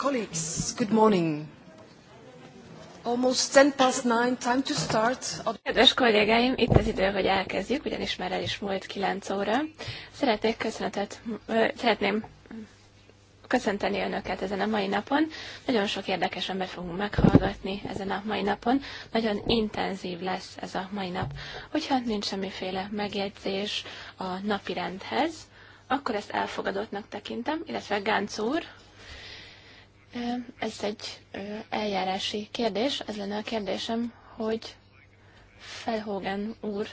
Colleagues, good morning. Almost 10 past 9, time to start. Kedves kollégáim, itt az idő, hogy elkezdjük, ugyanis már el is múlt 9 óra. Szeretnék köszönetet, ö, szeretném köszönteni Önöket ezen a mai napon. Nagyon sok érdekes ember fogunk meghallgatni ezen a mai napon. Nagyon intenzív lesz ez a mai nap. Hogyha nincs semmiféle megjegyzés a napirendhez, akkor ezt elfogadottnak tekintem, illetve Gánc úr, ez egy eljárási kérdés. Ez lenne a kérdésem, hogy Felhogan úr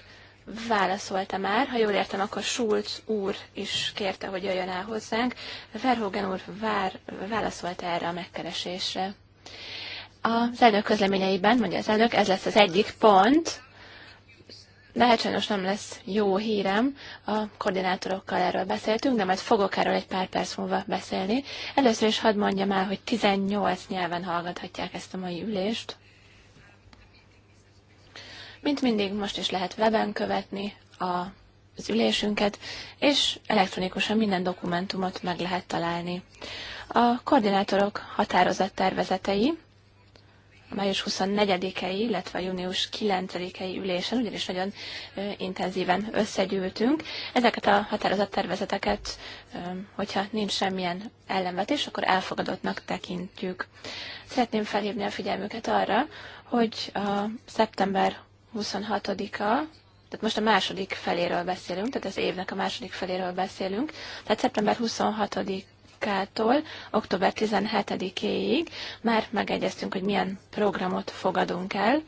válaszolta már. Ha jól értem, akkor Schulz úr is kérte, hogy jöjjön el hozzánk. Verhogen úr vár, válaszolta erre a megkeresésre. Az elnök közleményeiben, mondja az elnök, ez lesz az egyik pont, lehet sajnos nem lesz jó hírem, a koordinátorokkal erről beszéltünk, de majd fogok erről egy pár perc múlva beszélni. Először is hadd mondjam el, hogy 18 nyelven hallgathatják ezt a mai ülést. Mint mindig, most is lehet weben követni a az ülésünket, és elektronikusan minden dokumentumot meg lehet találni. A koordinátorok határozattervezetei a május 24-ei, illetve a június 9-ei ülésen, ugyanis nagyon intenzíven összegyűltünk. Ezeket a határozattervezeteket, hogyha nincs semmilyen ellenvetés, akkor elfogadottnak tekintjük. Szeretném felhívni a figyelmüket arra, hogy a szeptember 26-a, tehát most a második feléről beszélünk, tehát az évnek a második feléről beszélünk, tehát szeptember 26 Kától október 17-éig már megegyeztünk, hogy milyen programot fogadunk el.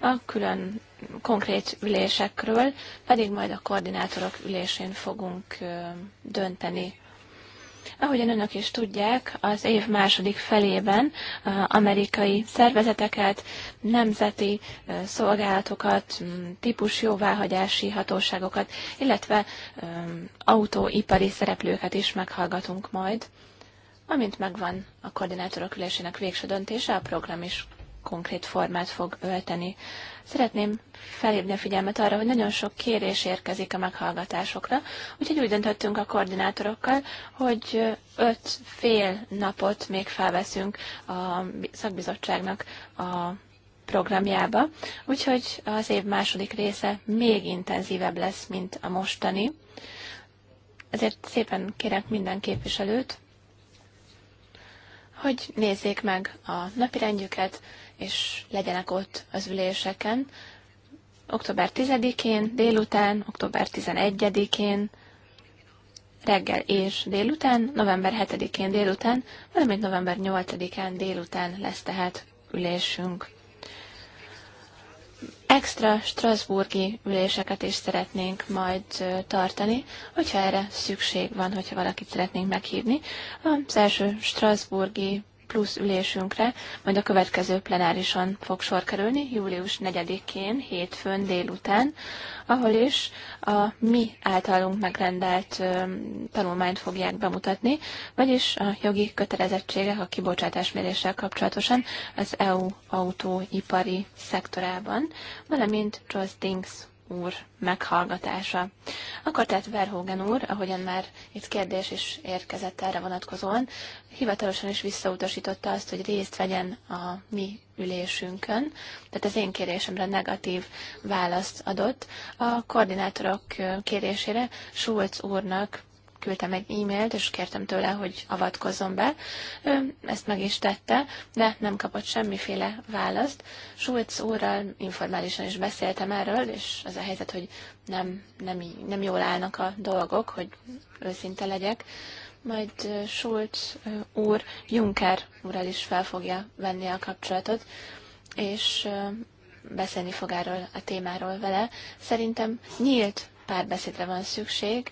A külön konkrét ülésekről pedig majd a koordinátorok ülésén fogunk dönteni Ahogyan önök is tudják, az év második felében amerikai szervezeteket, nemzeti szolgálatokat, típus jóváhagyási hatóságokat, illetve autóipari szereplőket is meghallgatunk majd. Amint megvan a koordinátorok ülésének végső döntése, a program is konkrét formát fog ölteni. Szeretném felhívni a figyelmet arra, hogy nagyon sok kérés érkezik a meghallgatásokra, úgyhogy úgy döntöttünk a koordinátorokkal, hogy öt fél napot még felveszünk a szakbizottságnak a programjába, úgyhogy az év második része még intenzívebb lesz, mint a mostani. Ezért szépen kérek minden képviselőt, hogy nézzék meg a napirendjüket, és legyenek ott az üléseken. Október 10-én, délután, október 11-én, reggel és délután, november 7-én délután, valamint november 8-án délután lesz tehát ülésünk. Extra Strasburgi üléseket is szeretnénk majd tartani, hogyha erre szükség van, hogyha valakit szeretnénk meghívni. Az első Strasburgi plusz ülésünkre majd a következő plenárison fog sor kerülni, július 4-én, hétfőn délután, ahol is a mi általunk megrendelt tanulmányt fogják bemutatni, vagyis a jogi kötelezettségek a kibocsátásméréssel kapcsolatosan az EU autóipari szektorában, valamint Joss Dings úr meghallgatása. Akkor tehát Verhogen úr, ahogyan már itt kérdés is érkezett erre vonatkozóan, hivatalosan is visszautasította azt, hogy részt vegyen a mi ülésünkön, tehát az én kérésemre negatív választ adott. A koordinátorok kérésére Schulz úrnak küldtem egy e-mailt, és kértem tőle, hogy avatkozzon be. Ő ezt meg is tette, de nem kapott semmiféle választ. Schulz úrral informálisan is beszéltem erről, és az a helyzet, hogy nem, nem, nem jól állnak a dolgok, hogy őszinte legyek majd Schulz úr Juncker úrral is fel fogja venni a kapcsolatot, és beszélni fog erről a témáról vele. Szerintem nyílt párbeszédre van szükség,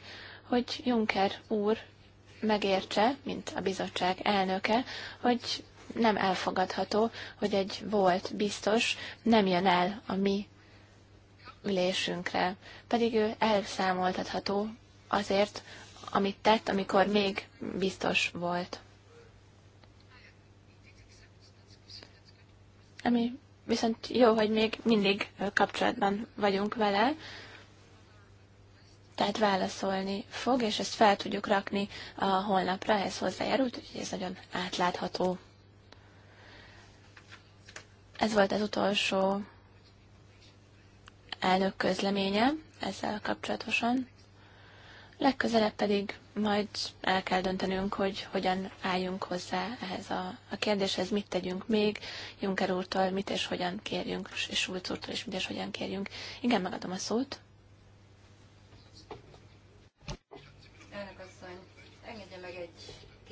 hogy Juncker úr megértse, mint a bizottság elnöke, hogy nem elfogadható, hogy egy volt biztos nem jön el a mi ülésünkre. Pedig ő elszámoltatható azért, amit tett, amikor még biztos volt. Ami viszont jó, hogy még mindig kapcsolatban vagyunk vele, tehát válaszolni fog, és ezt fel tudjuk rakni a holnapra, ez hozzájárult, úgyhogy ez nagyon átlátható. Ez volt az utolsó elnök közleménye ezzel kapcsolatosan. Legközelebb pedig majd el kell döntenünk, hogy hogyan álljunk hozzá ehhez a, a kérdéshez, mit tegyünk még, Juncker úrtól mit és hogyan kérjünk, és Schulz úrtól is mit és hogyan kérjünk. Igen, megadom a szót.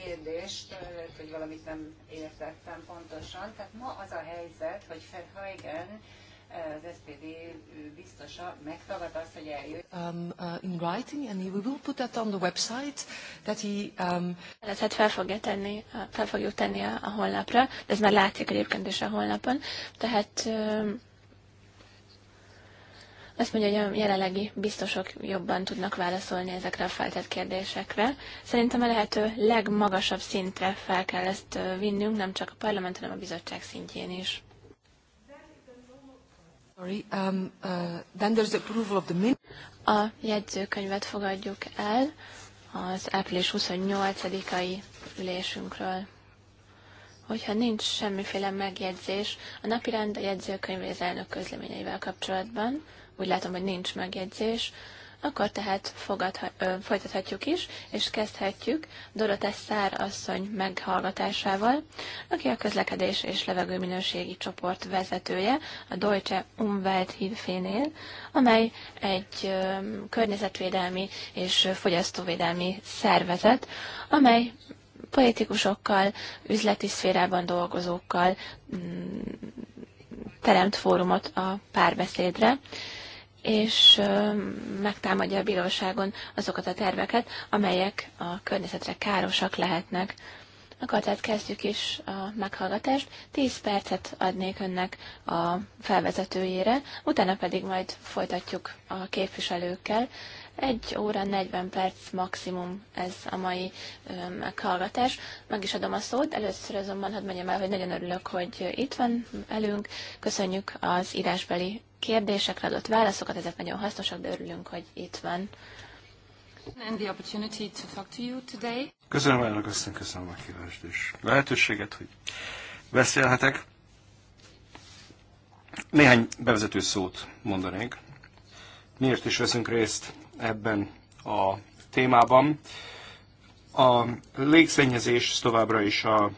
kérdést, lehet, hogy valamit nem értettem pontosan. Tehát ma az a helyzet, hogy Verheugen az SPD biztosa megtagad azt, hogy eljött. Um, uh, in writing, and we will put that on the website, that he... Um... Tehát fel, fogja tenni, fel fogjuk tenni a, a honlapra, de ez már látszik egyébként is a honlapon. Tehát um, azt mondja, hogy a jelenlegi biztosok jobban tudnak válaszolni ezekre a feltett kérdésekre. Szerintem a lehető legmagasabb szintre fel kell ezt vinnünk, nem csak a parlament, hanem a bizottság szintjén is. Um, uh, a jegyzőkönyvet fogadjuk el az április 28-ai ülésünkről hogyha nincs semmiféle megjegyzés a napirend a jegyzőkönyv és elnök közleményeivel kapcsolatban, úgy látom, hogy nincs megjegyzés, akkor tehát fogadha, ö, folytathatjuk is, és kezdhetjük Dorotás Szár asszony meghallgatásával, aki a közlekedés és levegőminőségi csoport vezetője a Deutsche Umwelt Hilfénél, amely egy ö, környezetvédelmi és fogyasztóvédelmi szervezet, amely politikusokkal, üzleti szférában dolgozókkal mm, teremt fórumot a párbeszédre, és megtámadja a bíróságon azokat a terveket, amelyek a környezetre károsak lehetnek. Akkor tehát kezdjük is a meghallgatást. 10 percet adnék önnek a felvezetőjére, utána pedig majd folytatjuk a képviselőkkel. Egy óra 40 perc maximum ez a mai meghallgatás. Meg is adom a szót. Először azonban hadd mondjam el, hogy nagyon örülök, hogy itt van elünk. Köszönjük az írásbeli kérdésekre adott válaszokat, ezek nagyon hasznosak, de örülünk, hogy itt van. And the opportunity to talk to you today. Köszönöm, elnök köszönöm a kívást és lehetőséget, hogy beszélhetek. Néhány bevezető szót mondanék. Miért is veszünk részt ebben a témában. A légszennyezés továbbra is a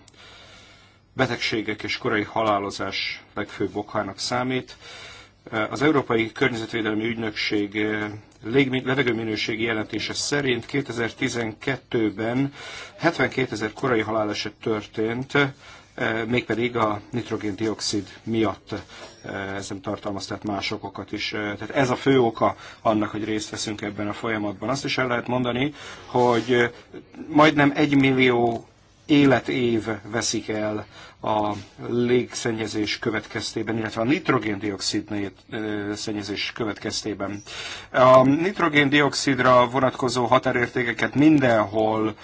betegségek és korai halálozás legfőbb okának számít. Az Európai Környezetvédelmi Ügynökség eh, levegőminőségi jelentése szerint 2012-ben 72 ezer korai haláleset történt, Eh, mégpedig a nitrogén-dioxid miatt eh, ez nem tartalmaz, tehát más okokat is. Eh, tehát ez a fő oka annak, hogy részt veszünk ebben a folyamatban. Azt is el lehet mondani, hogy majdnem egy millió életév veszik el a légszennyezés következtében, illetve a nitrogéndioxid szennyezés következtében. A nitrogéndioxidra vonatkozó határértékeket mindenhol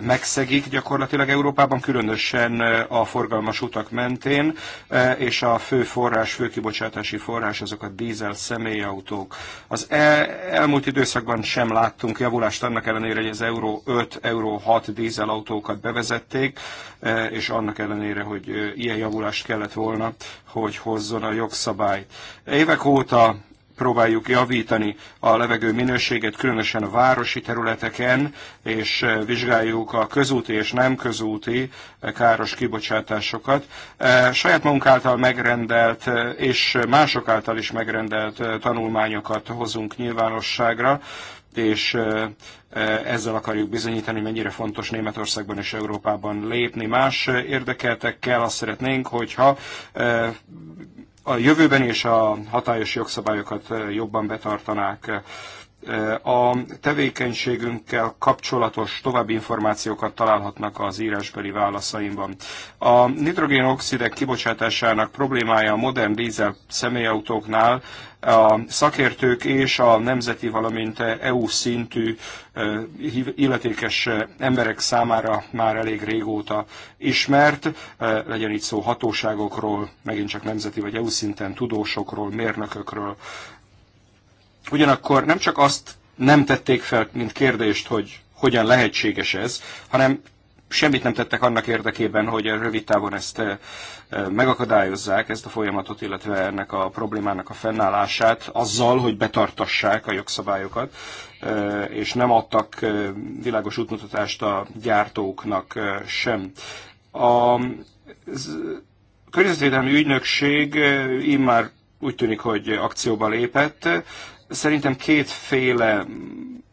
megszegik gyakorlatilag Európában, különösen a forgalmas utak mentén, és a fő forrás, fő kibocsátási forrás azok a dízel személyautók. Az el, elmúlt időszakban sem láttunk javulást annak ellenére, hogy az Euró 5, Euró 6 dízelautókat bevezették, és annak ellenére, hogy ilyen javulást kellett volna, hogy hozzon a jogszabály. Évek óta próbáljuk javítani a levegő minőséget, különösen a városi területeken, és vizsgáljuk a közúti és nem közúti káros kibocsátásokat. Saját magunk által megrendelt és mások által is megrendelt tanulmányokat hozunk nyilvánosságra, és ezzel akarjuk bizonyítani, hogy mennyire fontos Németországban és Európában lépni. Más érdekeltekkel azt szeretnénk, hogyha a jövőben és a hatályos jogszabályokat jobban betartanák. A tevékenységünkkel kapcsolatos további információkat találhatnak az írásbeli válaszaimban. A nitrogénoxidek kibocsátásának problémája a modern dízel személyautóknál a szakértők és a nemzeti, valamint EU szintű illetékes emberek számára már elég régóta ismert, legyen itt szó hatóságokról, megint csak nemzeti vagy EU szinten tudósokról, mérnökökről. Ugyanakkor nem csak azt nem tették fel, mint kérdést, hogy hogyan lehetséges ez, hanem semmit nem tettek annak érdekében, hogy rövid távon ezt eh, megakadályozzák, ezt a folyamatot, illetve ennek a problémának a fennállását, azzal, hogy betartassák a jogszabályokat, eh, és nem adtak eh, világos útmutatást a gyártóknak sem. A környezetvédelmi ügynökség immár úgy tűnik, hogy akcióba lépett, Szerintem kétféle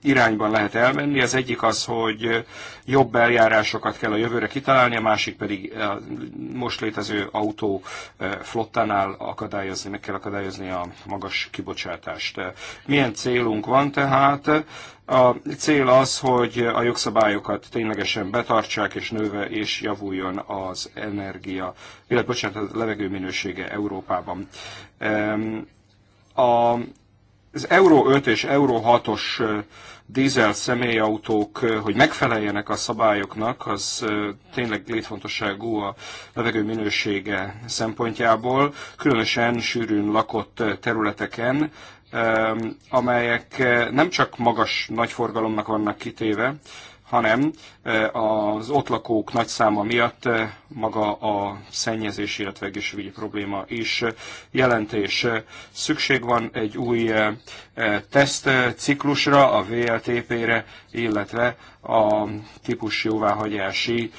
irányban lehet elmenni. Az egyik az, hogy jobb eljárásokat kell a jövőre kitalálni, a másik pedig a eh, most létező autó eh, flottánál akadályozni, meg kell akadályozni a magas kibocsátást. Eh, milyen célunk van tehát? A cél az, hogy a jogszabályokat ténylegesen betartsák, és nőve és javuljon az energia, illetve bocsánat, a levegő minősége Európában. A az Euró 5 és Euró 6-os dízel személyautók, hogy megfeleljenek a szabályoknak, az tényleg létfontosságú a levegő minősége szempontjából, különösen sűrűn lakott területeken, amelyek nem csak magas nagyforgalomnak vannak kitéve, hanem eh, az ott lakók nagy száma miatt eh, maga a szennyezés, illetve egészségügyi probléma is eh, jelentés. Szükség van egy új tesztciklusra, a VLTP-re, illetve a típus jóváhagyási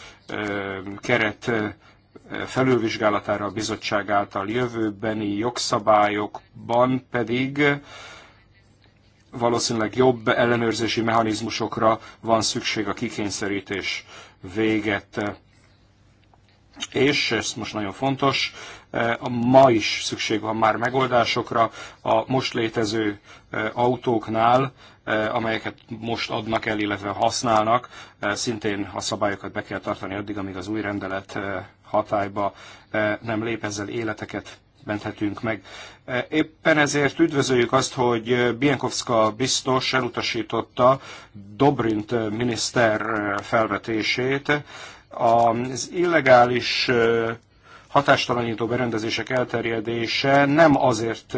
keret felülvizsgálatára a bizottság által jövőbeni jogszabályokban pedig valószínűleg jobb ellenőrzési mechanizmusokra van szükség a kikényszerítés véget. És, ez most nagyon fontos, eh, ma is szükség van már megoldásokra a most létező eh, autóknál, eh, amelyeket most adnak el, illetve használnak, szintén a szabályokat be kell tartani addig, amíg az új rendelet hatályba nem lép ezzel életeket menthetünk meg. Éppen ezért üdvözöljük azt, hogy Bienkowska biztos elutasította Dobrint miniszter felvetését. Az illegális hatástalanító berendezések elterjedése nem azért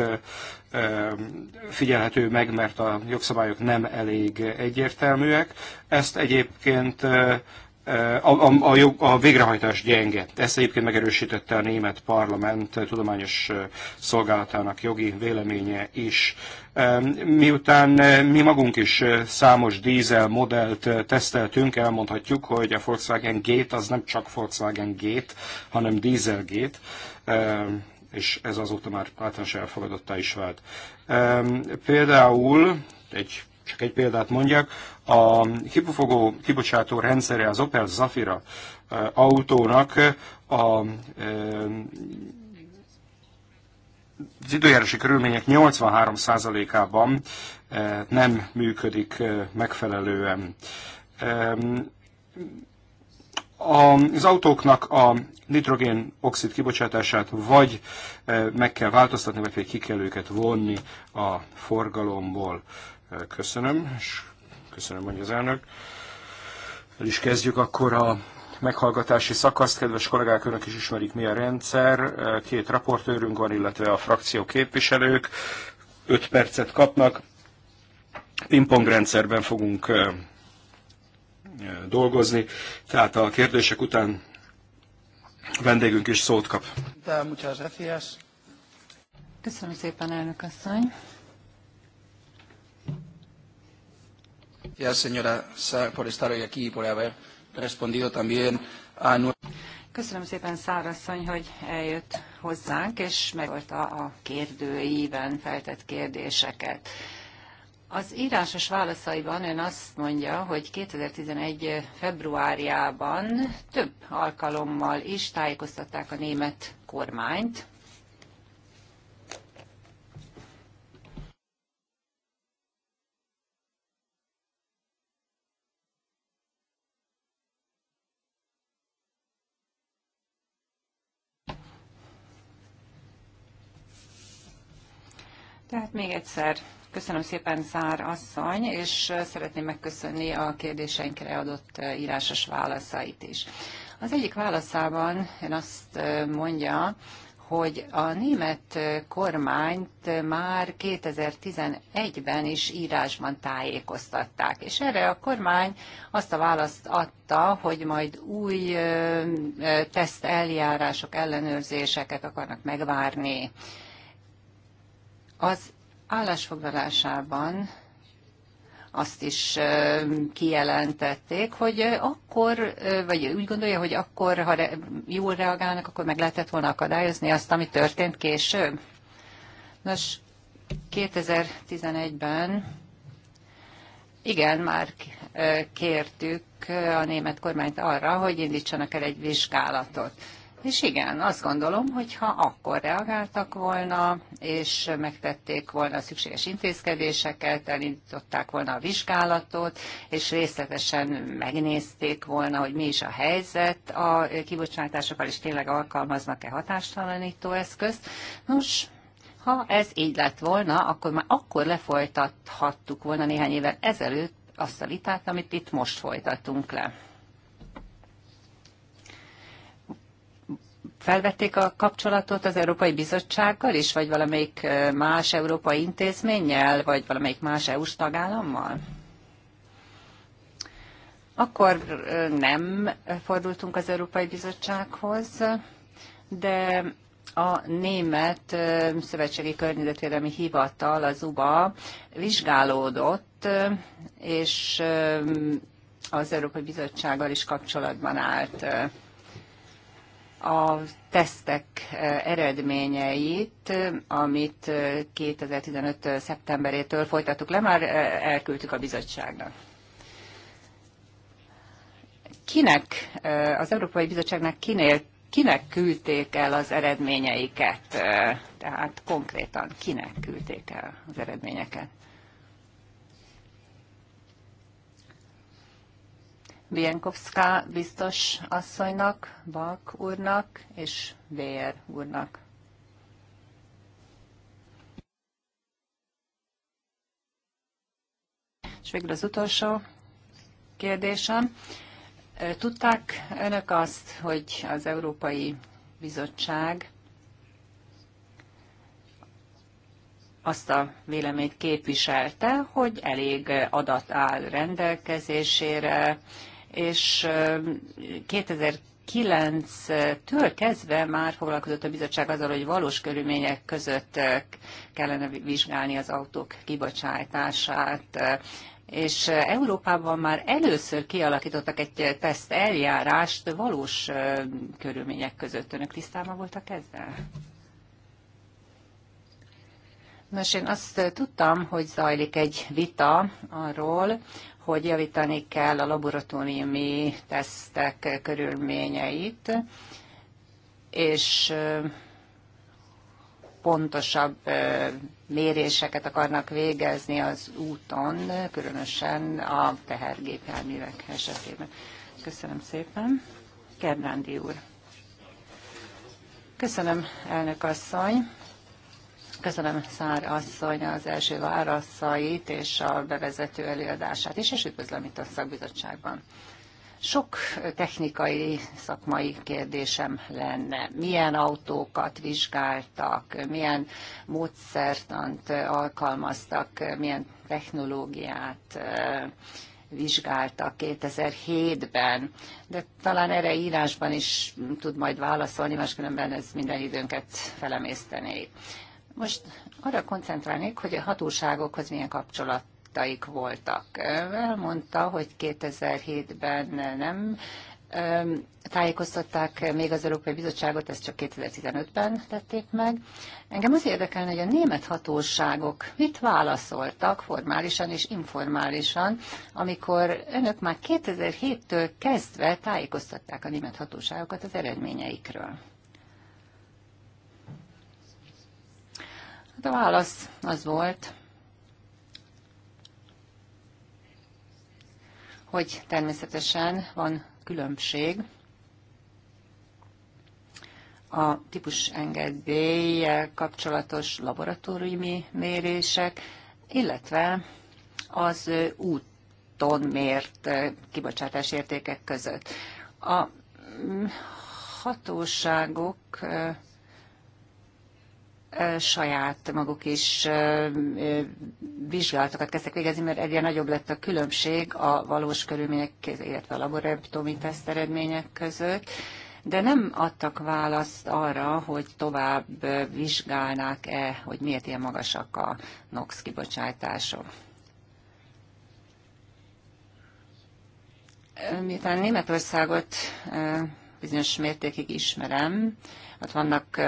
figyelhető meg, mert a jogszabályok nem elég egyértelműek. Ezt egyébként Eh, a, a, a, jog, a végrehajtás gyenge. Ezt egyébként megerősítette a német parlament tudományos eh, szolgálatának jogi véleménye is. Eh, miután mi magunk is számos dízel modellt teszteltünk, elmondhatjuk, hogy a Volkswagen Gate az nem csak Volkswagen Gate, hanem Gate, és ez azóta már általános elfogadottá is vált. Például egy csak egy példát mondjak, a kipufogó kibocsátó rendszere az Opel Zafira eh, autónak eh, a eh, az időjárási körülmények 83%-ában nem működik megfelelően. Az autóknak a nitrogén oxid kibocsátását vagy meg kell változtatni, vagy pedig ki kell őket vonni a forgalomból. Köszönöm, és köszönöm, hogy az elnök. El is kezdjük akkor a meghallgatási szakaszt. Kedves kollégák, önök is ismerik, mi a rendszer. Két raportőrünk van, illetve a frakció képviselők. Öt percet kapnak. Pingpong rendszerben fogunk dolgozni, tehát a kérdések után a vendégünk is szót kap. Köszönöm szépen, elnök asszony. Gracias, señora Sá, por estar hoy aquí, por haber respondido también a Köszönöm szépen, Szárasszony, hogy eljött hozzánk, és megolta a kérdőíven feltett kérdéseket. Az írásos válaszaiban ön azt mondja, hogy 2011. februárjában több alkalommal is tájékoztatták a német kormányt Tehát még egyszer köszönöm szépen Szár asszony, és szeretném megköszönni a kérdéseinkre adott írásos válaszait is. Az egyik válaszában én azt mondja, hogy a német kormányt már 2011-ben is írásban tájékoztatták, és erre a kormány azt a választ adta, hogy majd új teszteljárások ellenőrzéseket akarnak megvárni az állásfoglalásában azt is kijelentették, hogy akkor, vagy úgy gondolja, hogy akkor, ha re, jól reagálnak, akkor meg lehetett volna akadályozni azt, ami történt később. Nos, 2011-ben igen, már kértük a német kormányt arra, hogy indítsanak el egy vizsgálatot. És igen, azt gondolom, hogy ha akkor reagáltak volna, és megtették volna a szükséges intézkedéseket, elindították volna a vizsgálatot, és részletesen megnézték volna, hogy mi is a helyzet a kibocsátásokkal, és tényleg alkalmaznak-e hatástalanító eszközt. Nos, ha ez így lett volna, akkor már akkor lefolytathattuk volna néhány évvel ezelőtt azt a vitát, amit itt most folytatunk le. felvették a kapcsolatot az Európai Bizottsággal is, vagy valamelyik más európai intézménnyel, vagy valamelyik más EU-s tagállammal? Akkor nem fordultunk az Európai Bizottsághoz, de a Német Szövetségi Környezetvédelmi Hivatal, az UBA vizsgálódott, és az Európai Bizottsággal is kapcsolatban állt a tesztek eh, eredményeit, amit 2015. Eh, eh, szeptemberétől folytattuk le, már elküldtük a bizottságnak. Kinek, az Európai Bizottságnak kinél, kinek küldték el az eredményeiket? Tehát konkrétan kinek küldték el az eredményeket? Bienkowská biztos asszonynak, Bak úrnak és Vér úrnak. És végül az utolsó kérdésem. Tudták önök azt, hogy az Európai Bizottság azt a véleményt képviselte, hogy elég adat áll rendelkezésére, és 2000 9-től kezdve már foglalkozott a bizottság azzal, hogy valós körülmények között kellene vizsgálni az autók kibocsátását, és Európában már először kialakítottak egy teszt eljárást valós körülmények között. Önök tisztában voltak ezzel? Nos, én azt tudtam, hogy zajlik egy vita arról, hogy javítani kell a laboratóriumi tesztek körülményeit, és pontosabb méréseket akarnak végezni az úton, különösen a tehergépjárművek esetében. Köszönöm szépen. Kernándi úr. Köszönöm, elnök asszony. Köszönöm Szár asszony az első válaszait és a bevezető előadását is, és üdvözlöm itt a szakbizottságban. Sok technikai, szakmai kérdésem lenne. Milyen autókat vizsgáltak, milyen módszertant alkalmaztak, milyen technológiát vizsgáltak 2007-ben, de talán erre írásban is tud majd válaszolni, máskülönben ez minden időnket felemésztené. Most arra koncentrálnék, hogy a hatóságokhoz milyen kapcsolat voltak. Elmondta, hogy 2007-ben nem tájékoztatták még az Európai Bizottságot, ezt csak 2015-ben tették meg. Engem az érdekelne, hogy a német hatóságok mit válaszoltak formálisan és informálisan, amikor önök már 2007-től kezdve tájékoztatták a német hatóságokat az eredményeikről. a válasz az volt, hogy természetesen van különbség a típus engedéllyel kapcsolatos laboratóriumi mérések, illetve az úton mért kibocsátás értékek között. A mm, hatóságok saját maguk is vizsgálatokat kezdtek végezni, mert egyre nagyobb lett a különbség a valós körülmények, illetve a laboratóriumi teszt eredmények között, de nem adtak választ arra, hogy tovább vizsgálnák-e, hogy miért ilyen magasak a NOx kibocsátások. Miután Németországot bizonyos mértékig ismerem, ott vannak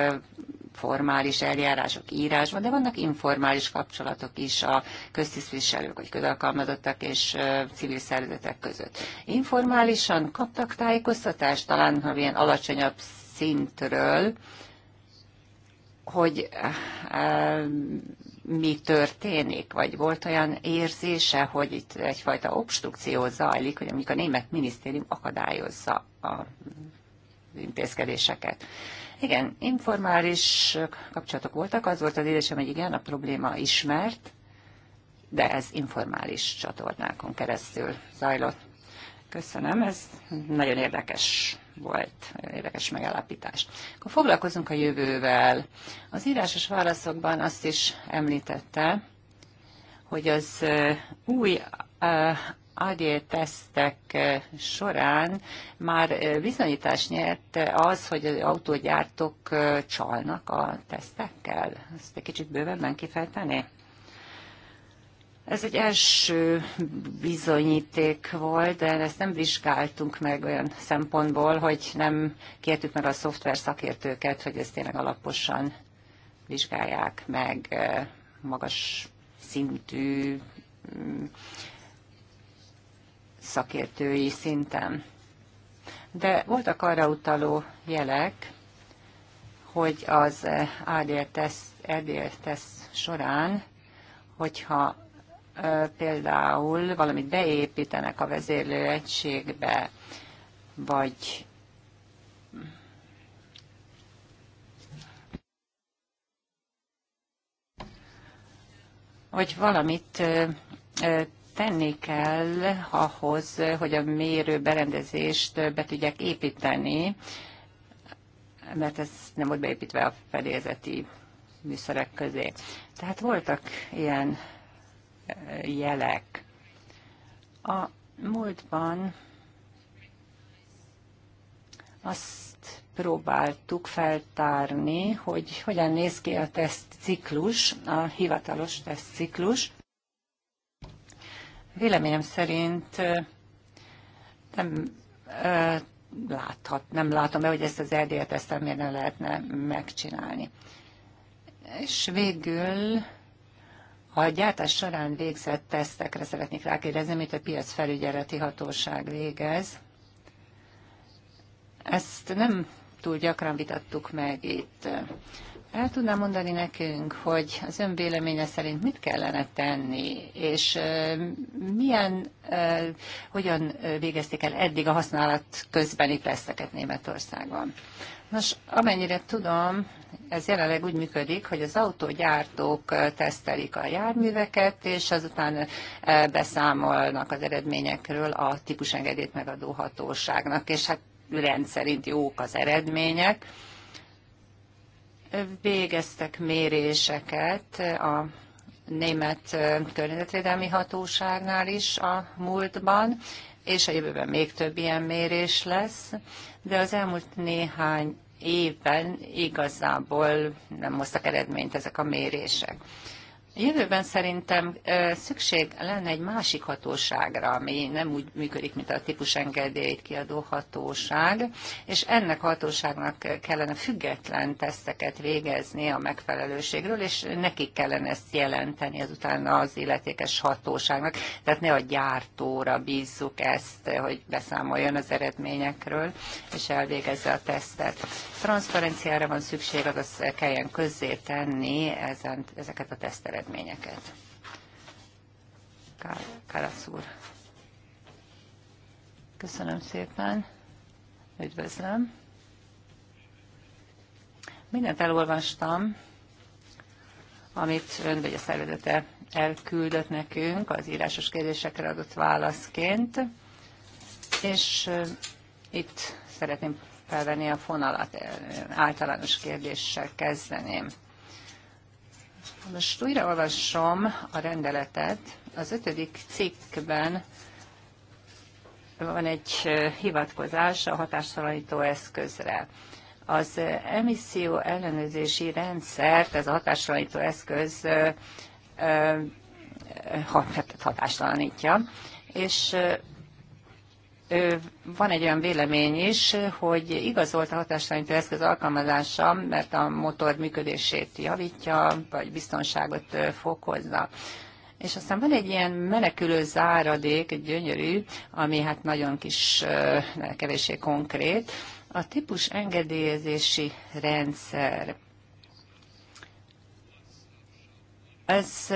formális eljárások írásban, de vannak informális kapcsolatok is a köztisztviselők, vagy közalkalmazottak és civil szervezetek között. Informálisan kaptak tájékoztatást, talán ha ilyen alacsonyabb szintről, hogy mi történik, vagy volt olyan érzése, hogy itt egyfajta obstrukció zajlik, hogy amikor a német minisztérium akadályozza a intézkedéseket. Igen, informális kapcsolatok voltak, az volt az édesem, hogy igen, a probléma ismert, de ez informális csatornákon keresztül zajlott. Köszönöm, ez nagyon érdekes volt, érdekes megállapítás. Akkor foglalkozunk a jövővel. Az írásos válaszokban azt is említette, hogy az új AG tesztek eh, során már eh, bizonyítás nyert az, hogy az autógyártók eh, csalnak a tesztekkel? Ezt egy kicsit bővebben kifejteni? Ez egy első bizonyíték volt, de ezt nem vizsgáltunk meg olyan szempontból, hogy nem kértük meg a szoftver szakértőket, hogy ezt tényleg alaposan vizsgálják meg magas szintű mm, szakértői szinten. De voltak arra utaló jelek, hogy az ADL-teszt során, hogyha például valamit beépítenek a vezérlőegységbe, vagy hogy valamit tenni kell ahhoz, hogy a mérő berendezést be tudják építeni, mert ez nem volt beépítve a fedélzeti műszerek közé. Tehát voltak ilyen eh, jelek. A múltban azt próbáltuk feltárni, hogy hogyan néz ki a tesztciklus, a hivatalos tesztciklus, Véleményem szerint nem láthat, nem látom be, hogy ezt az erdélyet ezt miért nem lehetne megcsinálni. És végül a gyártás során végzett tesztekre szeretnék rákérdezni, amit a piac felügyeleti hatóság végez. Ezt nem túl gyakran vitattuk meg itt. El tudná mondani nekünk, hogy az ön véleménye szerint mit kellene tenni, és milyen, hogyan végezték el eddig a használat közbeni teszteket Németországban? Nos, amennyire tudom, ez jelenleg úgy működik, hogy az autógyártók tesztelik a járműveket, és azután beszámolnak az eredményekről a típusengedét megadó hatóságnak, és hát rendszerint jók az eredmények Végeztek méréseket a német környezetvédelmi hatóságnál is a múltban, és a jövőben még több ilyen mérés lesz, de az elmúlt néhány évben igazából nem hoztak eredményt ezek a mérések. Jövőben szerintem szükség lenne egy másik hatóságra, ami nem úgy működik, mint a engedélyt kiadó hatóság, és ennek hatóságnak kellene független teszteket végezni a megfelelőségről, és nekik kellene ezt jelenteni azután az illetékes hatóságnak. Tehát ne a gyártóra bízzuk ezt, hogy beszámoljon az eredményekről, és elvégezze a tesztet. Transzparenciára van szükség, az kelljen közzé tenni ezen, ezeket a teszteket eredményeket. Karasz úr. Köszönöm szépen. Üdvözlöm. Mindent elolvastam, amit ön vagy a szervezete elküldött nekünk az írásos kérdésekre adott válaszként, és itt szeretném felvenni a fonalat, általános kérdéssel kezdeném. Most újraolvasom a rendeletet. Az ötödik cikkben van egy hivatkozás a hatástalanító eszközre. Az emisszió ellenőrzési rendszert, ez a hatástalanító eszköz hát, hatástalanítja, és van egy olyan vélemény is, hogy igazolt a hatástalanító eszköz alkalmazása, mert a motor működését javítja, vagy biztonságot fokozza. És aztán van egy ilyen menekülő záradék, egy gyönyörű, ami hát nagyon kis, kevéssé konkrét, a típus engedélyezési rendszer. Ez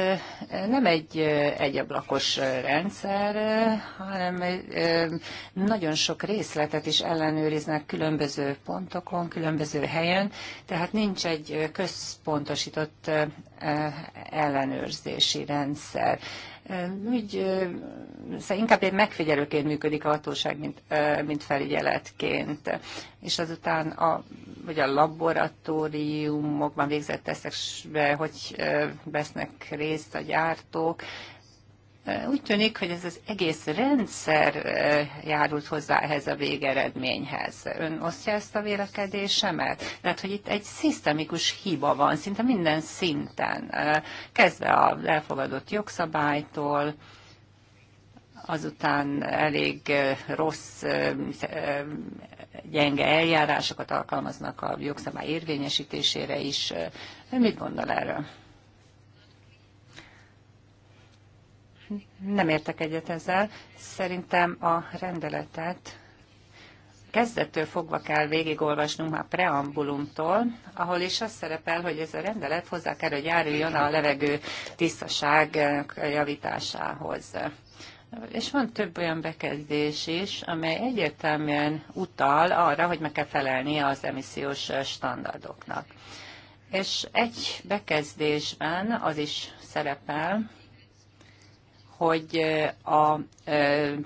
nem egy egyablakos rendszer, hanem nagyon sok részletet is ellenőriznek különböző pontokon, különböző helyen, tehát nincs egy központosított ellenőrzési rendszer úgy szóval inkább egy megfigyelőként működik a hatóság, mint, mint felügyeletként. És azután a, vagy a laboratóriumokban végzett teszekbe, hogy vesznek részt a gyártók, úgy tűnik, hogy ez az egész rendszer járult hozzá ehhez a végeredményhez. Ön osztja ezt a vélekedésemet? Tehát, hogy itt egy szisztemikus hiba van, szinte minden szinten, kezdve az elfogadott jogszabálytól, azután elég rossz, gyenge eljárásokat alkalmaznak a jogszabály érvényesítésére is. Ön mit gondol erről? nem értek egyet ezzel. Szerintem a rendeletet kezdettől fogva kell végigolvasnunk már preambulumtól, ahol is az szerepel, hogy ez a rendelet hozzá kell, hogy járuljon a levegő tisztaság javításához. És van több olyan bekezdés is, amely egyértelműen utal arra, hogy meg kell felelni az emissziós standardoknak. És egy bekezdésben az is szerepel, hogy a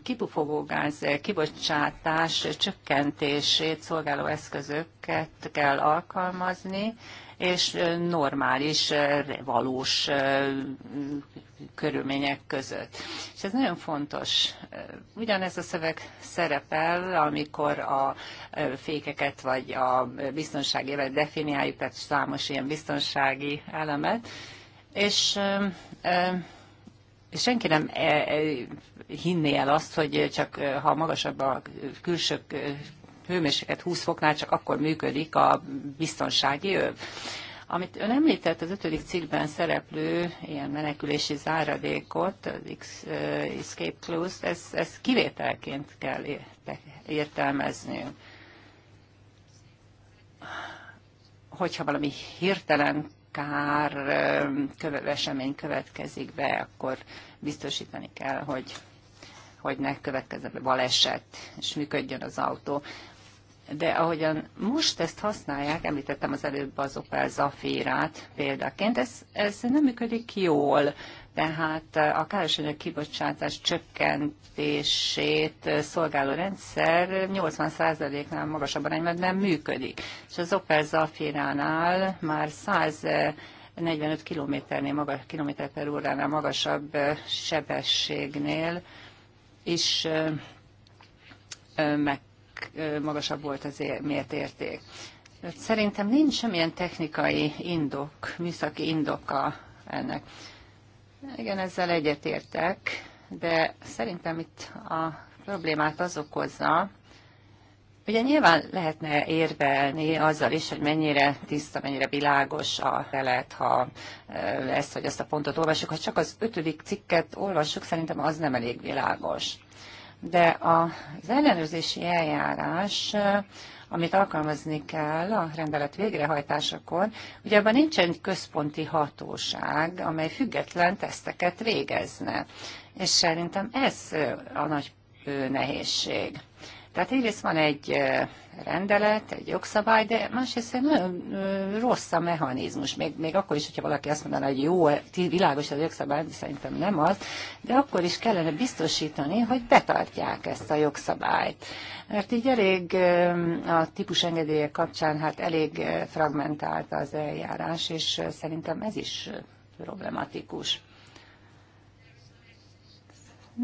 kipufogógáz kibocsátás csökkentését szolgáló eszközöket kell alkalmazni, és normális, valós körülmények között. És ez nagyon fontos. Ugyanez a szöveg szerepel, amikor a fékeket vagy a biztonsági évet definiáljuk, tehát számos ilyen biztonsági elemet, és és senki nem e, e, hinné el azt, hogy csak e, ha magasabb a külső hőmérséklet 20 foknál, csak akkor működik a biztonsági öv. Amit ön említett az ötödik cikkben szereplő ilyen menekülési záradékot, az X, uh, Escape Clues, ez, ez kivételként kell érte, értelmezni. Hogyha valami hirtelen kár köve, esemény következik be, akkor biztosítani kell, hogy, hogy ne következzen be baleset, és működjön az autó. De ahogyan most ezt használják, említettem az előbb az Opel Zafirát példaként, ez, ez nem működik jól tehát a károsanyag kibocsátás csökkentését szolgáló rendszer 80%-nál magasabb arányban nem működik. És az Opel Zafiránál már 100 45 kilométernél maga, kilométer per óránál magasabb sebességnél is meg magasabb volt az mért érték. Szerintem nincs semmilyen technikai indok, műszaki indoka ennek. Igen, ezzel egyetértek, de szerintem itt a problémát az okozza, Ugye nyilván lehetne érvelni azzal is, hogy mennyire tiszta, mennyire világos a felet, ha ezt vagy azt a pontot olvasjuk. Ha csak az ötödik cikket olvassuk, szerintem az nem elég világos. De az ellenőrzési eljárás amit alkalmazni kell a rendelet végrehajtásakor, ugye abban nincsen központi hatóság, amely független teszteket végezne. És szerintem ez a nagy nehézség. Tehát egyrészt van egy rendelet, egy jogszabály, de másrészt nagyon rossz a mechanizmus. Még, még akkor is, hogyha valaki azt mondaná, hogy jó, világos az jogszabály, szerintem nem az, de akkor is kellene biztosítani, hogy betartják ezt a jogszabályt. Mert így elég a típusengedélyek kapcsán hát elég fragmentált az eljárás, és szerintem ez is problematikus.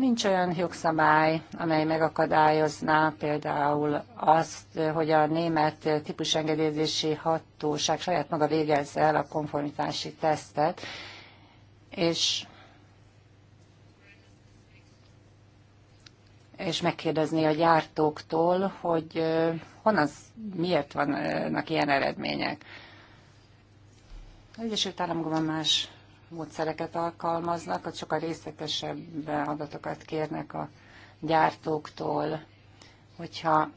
Nincs olyan jogszabály, amely megakadályozná például azt, hogy a német típusengedélyezési hatóság saját maga végezze el a konformitási tesztet, és és megkérdezni a gyártóktól, hogy honnan, miért vannak ilyen eredmények. Az Egyesült Államokban más módszereket alkalmaznak, hogy sokkal részletesebb adatokat kérnek a gyártóktól, hogyha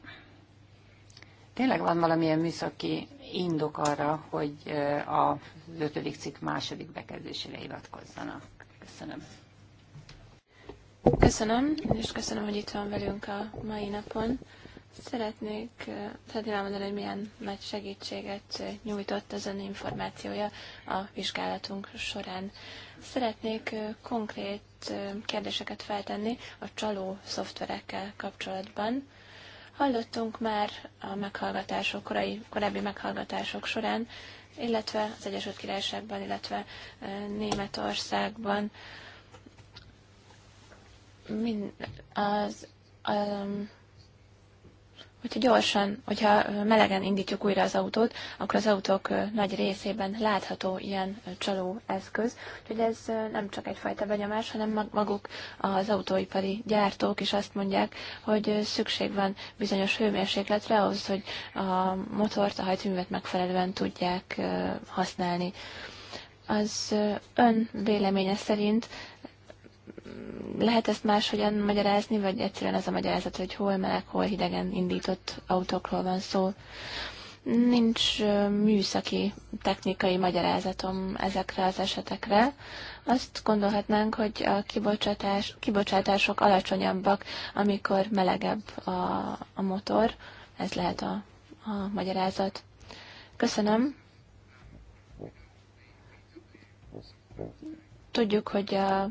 tényleg van valamilyen műszaki indok arra, hogy a 5. cikk második bekezdésére hivatkozzanak. Köszönöm. Köszönöm, és köszönöm, hogy itt van velünk a mai napon. Szeretnék, eh, szeretném elmondani, hogy milyen nagy segítséget eh, nyújtott az ön információja a vizsgálatunk során. Szeretnék eh, konkrét kérdéseket feltenni a csaló szoftverekkel kapcsolatban. Hallottunk már a meghallgatások, korai, korábbi meghallgatások során, illetve az Egyesült Királyságban, illetve Németországban min az, az um, hogyha gyorsan, hogyha melegen indítjuk újra az autót, akkor az autók nagy részében látható ilyen csaló eszköz. Úgyhogy ez nem csak egyfajta benyomás, hanem maguk az autóipari gyártók is azt mondják, hogy szükség van bizonyos hőmérsékletre ahhoz, hogy a motort, a hajtűművet megfelelően tudják használni. Az ön véleménye szerint lehet ezt máshogyan magyarázni, vagy egyszerűen az a magyarázat, hogy hol meleg, hol hidegen indított autókról van szó? Nincs műszaki, technikai magyarázatom ezekre az esetekre. Azt gondolhatnánk, hogy a kibocsátás, kibocsátások alacsonyabbak, amikor melegebb a, a motor. Ez lehet a, a magyarázat. Köszönöm. Tudjuk, hogy a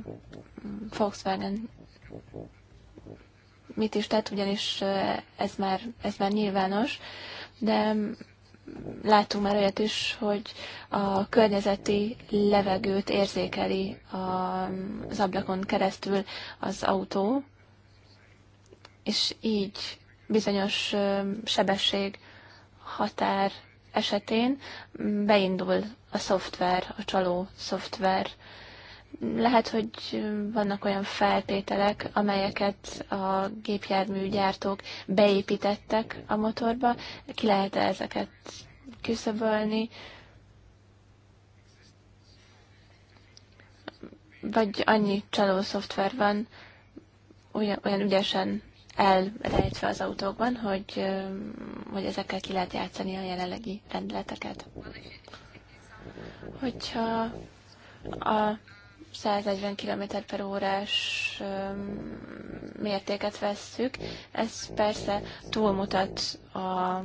Volkswagen mit is tett, ugyanis ez már, ez már nyilvános, de látunk már olyat is, hogy a környezeti levegőt érzékeli az ablakon keresztül az autó, és így bizonyos sebesség határ esetén beindul a szoftver, a csaló szoftver lehet, hogy vannak olyan feltételek, amelyeket a gépjárműgyártók beépítettek a motorba. Ki lehet -e ezeket küszöbölni? Vagy annyi csaló szoftver van, olyan, olyan ügyesen elrejtve az autókban, hogy, hogy ezekkel ki lehet játszani a jelenlegi rendeleteket. Hogyha a 140 km per órás mértéket vesszük, ez persze túlmutat a, a,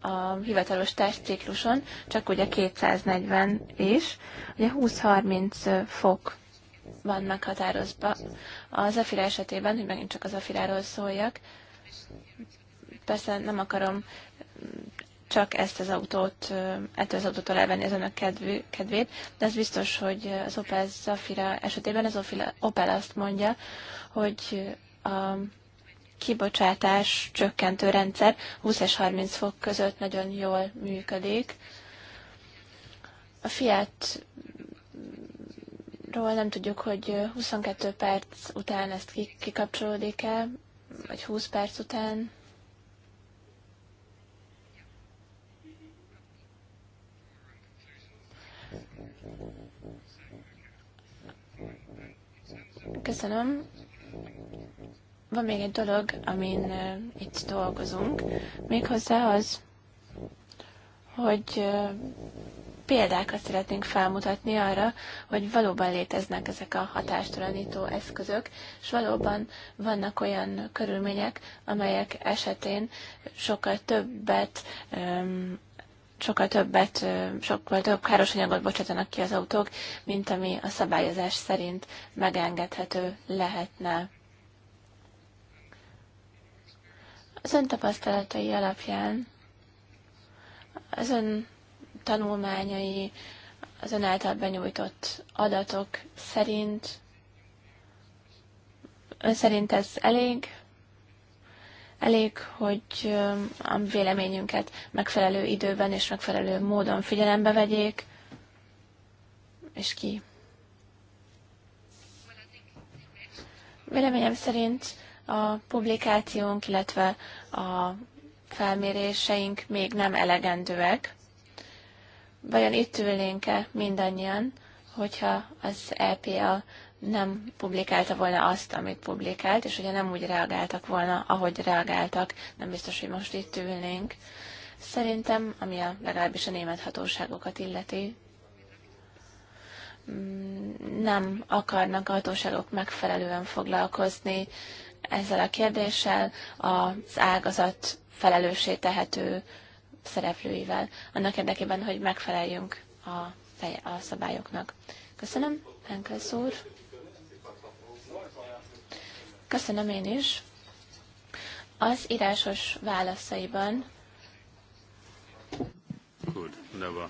a hivatalos testcikluson, csak ugye 240 is, ugye 20-30 fok van meghatározva. Az Afira esetében, hogy megint csak az Afiráról szóljak, persze nem akarom csak ezt az autót, ettől az autótól elvenni az önök kedvű, kedvét, de az biztos, hogy az Opel Zafira esetében az Opel azt mondja, hogy a kibocsátás csökkentő rendszer 20 és 30 fok között nagyon jól működik. A Fiat ról nem tudjuk, hogy 22 perc után ezt kikapcsolódik-e, vagy 20 perc után. Köszönöm. Van még egy dolog, amin uh, itt dolgozunk, méghozzá az, hogy uh, példákat szeretnénk felmutatni arra, hogy valóban léteznek ezek a hatástalanító eszközök, és valóban vannak olyan körülmények, amelyek esetén sokkal többet um, sokkal többet, sokkal több káros anyagot bocsátanak ki az autók, mint ami a szabályozás szerint megengedhető lehetne. Az ön tapasztalatai alapján, az ön tanulmányai, az ön által benyújtott adatok szerint, ön szerint ez elég Elég, hogy a véleményünket megfelelő időben és megfelelő módon figyelembe vegyék, és ki. Véleményem szerint a publikációnk, illetve a felméréseink még nem elegendőek. Vajon itt ülnénk-e mindannyian, hogyha az EPA nem publikálta volna azt, amit publikált, és ugye nem úgy reagáltak volna, ahogy reagáltak, nem biztos, hogy most itt ülnénk. Szerintem, ami a, legalábbis a német hatóságokat illeti, mm, nem akarnak a hatóságok megfelelően foglalkozni ezzel a kérdéssel, az ágazat felelőssé tehető szereplőivel, annak érdekében, hogy megfeleljünk a, a szabályoknak. Köszönöm, Henkelsz úr! Köszönöm én is. Az írásos válaszaiban. Gut, wunderbar.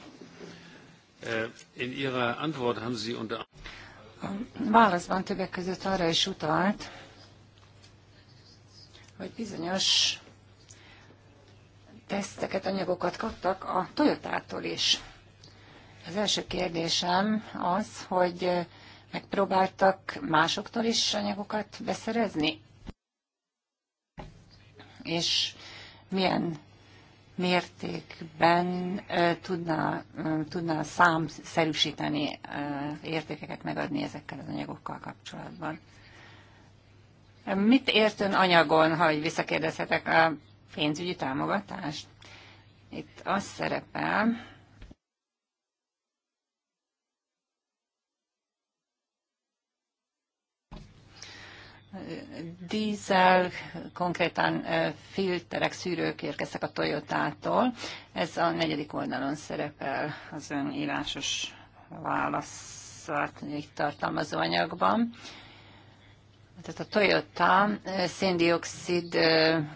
Äh, in Ihrer Antwort haben Sie unter a válaszban többek között arra is utalt, hogy bizonyos teszteket, anyagokat kaptak a Toyotától is. Az első kérdésem az, hogy Megpróbáltak másoktól is anyagokat beszerezni? És milyen mértékben tudná, tudná számszerűsíteni értékeket megadni ezekkel az anyagokkal kapcsolatban? Mit ért ön anyagon, ha visszakérdezhetek a pénzügyi támogatást? Itt az szerepel, dízel, konkrétan filterek, szűrők érkeztek a Toyotától. Ez a negyedik oldalon szerepel az ön írásos válaszát tartalmazó anyagban. Tehát a Toyota széndiokszid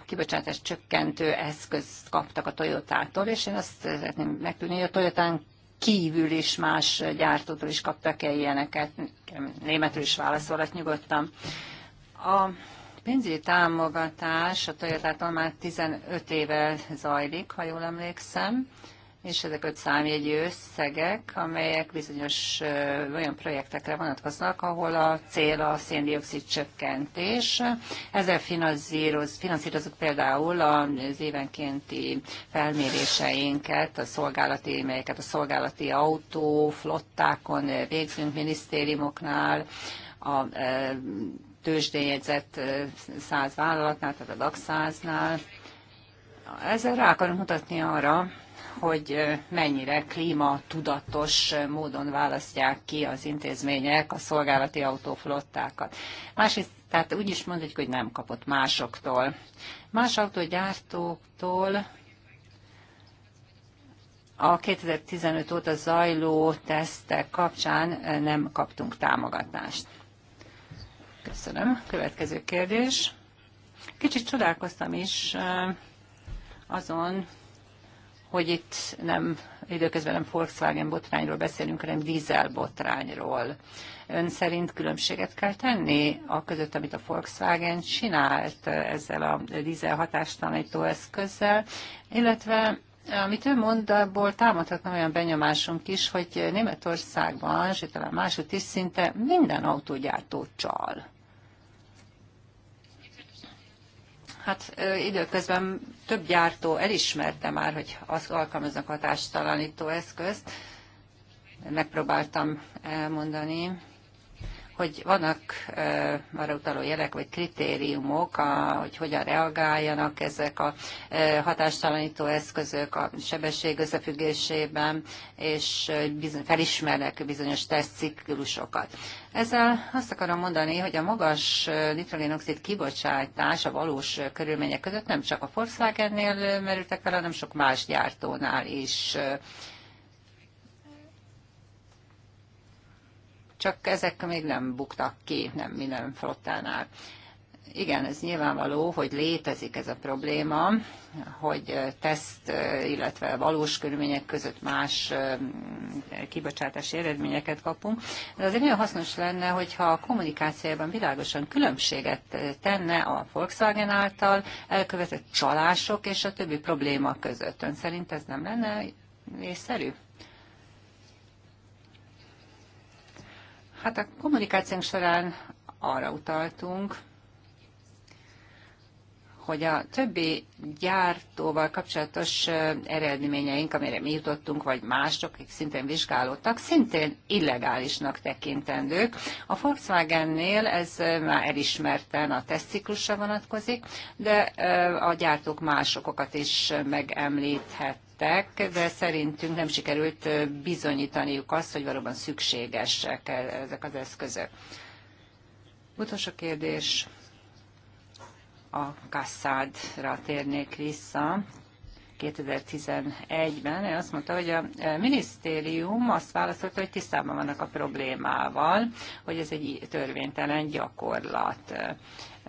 kibocsátás csökkentő eszközt kaptak a Toyotától, és én azt szeretném megtudni, hogy a Toyotán kívül is más gyártótól is kaptak-e ilyeneket. Németről is válaszolat nyugodtan. A pénzügyi támogatás a toyota már 15 éve zajlik, ha jól emlékszem, és ezek öt számjegyű összegek, amelyek bizonyos olyan projektekre vonatkoznak, ahol a cél a széndiokszid csökkentés. Ezzel finanszíroz, finanszírozunk például az évenkénti felméréseinket, a szolgálati, melyeket a szolgálati autó, flottákon végzünk minisztériumoknál, a tőzsdéjegyzett száz vállalatnál, tehát a DAX 100-nál. Ezzel rá akarom mutatni arra, hogy mennyire klímatudatos módon választják ki az intézmények a szolgálati autóflottákat. Másrészt, tehát úgy is mondjuk, hogy nem kapott másoktól. Más autógyártóktól a 2015 óta zajló tesztek kapcsán nem kaptunk támogatást. Köszönöm. Következő kérdés. Kicsit csodálkoztam is azon, hogy itt nem időközben nem Volkswagen botrányról beszélünk, hanem dízel botrányról. Ön szerint különbséget kell tenni a között, amit a Volkswagen csinált ezzel a dízel hatástalanító eszközzel, illetve amit ő mond, abból támadhatna olyan benyomásunk is, hogy Németországban, és talán másod is szinte minden autógyártó csal. hát időközben több gyártó elismerte már, hogy az alkalmaznak hatástalanító eszközt. Megpróbáltam elmondani, hogy vannak arra utaló jelek, vagy kritériumok, a, hogy hogyan reagáljanak ezek a hatástalanító eszközök a sebesség összefüggésében, és bizony, felismernek bizonyos tesztciklusokat. Ezzel azt akarom mondani, hogy a magas nitrogénoxid kibocsátás a valós körülmények között nem csak a Volkswagennél merültek fel, hanem sok más gyártónál is csak ezek még nem buktak ki, nem minden flottánál. Igen, ez nyilvánvaló, hogy létezik ez a probléma, hogy teszt, illetve valós körülmények között más kibocsátási eredményeket kapunk. De azért nagyon hasznos lenne, hogyha a kommunikációban világosan különbséget tenne a Volkswagen által elkövetett csalások és a többi probléma között. Ön szerint ez nem lenne észszerű? Hát a kommunikációnk során arra utaltunk, hogy a többi gyártóval kapcsolatos eredményeink, amire mi jutottunk, vagy mások, akik szintén vizsgálódtak, szintén illegálisnak tekintendők. A Volkswagennél ez már elismerten a tesztciklusra vonatkozik, de a gyártók másokokat is megemlíthet tettek, de szerintünk nem sikerült bizonyítaniuk azt, hogy valóban szükségesek ezek az eszközök. Utolsó kérdés a Kassádra térnék vissza. 2011-ben ő azt mondta, hogy a minisztérium azt válaszolta, hogy tisztában vannak a problémával, hogy ez egy törvénytelen gyakorlat.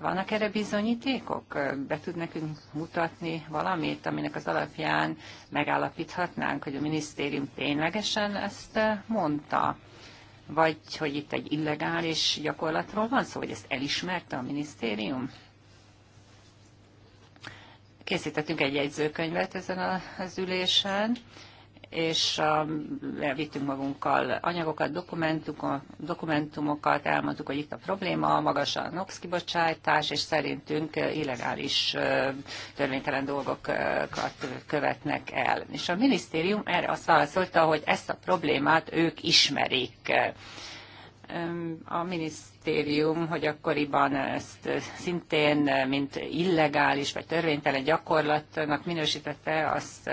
Vannak erre bizonyítékok? Be tud nekünk mutatni valamit, aminek az alapján megállapíthatnánk, hogy a minisztérium ténylegesen ezt mondta? Vagy hogy itt egy illegális gyakorlatról van szó, hogy ezt elismerte a minisztérium? Készítettünk egy jegyzőkönyvet ezen az ülésen, és a, vittünk magunkkal anyagokat, dokumentumokat, elmondtuk, hogy itt a probléma, magas a NOx kibocsátás, és szerintünk illegális törvénytelen dolgokat követnek el. És a minisztérium erre azt válaszolta, hogy ezt a problémát ők ismerik. A minisztérium minisztérium, hogy akkoriban ezt szintén, mint illegális vagy törvénytelen gyakorlatnak minősítette, azt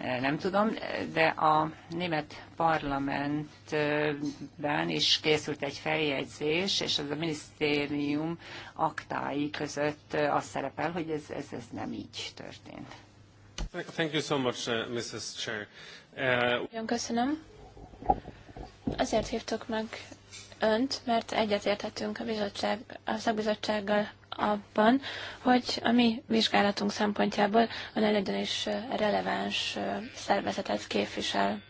nem tudom, de a német parlamentben is készült egy feljegyzés, és az a minisztérium aktái között eh, az szerepel, hogy ez, ez, ez nem így történt. Thank you so much, eh, Mrs. Chair. Uh... köszönöm. Azért hívtuk meg önt, mert egyetérthetünk a, bizottság, a szakbizottsággal abban, hogy a mi vizsgálatunk szempontjából a nagyon is releváns szervezetet képvisel.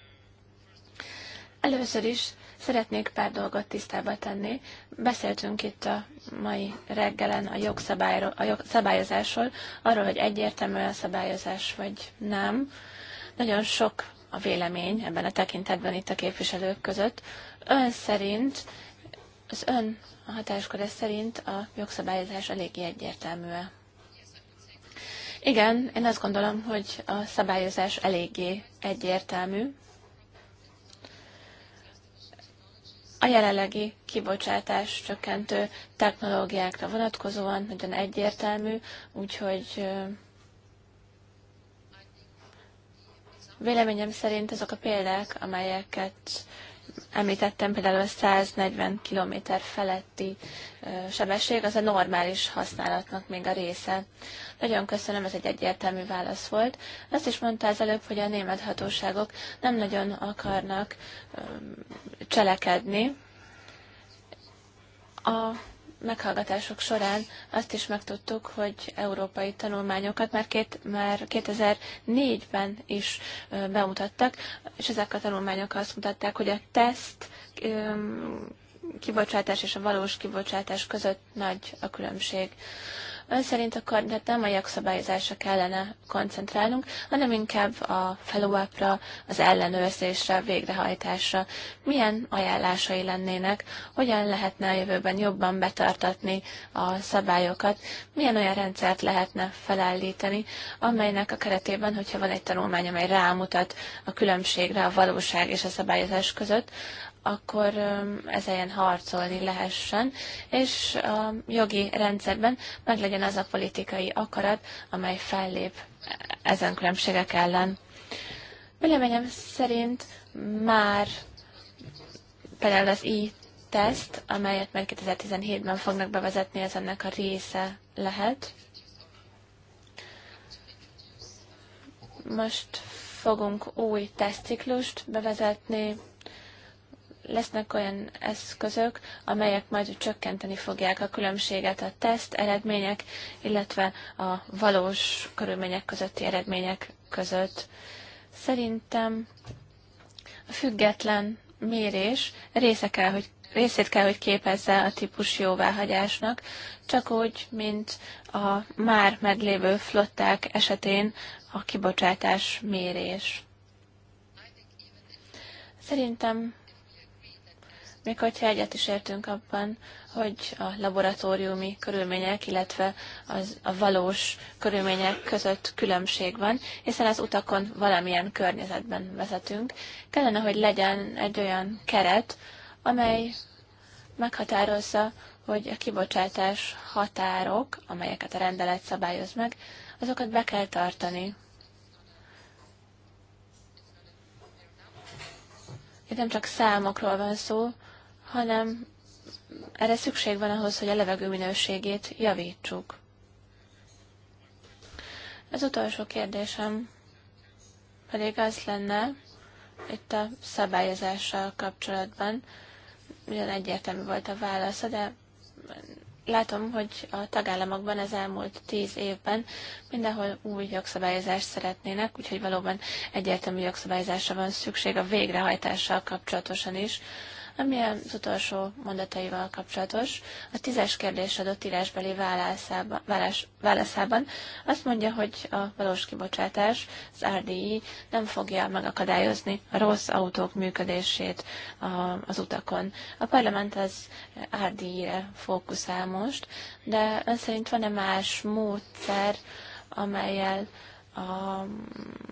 Először is szeretnék pár dolgot tisztába tenni. Beszéltünk itt a mai reggelen a, jogszabályról, a jogszabályozásról, arról, hogy egyértelmű a szabályozás vagy nem. Nagyon sok a vélemény ebben a tekintetben itt a képviselők között. Ön szerint az ön a hatásköre szerint a jogszabályozás eléggé egyértelmű. -e. Igen, én azt gondolom, hogy a szabályozás eléggé egyértelmű. A jelenlegi kibocsátás csökkentő technológiákra vonatkozóan nagyon egyértelmű, úgyhogy véleményem szerint azok a példák, amelyeket említettem, például a 140 km feletti sebesség, az a normális használatnak még a része. Nagyon köszönöm, ez egy egyértelmű válasz volt. Azt is mondta az előbb, hogy a német hatóságok nem nagyon akarnak cselekedni. A meghallgatások során azt is megtudtuk, hogy európai tanulmányokat már, két, már 2004-ben is bemutattak, és ezek a tanulmányok azt mutatták, hogy a teszt kibocsátás és a valós kibocsátás között nagy a különbség. Ön szerint akkor tehát nem a jogszabályozásra kellene koncentrálnunk, hanem inkább a follow az ellenőrzésre, végrehajtásra. Milyen ajánlásai lennének, hogyan lehetne a jövőben jobban betartatni a szabályokat, milyen olyan rendszert lehetne felállítani, amelynek a keretében, hogyha van egy tanulmány, amely rámutat a különbségre a valóság és a szabályozás között, akkor ez ilyen harcolni lehessen, és a jogi rendszerben meg legyen az a politikai akarat, amely fellép ezen különbségek ellen. Véleményem szerint már például az i-teszt, amelyet meg 2017-ben fognak bevezetni, ez ennek a része lehet. Most fogunk új tesztciklust bevezetni, lesznek olyan eszközök, amelyek majd csökkenteni fogják a különbséget a teszt eredmények, illetve a valós körülmények közötti eredmények között. Szerintem a független mérés része kell, hogy részét kell, hogy képezze a típus jóváhagyásnak, csak úgy, mint a már meglévő flották esetén a kibocsátás mérés. Szerintem még hogyha egyet is értünk abban, hogy a laboratóriumi körülmények, illetve az, a valós körülmények között különbség van, hiszen az utakon valamilyen környezetben vezetünk. Kellene, hogy legyen egy olyan keret, amely meghatározza, hogy a kibocsátás határok, amelyeket a rendelet szabályoz meg, azokat be kell tartani. Itt nem csak számokról van szó, hanem erre szükség van ahhoz, hogy a levegő minőségét javítsuk. Az utolsó kérdésem pedig az lenne, itt a szabályozással kapcsolatban, ugyan egyértelmű volt a válasz, de látom, hogy a tagállamokban az elmúlt tíz évben mindenhol új jogszabályozást szeretnének, úgyhogy valóban egyértelmű jogszabályozásra van szükség a végrehajtással kapcsolatosan is, ami az utolsó mondataival kapcsolatos. A tízes kérdés adott írásbeli válaszában, válasz, válaszában azt mondja, hogy a valós kibocsátás, az RDI nem fogja megakadályozni a rossz autók működését a, az utakon. A parlament az RDI-re fókuszál most, de ön szerint van-e más módszer, amelyel a,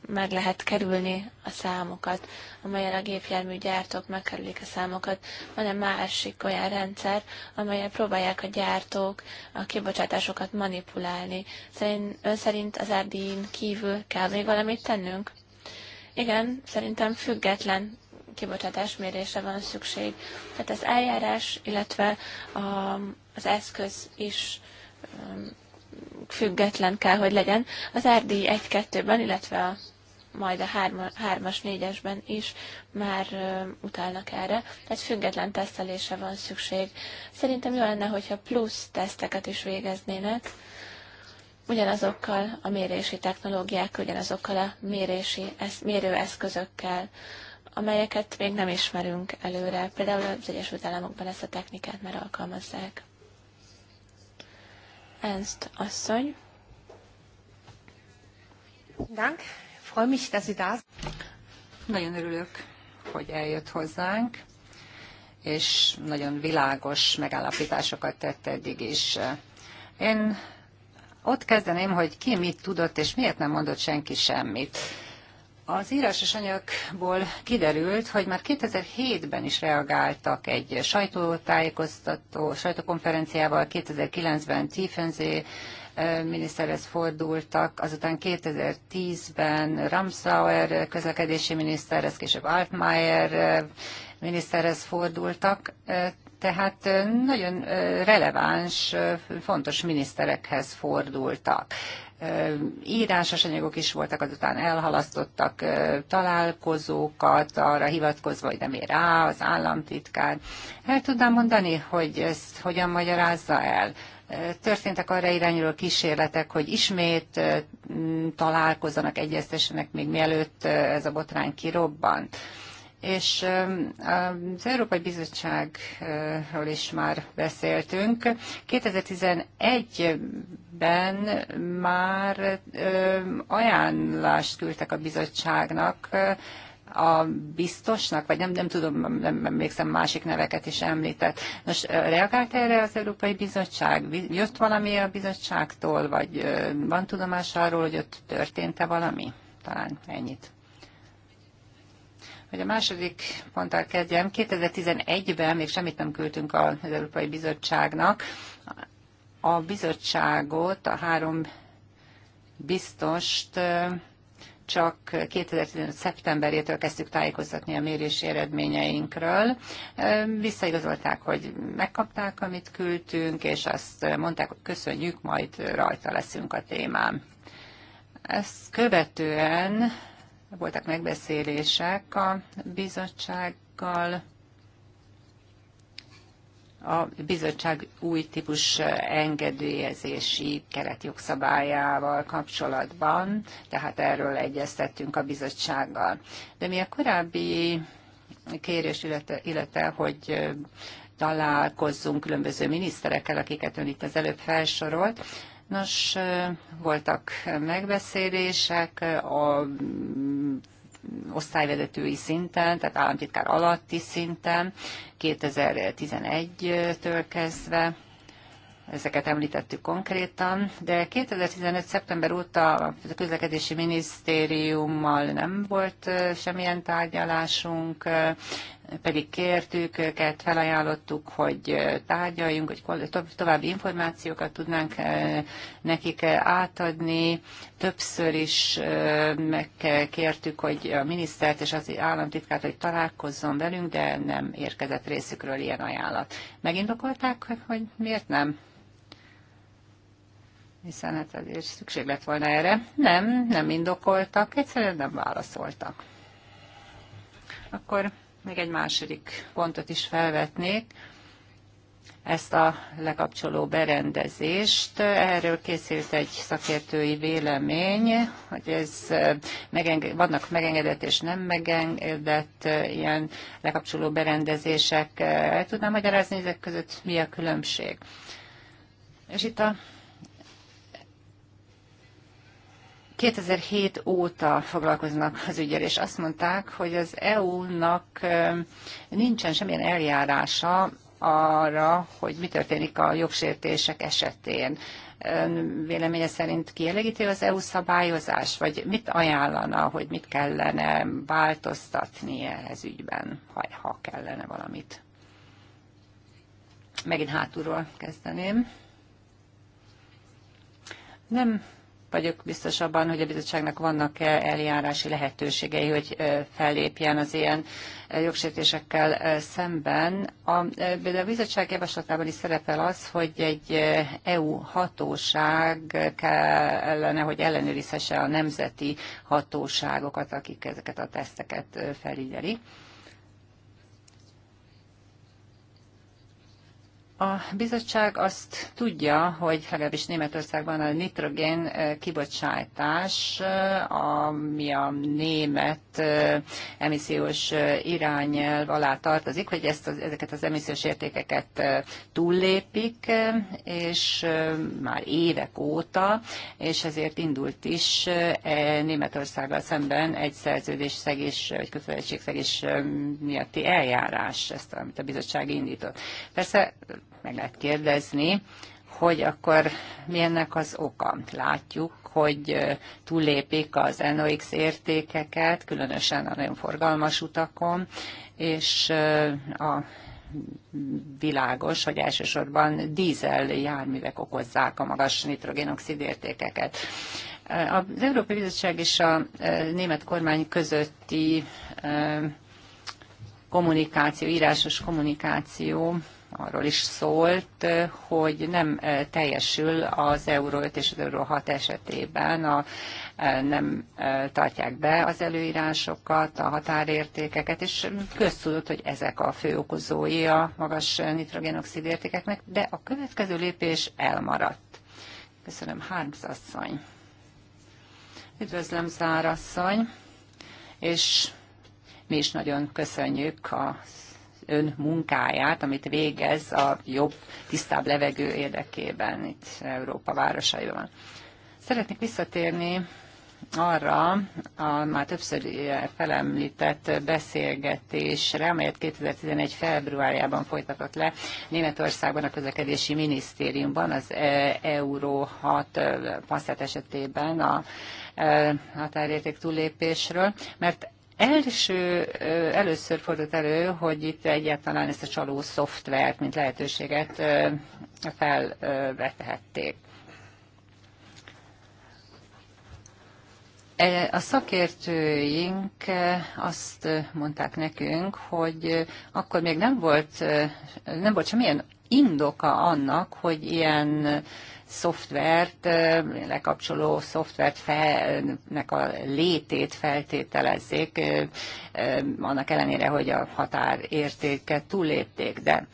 meg lehet kerülni a számokat, amelyen a gépjárműgyártók megkerülik a számokat. Van-e másik olyan rendszer, amelyen próbálják a gyártók a kibocsátásokat manipulálni? Szerint, ön szerint az RDI-n kívül kell még valamit tennünk? Igen, szerintem független kibocsátásmérésre van szükség. Tehát az eljárás, illetve a, az eszköz is független kell, hogy legyen. Az erdély 1-2-ben, illetve a, majd a 3-as, 4-esben is már ö, utálnak erre. Tehát független tesztelése van szükség. Szerintem jó lenne, hogyha plusz teszteket is végeznének, ugyanazokkal a mérési technológiák, ugyanazokkal a mérési, esz, mérőeszközökkel, amelyeket még nem ismerünk előre. Például az Egyesült Államokban ezt a technikát már alkalmazzák. Ernst asszony. Dank. Freue mich, dass Sie da sind. Nagyon örülök, hogy eljött hozzánk, és nagyon világos megállapításokat tett eddig is. Én ott kezdeném, hogy ki mit tudott, és miért nem mondott senki semmit. Az írásos anyagból kiderült, hogy már 2007-ben is reagáltak egy sajtótájékoztató, sajtókonferenciával, 2009-ben Tiefenzé miniszterhez fordultak, azután 2010-ben Ramsauer közlekedési miniszterhez, később Altmaier miniszterhez fordultak, tehát nagyon releváns, fontos miniszterekhez fordultak írásos anyagok is voltak, azután elhalasztottak találkozókat, arra hivatkozva, hogy nem ér rá az államtitkár. El tudnám mondani, hogy ezt hogyan magyarázza el? Történtek arra irányuló kísérletek, hogy ismét találkozzanak, egyeztessenek, még mielőtt ez a botrány kirobbant és az Európai Bizottságról is már beszéltünk. 2011-ben már ajánlást küldtek a bizottságnak, a biztosnak, vagy nem, nem tudom, nem emlékszem, másik neveket is említett. Most reagált erre az Európai Bizottság? Jött valami a bizottságtól, vagy van tudomás arról, hogy ott történt-e valami? Talán ennyit. Hogy a második ponttal kezdjem, 2011-ben még semmit nem küldtünk az Európai Bizottságnak. A bizottságot, a három biztost csak 2015. szeptemberétől kezdtük tájékoztatni a mérés eredményeinkről. Visszaigazolták, hogy megkapták, amit küldtünk, és azt mondták, hogy köszönjük, majd rajta leszünk a témán. Ezt követően voltak megbeszélések a bizottsággal, a bizottság új típus engedélyezési keretjogszabályával kapcsolatban, tehát erről egyeztettünk a bizottsággal. De mi a korábbi kérés, illetve, illetve hogy találkozzunk különböző miniszterekkel, akiket ön itt az előbb felsorolt, Nos, voltak megbeszélések a osztályvezetői szinten, tehát államtitkár alatti szinten, 2011-től kezdve, ezeket említettük konkrétan, de 2015. szeptember óta a közlekedési minisztériummal nem volt semmilyen tárgyalásunk, pedig kértük őket, felajánlottuk, hogy tárgyaljunk, hogy további információkat tudnánk nekik átadni. Többször is megkértük, hogy a minisztert és az államtitkát, hogy találkozzon velünk, de nem érkezett részükről ilyen ajánlat. Megindokolták, hogy miért nem? hiszen hát azért szükség lett volna erre. Nem, nem indokoltak, egyszerűen nem válaszoltak. Akkor még egy második pontot is felvetnék, ezt a lekapcsoló berendezést. Erről készült egy szakértői vélemény, hogy ez megenge- vannak megengedett és nem megengedett ilyen lekapcsoló berendezések. El tudnám magyarázni ezek között mi a különbség? És itt a 2007 óta foglalkoznak az ügyel, és azt mondták, hogy az EU-nak nincsen semmilyen eljárása arra, hogy mi történik a jogsértések esetén. Ön véleménye szerint kielégíti az EU szabályozás, vagy mit ajánlana, hogy mit kellene változtatni ehhez ügyben, ha, ha kellene valamit? Megint hátulról kezdeném. Nem vagyok biztos abban, hogy a bizottságnak vannak -e eljárási lehetőségei, hogy fellépjen az ilyen jogsértésekkel szemben. A, a bizottság javaslatában is szerepel az, hogy egy EU hatóság kellene, hogy ellenőrizhesse a nemzeti hatóságokat, akik ezeket a teszteket felügyelik. A bizottság azt tudja, hogy legalábbis Németországban a nitrogén eh, kibocsátás, eh, ami a német eh, emissziós irányelv alá tartozik, hogy ezt az, ezeket az emissziós értékeket túllépik, és már évek óta, és ezért indult is Németországgal szemben egy szegés, vagy szegés miatti eljárás, ezt, amit a bizottság indított. Persze meg lehet kérdezni, hogy akkor mi ennek az oka. Látjuk, hogy túllépik az NOx értékeket, különösen a nagyon forgalmas utakon, és a világos, hogy elsősorban dízel járművek okozzák a magas nitrogénoxid értékeket. Az Európai Bizottság és a német kormány közötti kommunikáció, írásos kommunikáció arról is szólt, hogy nem eh, teljesül az Euró 5 és az Euró 6 esetében, a, eh, nem eh, tartják be az előírásokat, a határértékeket, és köztudott, hogy ezek a fő okozói a magas nitrogénoxid értékeknek, de a következő lépés elmaradt. Köszönöm, Harms asszony. Üdvözlöm, Zár asszony, és mi is nagyon köszönjük a ön munkáját, amit végez a jobb, tisztább levegő érdekében itt Európa városaiban. Szeretnék visszatérni arra a már többször felemlített beszélgetésre, amelyet 2011. februárjában folytatott le Németországban a közlekedési minisztériumban az e, Euró 6 e, passzát esetében a e, határérték túllépésről, mert első, először fordult elő, hogy itt egyáltalán ezt a csaló szoftvert, mint lehetőséget felvetehették. E, a szakértőink azt mondták nekünk, hogy akkor még nem volt, nem volt semmilyen indoka annak, hogy ilyen szoftvert, lekapcsoló szoftvert felnek a létét feltételezzék, annak ellenére, hogy a határértéket túllépték, de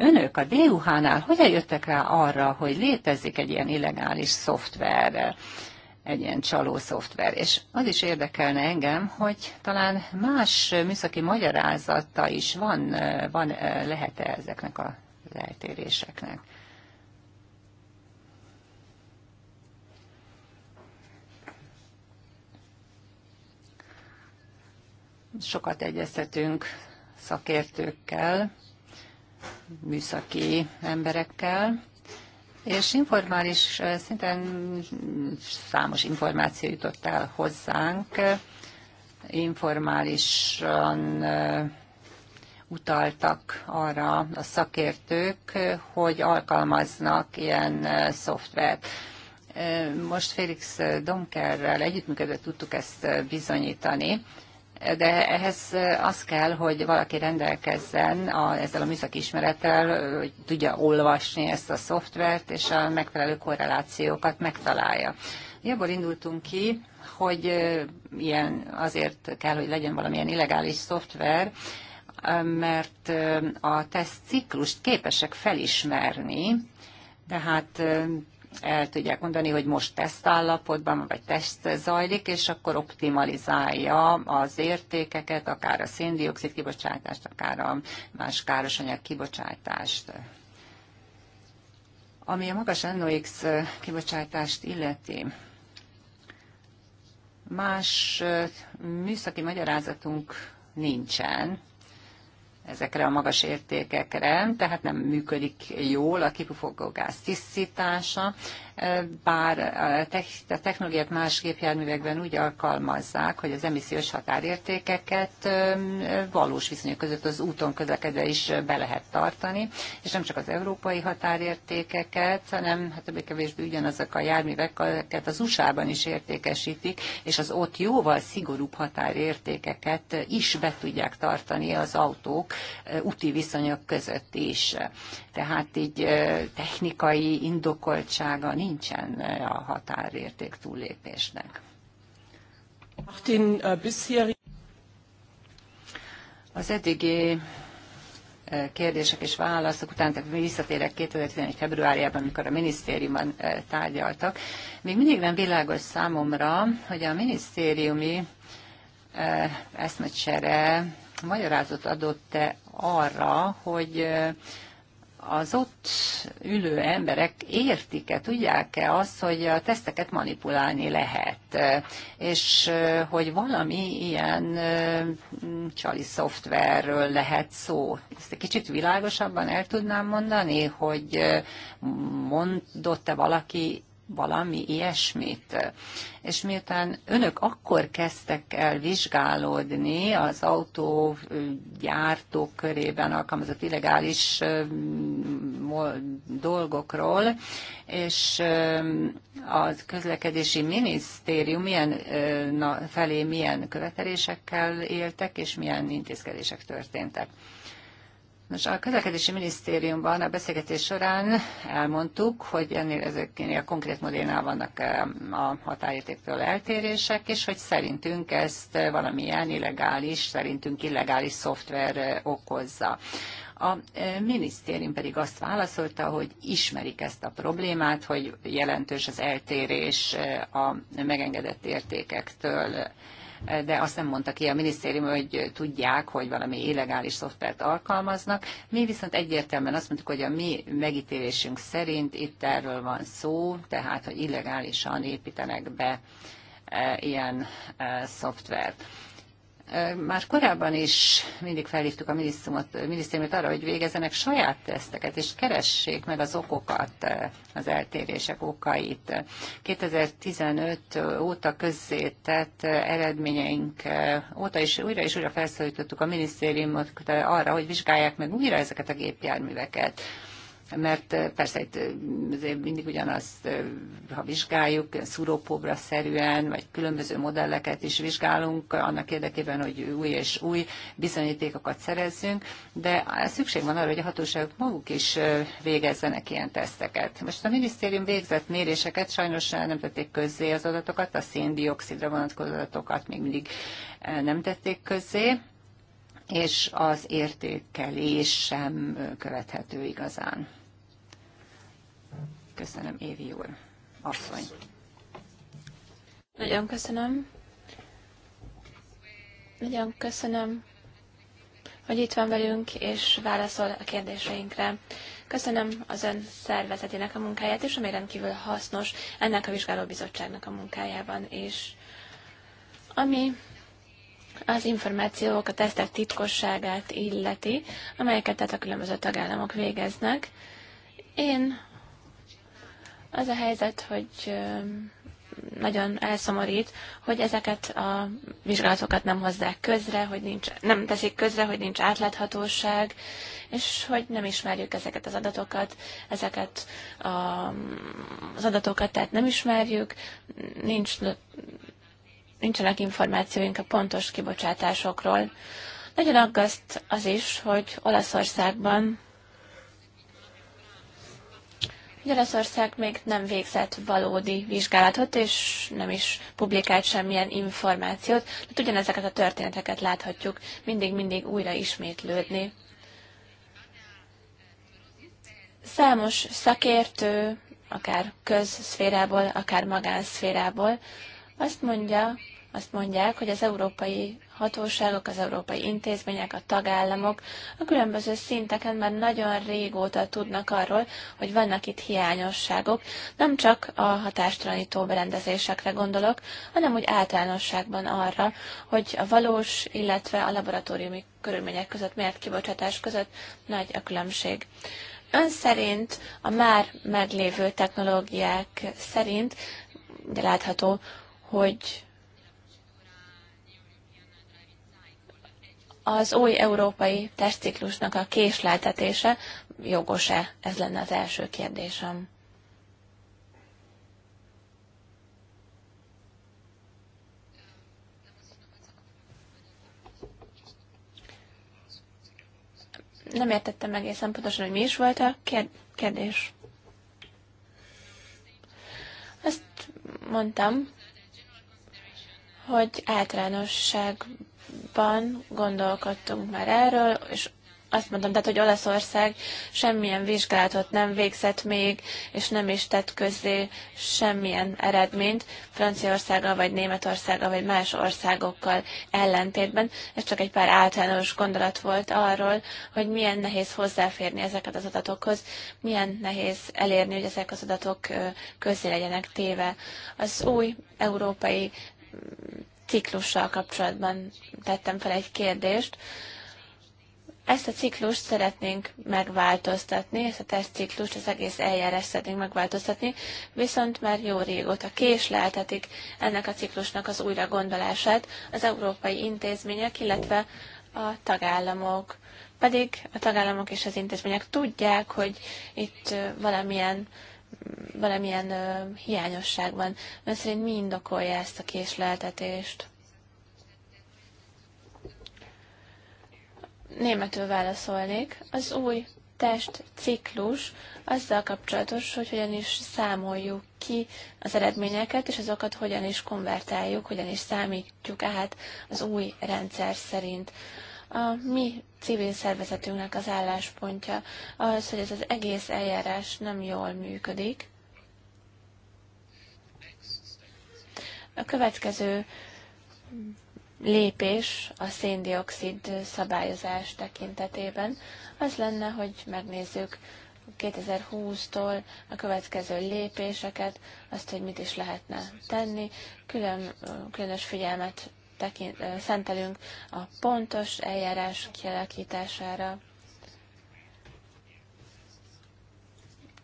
Önök a DUH-nál hogyan jöttek rá arra, hogy létezik egy ilyen illegális szoftver, egy ilyen csaló szoftver? És az is érdekelne engem, hogy talán más műszaki magyarázata is van, van lehet-e ezeknek a eltéréseknek. sokat egyeztetünk szakértőkkel, műszaki emberekkel, és informális eh, szinten számos információ jutott el hozzánk, informálisan eh, utaltak arra a szakértők, hogy alkalmaznak ilyen eh, szoftvert. Most Félix Domkerrel együttműködve tudtuk ezt bizonyítani, de ehhez az kell, hogy valaki rendelkezzen a, ezzel a műszaki ismerettel, hogy tudja olvasni ezt a szoftvert, és a megfelelő korrelációkat megtalálja. Jobból indultunk ki, hogy ilyen azért kell, hogy legyen valamilyen illegális szoftver, mert a teszt ciklust képesek felismerni, tehát el tudják mondani, hogy most állapotban, vagy teszt zajlik, és akkor optimalizálja az értékeket, akár a széndiokszid kibocsátást, akár a más károsanyag kibocsátást. Ami a magas NOx kibocsátást illeti, más műszaki magyarázatunk nincsen, ezekre a magas értékekre, tehát nem működik jól a kipufogógáz tisztítása bár a technológiát más gépjárművekben úgy alkalmazzák, hogy az emissziós határértékeket valós viszonyok között az úton közlekedve is be lehet tartani, és nem csak az európai határértékeket, hanem hát többé-kevésbé ugyanazok a járműveket az USA-ban is értékesítik, és az ott jóval szigorúbb határértékeket is be tudják tartani az autók úti viszonyok között is. Tehát így technikai indokoltsága nincs nincsen eh, a határérték túllépésnek. Eh, Az eddigi eh, kérdések és válaszok után, tehát visszatérek 2011. februárjában, amikor a minisztériumban tárgyaltak. Még mindig nem világos számomra, hogy a minisztériumi eszmecsere magyarázatot adott-e arra, hogy az ott ülő emberek értik-e, tudják-e azt, hogy a teszteket manipulálni lehet, és hogy valami ilyen csali szoftverről lehet szó. Ezt egy kicsit világosabban el tudnám mondani, hogy mondott-e valaki valami ilyesmit. És miután önök akkor kezdtek el vizsgálódni az autógyártók körében alkalmazott illegális dolgokról, és a közlekedési minisztérium milyen, felé milyen követelésekkel éltek, és milyen intézkedések történtek. Nos, a közlekedési minisztériumban a beszélgetés során elmondtuk, hogy ennél ezeknél a konkrét modellnál vannak a határértéktől eltérések, és hogy szerintünk ezt valamilyen illegális, szerintünk illegális szoftver okozza. A minisztérium pedig azt válaszolta, hogy ismerik ezt a problémát, hogy jelentős az eltérés a megengedett értékektől de azt nem mondta ki a minisztérium, hogy tudják, hogy valami illegális szoftvert alkalmaznak. Mi viszont egyértelműen azt mondtuk, hogy a mi megítélésünk szerint itt erről van szó, tehát, hogy illegálisan építenek be eh, ilyen eh, szoftvert már korábban is mindig felhívtuk a minisztériumot arra, hogy végezzenek saját teszteket, és keressék meg az okokat, az eltérések okait. 2015 óta közzétett eredményeink óta is újra és újra felszólítottuk a minisztériumot arra, hogy vizsgálják meg újra ezeket a gépjárműveket mert eh, persze itt eh, mindig ugyanazt, eh, ha vizsgáljuk, szurópobra szerűen, vagy különböző modelleket is vizsgálunk, annak érdekében, hogy új és új bizonyítékokat szerezzünk, de szükség van arra, hogy a hatóságok maguk is végezzenek ilyen teszteket. Most a minisztérium végzett méréseket sajnos nem tették közzé az adatokat, a széndiokszidra vonatkozó adatokat még mindig nem tették közzé, és az értékelés sem követhető igazán. Köszönöm, Évi úr. Asszony. Nagyon köszönöm. Nagyon köszönöm, hogy itt van velünk, és válaszol a kérdéseinkre. Köszönöm az ön szervezetének a munkáját, és ami rendkívül hasznos ennek a vizsgálóbizottságnak a munkájában is. Ami az információk, a tesztek titkosságát illeti, amelyeket tehát a különböző tagállamok végeznek. Én az a helyzet, hogy nagyon elszomorít, hogy ezeket a vizsgálatokat nem hozzák közre, hogy nincs, nem teszik közre, hogy nincs átláthatóság, és hogy nem ismerjük ezeket az adatokat, ezeket a, az adatokat, tehát nem ismerjük, nincs, nincsenek információink a pontos kibocsátásokról. Nagyon aggaszt az is, hogy Olaszországban Olaszország még nem végzett valódi vizsgálatot, és nem is publikált semmilyen információt, de ugyanezeket a történeteket láthatjuk mindig-mindig újra ismétlődni. Számos szakértő, akár közszférából, akár magánszférából azt mondja, azt mondják, hogy az európai hatóságok, az európai intézmények, a tagállamok a különböző szinteken már nagyon régóta tudnak arról, hogy vannak itt hiányosságok. Nem csak a hatástalanító berendezésekre gondolok, hanem úgy általánosságban arra, hogy a valós, illetve a laboratóriumi körülmények között, miért kibocsátás között nagy a különbség. Ön szerint a már meglévő technológiák szerint, de látható, hogy az új európai testciklusnak a késleltetése jogos-e? Ez lenne az első kérdésem. Nem értettem egészen pontosan, hogy mi is volt a kérdés. Azt mondtam, hogy általánosság Ban gondolkodtunk már erről, és azt mondom, tehát, hogy Olaszország semmilyen vizsgálatot nem végzett még, és nem is tett közzé semmilyen eredményt Franciaországgal, vagy Németországgal, vagy más országokkal ellentétben. Ez csak egy pár általános gondolat volt arról, hogy milyen nehéz hozzáférni ezeket az adatokhoz, milyen nehéz elérni, hogy ezek az adatok közzé legyenek téve. Az új európai ciklussal kapcsolatban tettem fel egy kérdést. Ezt a ciklust szeretnénk megváltoztatni, ezt a testciklust, az egész eljárás szeretnénk megváltoztatni, viszont már jó régóta késleltetik ennek a ciklusnak az újra gondolását az európai intézmények, illetve a tagállamok. Pedig a tagállamok és az intézmények tudják, hogy itt valamilyen valamilyen hiányosság van. Ön szerint mi indokolja ezt a késleltetést? Németül válaszolnék. Az új test ciklus azzal kapcsolatos, hogy hogyan is számoljuk ki az eredményeket, és azokat hogyan is konvertáljuk, hogyan is számítjuk át az új rendszer szerint. A mi civil szervezetünknek az álláspontja az, hogy ez az egész eljárás nem jól működik. A következő lépés a széndiokszid szabályozás tekintetében az lenne, hogy megnézzük 2020-tól a következő lépéseket, azt, hogy mit is lehetne tenni, külön, különös figyelmet tekint, szentelünk a pontos eljárás kialakítására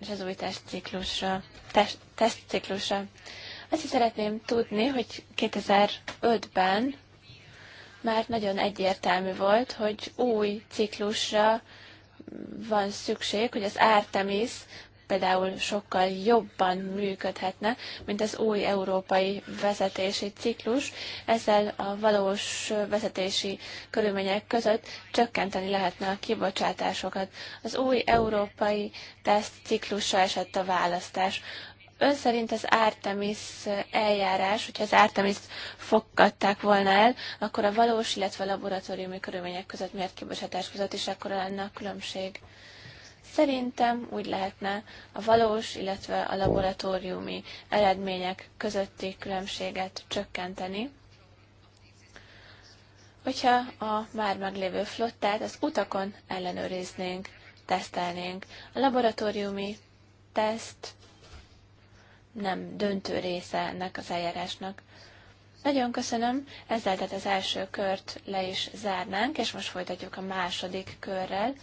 és az új testciklusra, Test, tesztciklusra. Azt is szeretném tudni, hogy 2005-ben már nagyon egyértelmű volt, hogy új ciklusra van szükség, hogy az Artemis például sokkal jobban működhetne, mint az új európai vezetési ciklus. Ezzel a valós vezetési körülmények között csökkenteni lehetne a kibocsátásokat. Az új európai teszt ciklusa esett a választás. Ön szerint az Artemis eljárás, hogyha az Artemis fogadták volna el, akkor a valós, illetve a laboratóriumi körülmények között miért kibocsátás között is akkor lenne a különbség? Szerintem úgy lehetne a valós, illetve a laboratóriumi eredmények közötti különbséget csökkenteni, hogyha a már meglévő flottát az utakon ellenőriznénk, tesztelnénk. A laboratóriumi teszt nem döntő része ennek az eljárásnak. Nagyon köszönöm, ezzel tehát az első kört le is zárnánk, és most folytatjuk a második körrel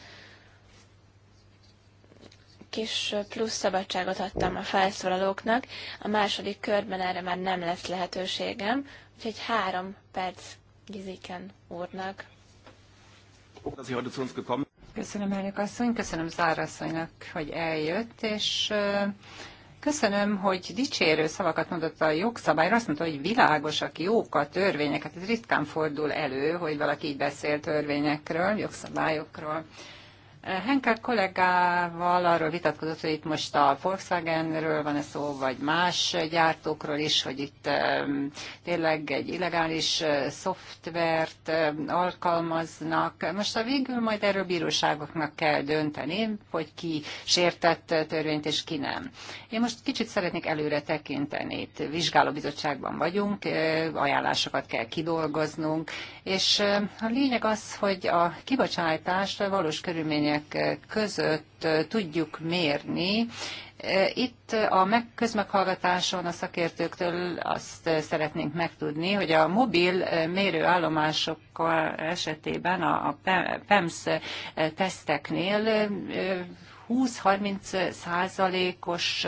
kis plusz szabadságot adtam a felszólalóknak, a második körben erre már nem lesz lehetőségem, úgyhogy három perc Giziken úrnak. Köszönöm, elnök asszony, köszönöm Zárasszonynak, hogy eljött, és Köszönöm, hogy dicsérő szavakat mondott a jogszabályra. Azt mondta, hogy világosak, jók a törvények. Hát ez ritkán fordul elő, hogy valaki így beszél törvényekről, jogszabályokról. Henkel kollégával arról vitatkozott, hogy itt most a Volkswagenről van -e szó, vagy más gyártókról is, hogy itt tényleg egy illegális szoftvert alkalmaznak. Most a végül majd erről bíróságoknak kell dönteni, hogy ki sértett törvényt és ki nem. Én most kicsit szeretnék előre tekinteni. Itt vizsgálóbizottságban vagyunk, ajánlásokat kell kidolgoznunk, és a lényeg az, hogy a kibocsátást valós körülmények körülmények között tudjuk mérni, itt a közmeghallgatáson a szakértőktől azt szeretnénk megtudni, hogy a mobil mérőállomások esetében a PEMS teszteknél 20-30 százalékos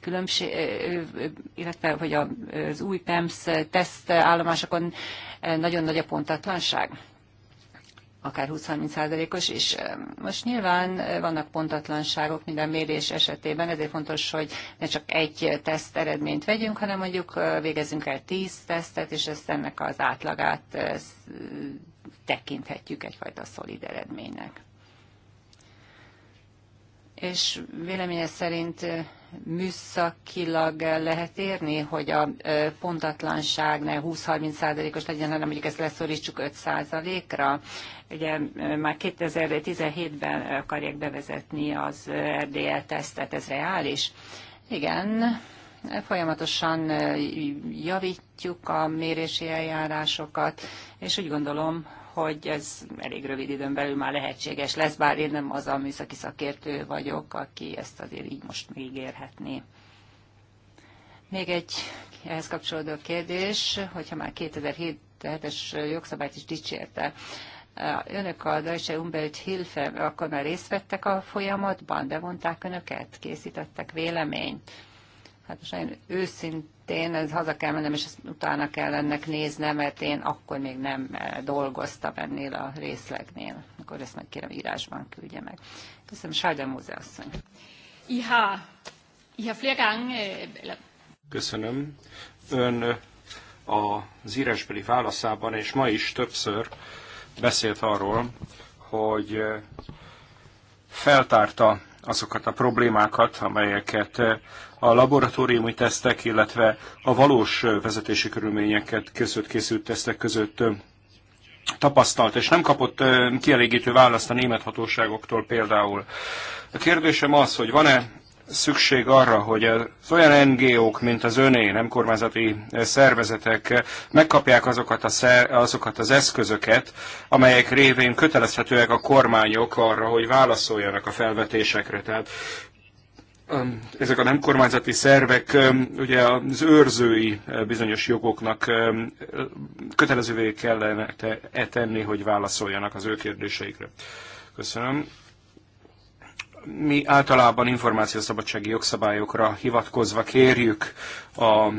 különbség, illetve hogy az új PEMS teszt állomásokon nagyon nagy a pontatlanság akár 20-30%-os is. Most nyilván eh, vannak pontatlanságok minden mérés esetében, ezért fontos, hogy ne csak egy teszt eredményt vegyünk, hanem mondjuk eh, végezzünk el 10 tesztet, és ezt ennek az átlagát eh, tekinthetjük egyfajta szolid eredménynek. És véleménye szerint műszakilag lehet érni, hogy a pontatlanság ne 20-30%-os legyen, hanem mondjuk ezt leszorítsuk 5%-ra. Ugye már 2017-ben akarják bevezetni az RDL tesztet, ez reális? Igen, folyamatosan javítjuk a mérési eljárásokat, és úgy gondolom, hogy ez elég rövid időn belül már lehetséges lesz, bár én nem az a műszaki szakértő vagyok, aki ezt azért így most megígérhetné. Még egy ehhez kapcsolódó kérdés, hogyha már 2007-es jogszabályt is dicsérte, Önök a Deutsche Umwelt Hilfe akkor már részt vettek a folyamatban, bevonták önöket, készítettek véleményt. Hát most én őszintén ez haza kell mennem, és ezt utána kell ennek néznem, mert én akkor még nem eh, dolgoztam ennél a részlegnél. Akkor ezt meg kérem írásban küldje meg. Köszönöm, Sajda Múze asszony. Iha, iha flere eh, Köszönöm. Ön eh, az írásbeli válaszában, és ma is többször beszélt arról, hogy feltárta azokat a problémákat, amelyeket eh, a laboratóriumi tesztek, illetve a valós eh, vezetési körülményeket között készült tesztek között eh, tapasztalt, és nem kapott kielégítő választ a német hatóságoktól például. A kérdésem az, hogy van-e szükség arra, hogy az olyan NGO-k, mint az öné, nem kormányzati eh, szervezetek eh, megkapják azokat, a szer, azokat az eszközöket, amelyek révén kötelezhetőek a kormányok arra, hogy válaszoljanak a felvetésekre. Tehát um, ezek a nem kormányzati szervek um, ugye az őrzői eh, bizonyos jogoknak um, kötelezővé kellene e tenni, hogy válaszoljanak az ő kérdéseikre. Köszönöm mi általában információszabadsági jogszabályokra hivatkozva kérjük a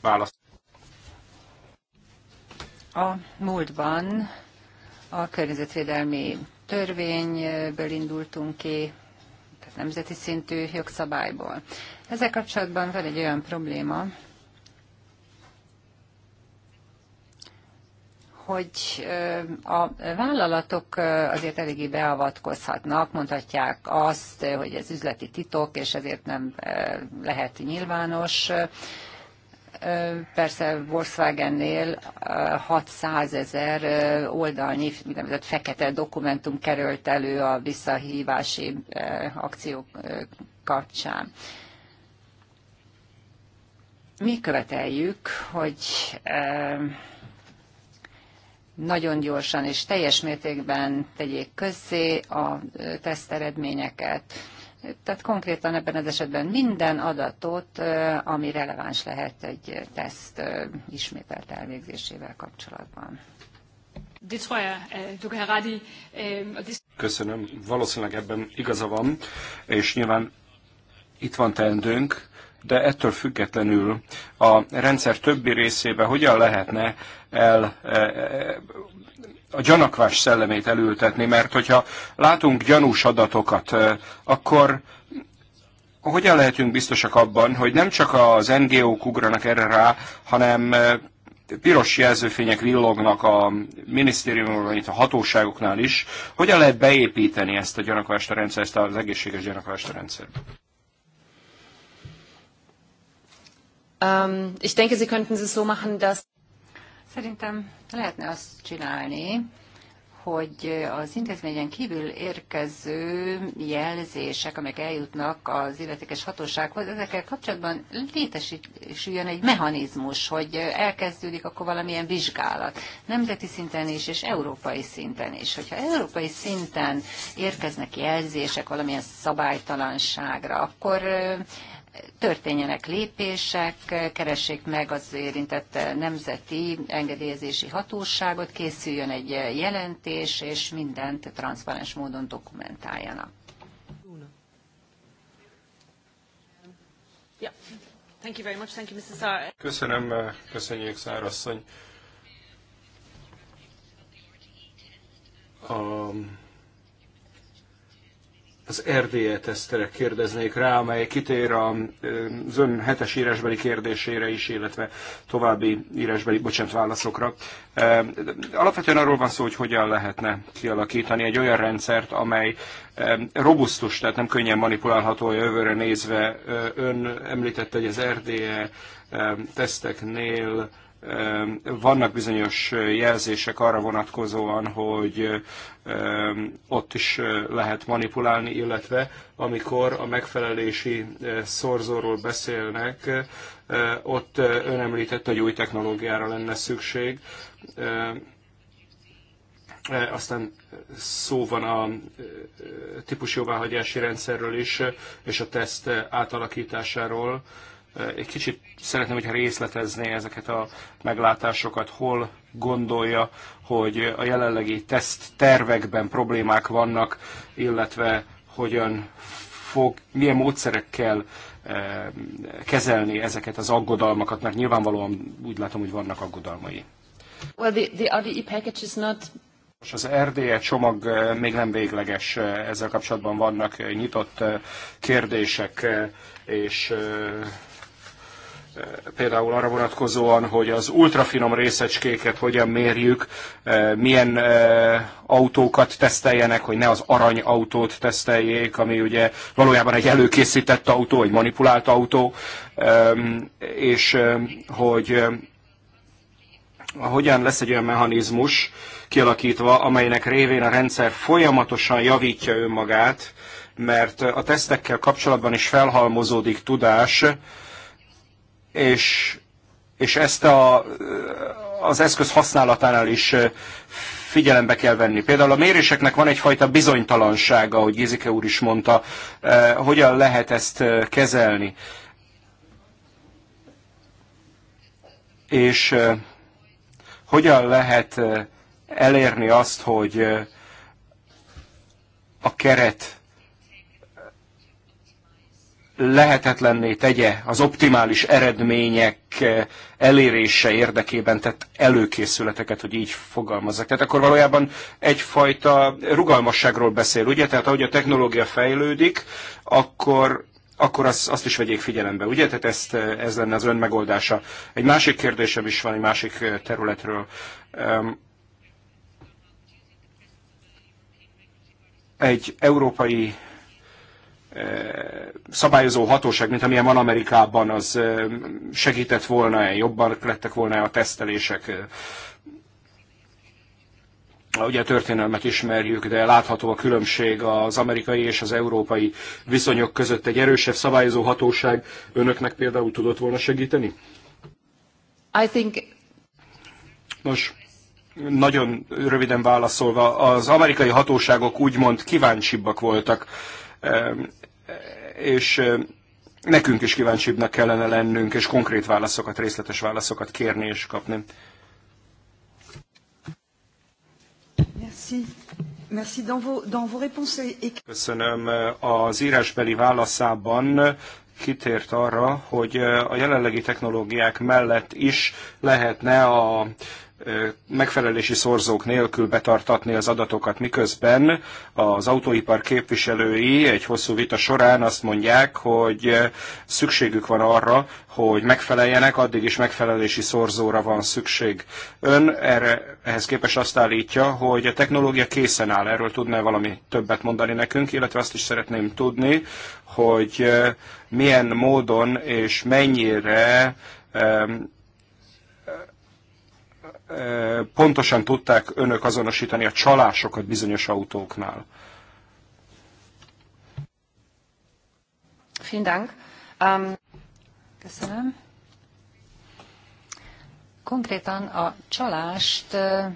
választ. A múltban a környezetvédelmi törvényből indultunk ki, tehát nemzeti szintű jogszabályból. Ezzel kapcsolatban van egy olyan probléma, hogy a vállalatok azért eléggé beavatkozhatnak, mondhatják azt, hogy ez üzleti titok, és ezért nem lehet nyilvános. Persze Volkswagennél 600 ezer oldalnyi úgynevezett fekete dokumentum került elő a visszahívási akciók kapcsán. Mi követeljük, hogy nagyon gyorsan és teljes mértékben tegyék közzé a teszt eredményeket. Tehát konkrétan ebben az esetben minden adatot, ami releváns lehet egy teszt ismételt elvégzésével kapcsolatban. Øh, øh, Köszönöm. Valószínűleg ebben igaza van, és nyilván itt van teendőnk, de ettől függetlenül a rendszer többi részébe hogyan lehetne el e, e, a gyanakvás szellemét elültetni, mert hogyha látunk gyanús adatokat, e, akkor hogyan lehetünk biztosak abban, hogy nem csak az NGO-k ugranak erre rá, hanem piros jelzőfények villognak a minisztériumokban, itt a hatóságoknál is. Hogyan lehet beépíteni ezt a gyanakvást a rendszer, ezt az egészséges gyanakvást a rendszerbe? Ähm, ich denke, Sie könnten es so machen, dass. Szerintem lehetne azt csinálni, hogy az intézményen kívül érkező jelzések, amelyek eljutnak az illetékes hatósághoz, ezekkel kapcsolatban létesüljön egy mechanizmus, hogy elkezdődik akkor valamilyen vizsgálat. Nemzeti szinten is, és európai szinten is. Hogyha európai szinten érkeznek jelzések valamilyen szabálytalanságra, akkor történjenek lépések, keressék meg az érintett nemzeti engedélyezési hatóságot, készüljön egy jelentés, és mindent transzparens módon dokumentáljanak. Köszönöm, eh, köszönjük Szárasszony. Um, az RDE tesztere kérdeznék rá, amely kitér az ön hetes írásbeli kérdésére is, illetve további írásbeli, bocsánat, válaszokra. E, alapvetően arról van szó, hogy hogyan lehetne kialakítani egy olyan rendszert, amely e, robusztus, tehát nem könnyen manipulálható a jövőre nézve. E, ön említette, hogy az RDE teszteknél Ehm, vannak bizonyos jelzések arra vonatkozóan, hogy ehm, ott is eh, lehet manipulálni, illetve amikor a megfelelési eh, szorzóról beszélnek, eh, ott ön említett, hogy új technológiára lenne szükség. Ehm, e, aztán szó van a típusjóváhagyási rendszerről is, és a teszt átalakításáról egy kicsit szeretném, hogyha részletezné ezeket a meglátásokat, hol gondolja, hogy a jelenlegi teszt tervekben problémák vannak, illetve hogyan fog, milyen módszerekkel eh, kezelni ezeket az aggodalmakat, mert nyilvánvalóan úgy látom, hogy vannak aggodalmai. Well, the, the RDE package is not... Most az RDE csomag eh, még nem végleges, eh, ezzel kapcsolatban vannak nyitott kérdések, és például arra vonatkozóan, hogy az ultrafinom részecskéket hogyan mérjük, eh, milyen eh, autókat teszteljenek, hogy ne az aranyautót teszteljék, ami ugye valójában egy előkészített autó, egy manipulált autó, és hogy hogyan lesz egy olyan mechanizmus kialakítva, amelynek révén a rendszer folyamatosan javítja önmagát, mert a tesztekkel kapcsolatban is felhalmozódik tudás, és, és ezt a, az eszköz használatánál is figyelembe kell venni. Például a méréseknek van egyfajta bizonytalansága, ahogy Gizike úr is mondta, hogyan lehet ezt kezelni. És hogyan lehet elérni azt, hogy a keret lehetetlenné tegye az optimális eredmények eh, elérése érdekében tett előkészületeket, hogy így fogalmazzak. Tehát akkor valójában egyfajta rugalmasságról beszél, ugye? Tehát ahogy a technológia fejlődik, akkor akkor azt, azt is vegyék figyelembe, ugye? Tehát ezt, eh, ez lenne az ön megoldása. Egy másik kérdésem is van, egy másik eh, területről. Egy európai Eh, szabályozó hatóság, mint amilyen van Amerikában, az eh, segített volna-e, jobban lettek volna-e a tesztelések? Eh, ugye a történelmet ismerjük, de látható a különbség az amerikai és az európai viszonyok között. Egy erősebb szabályozó hatóság önöknek például tudott volna segíteni? I think... Nos, nagyon röviden válaszolva, az amerikai hatóságok úgymond kíváncsibbak voltak és nekünk is kíváncsibbnak kellene lennünk, és konkrét válaszokat, részletes válaszokat kérni és kapni. Köszönöm. Az írásbeli válaszában kitért arra, hogy a jelenlegi technológiák mellett is lehetne a megfelelési szorzók nélkül betartatni az adatokat, miközben az autóipar képviselői egy hosszú vita során azt mondják, hogy szükségük van arra, hogy megfeleljenek, addig is megfelelési szorzóra van szükség. Ön erre, ehhez képest azt állítja, hogy a technológia készen áll, erről tudná valami többet mondani nekünk, illetve azt is szeretném tudni, hogy milyen módon és mennyire pontosan tudták önök azonosítani a csalásokat bizonyos autóknál? Ähm, köszönöm. Konkrétan a csalást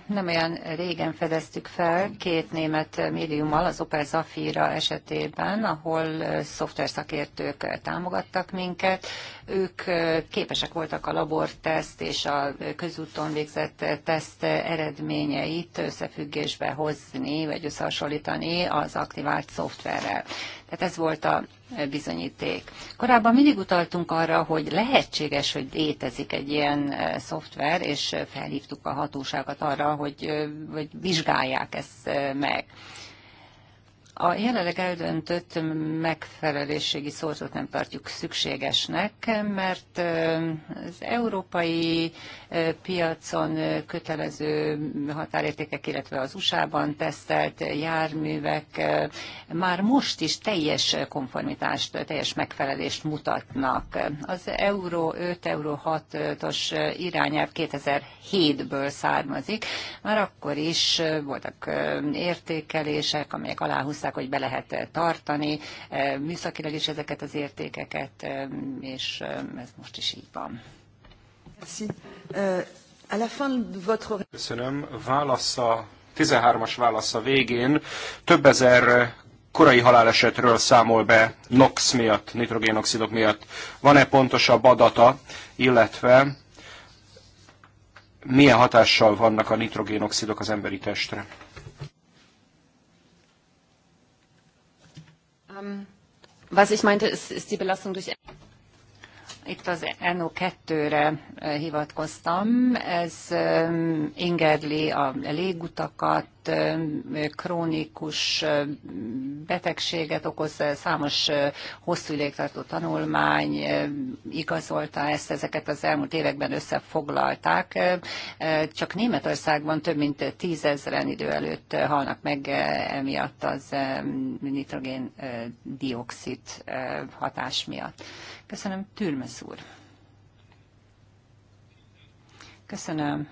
nem olyan régen fedeztük fel két német médiummal, az Opel Zafira esetében, ahol szoftverszakértők támogattak minket. Ők képesek voltak a laborteszt és a közúton végzett teszt eredményeit összefüggésbe hozni, vagy összehasonlítani az aktivált szoftverrel. Tehát ez volt a bizonyíték. Korábban mindig utaltunk arra, hogy lehetséges, hogy létezik egy ilyen szoftver, és felhívtuk a hatóságot arra, hogy, hogy vizsgálják ezt meg. A jelenleg eldöntött megfelelőségi szózót nem tartjuk szükségesnek, mert az európai piacon kötelező határértékek, illetve az USA-ban tesztelt járművek már most is teljes konformitást, teljes megfelelést mutatnak. Az Euró 5, Euró 6-os irányelv 2007-ből származik, már akkor is voltak értékelések, amelyek aláhúzták meghatározták, hogy be lehet eh, tartani eh, műszakilag is ezeket az értékeket, eh, és ez most is így van. Köszönöm. Válasza, 13-as válasza végén több ezer korai halálesetről számol be NOx miatt, nitrogénoxidok miatt. Van-e pontosabb adata, illetve milyen hatással vannak a nitrogénoxidok az emberi testre? Ähm, was ich meinte, ist, ist die Belastung durch. Itt az NO2-re eh, hivatkoztam. Ez eh, ingerli a légutakat, eh, krónikus betegséget okoz, számos hosszú idegtartó tanulmány igazolta ezt, ezeket az elmúlt években összefoglalták. Csak Németországban több mint tízezren idő előtt halnak meg emiatt az nitrogén dioxid hatás miatt. Köszönöm, Türmes úr. Köszönöm.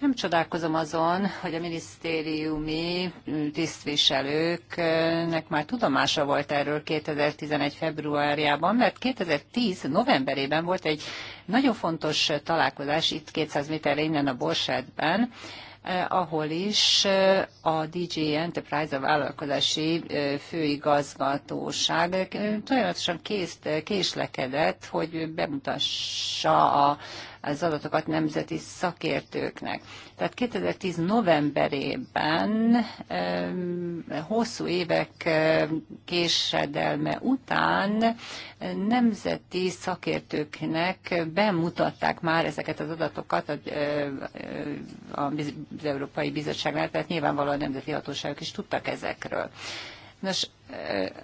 Nem csodálkozom azon, hogy a minisztériumi tisztviselőknek már tudomása volt erről 2011. februárjában, mert 2010. novemberében volt egy nagyon fontos találkozás itt 200 méterre innen a Borsátban, Eh, ahol is eh, a DJ Enterprise, a vállalkozási eh, főigazgatóság folyamatosan késlekedett, hogy bemutassa a az adatokat nemzeti szakértőknek. Tehát 2010 novemberében hosszú évek késedelme után nemzeti szakértőknek bemutatták már ezeket az adatokat az Európai Bizottságnál, tehát nyilvánvalóan a nemzeti hatóságok is tudtak ezekről. Nos,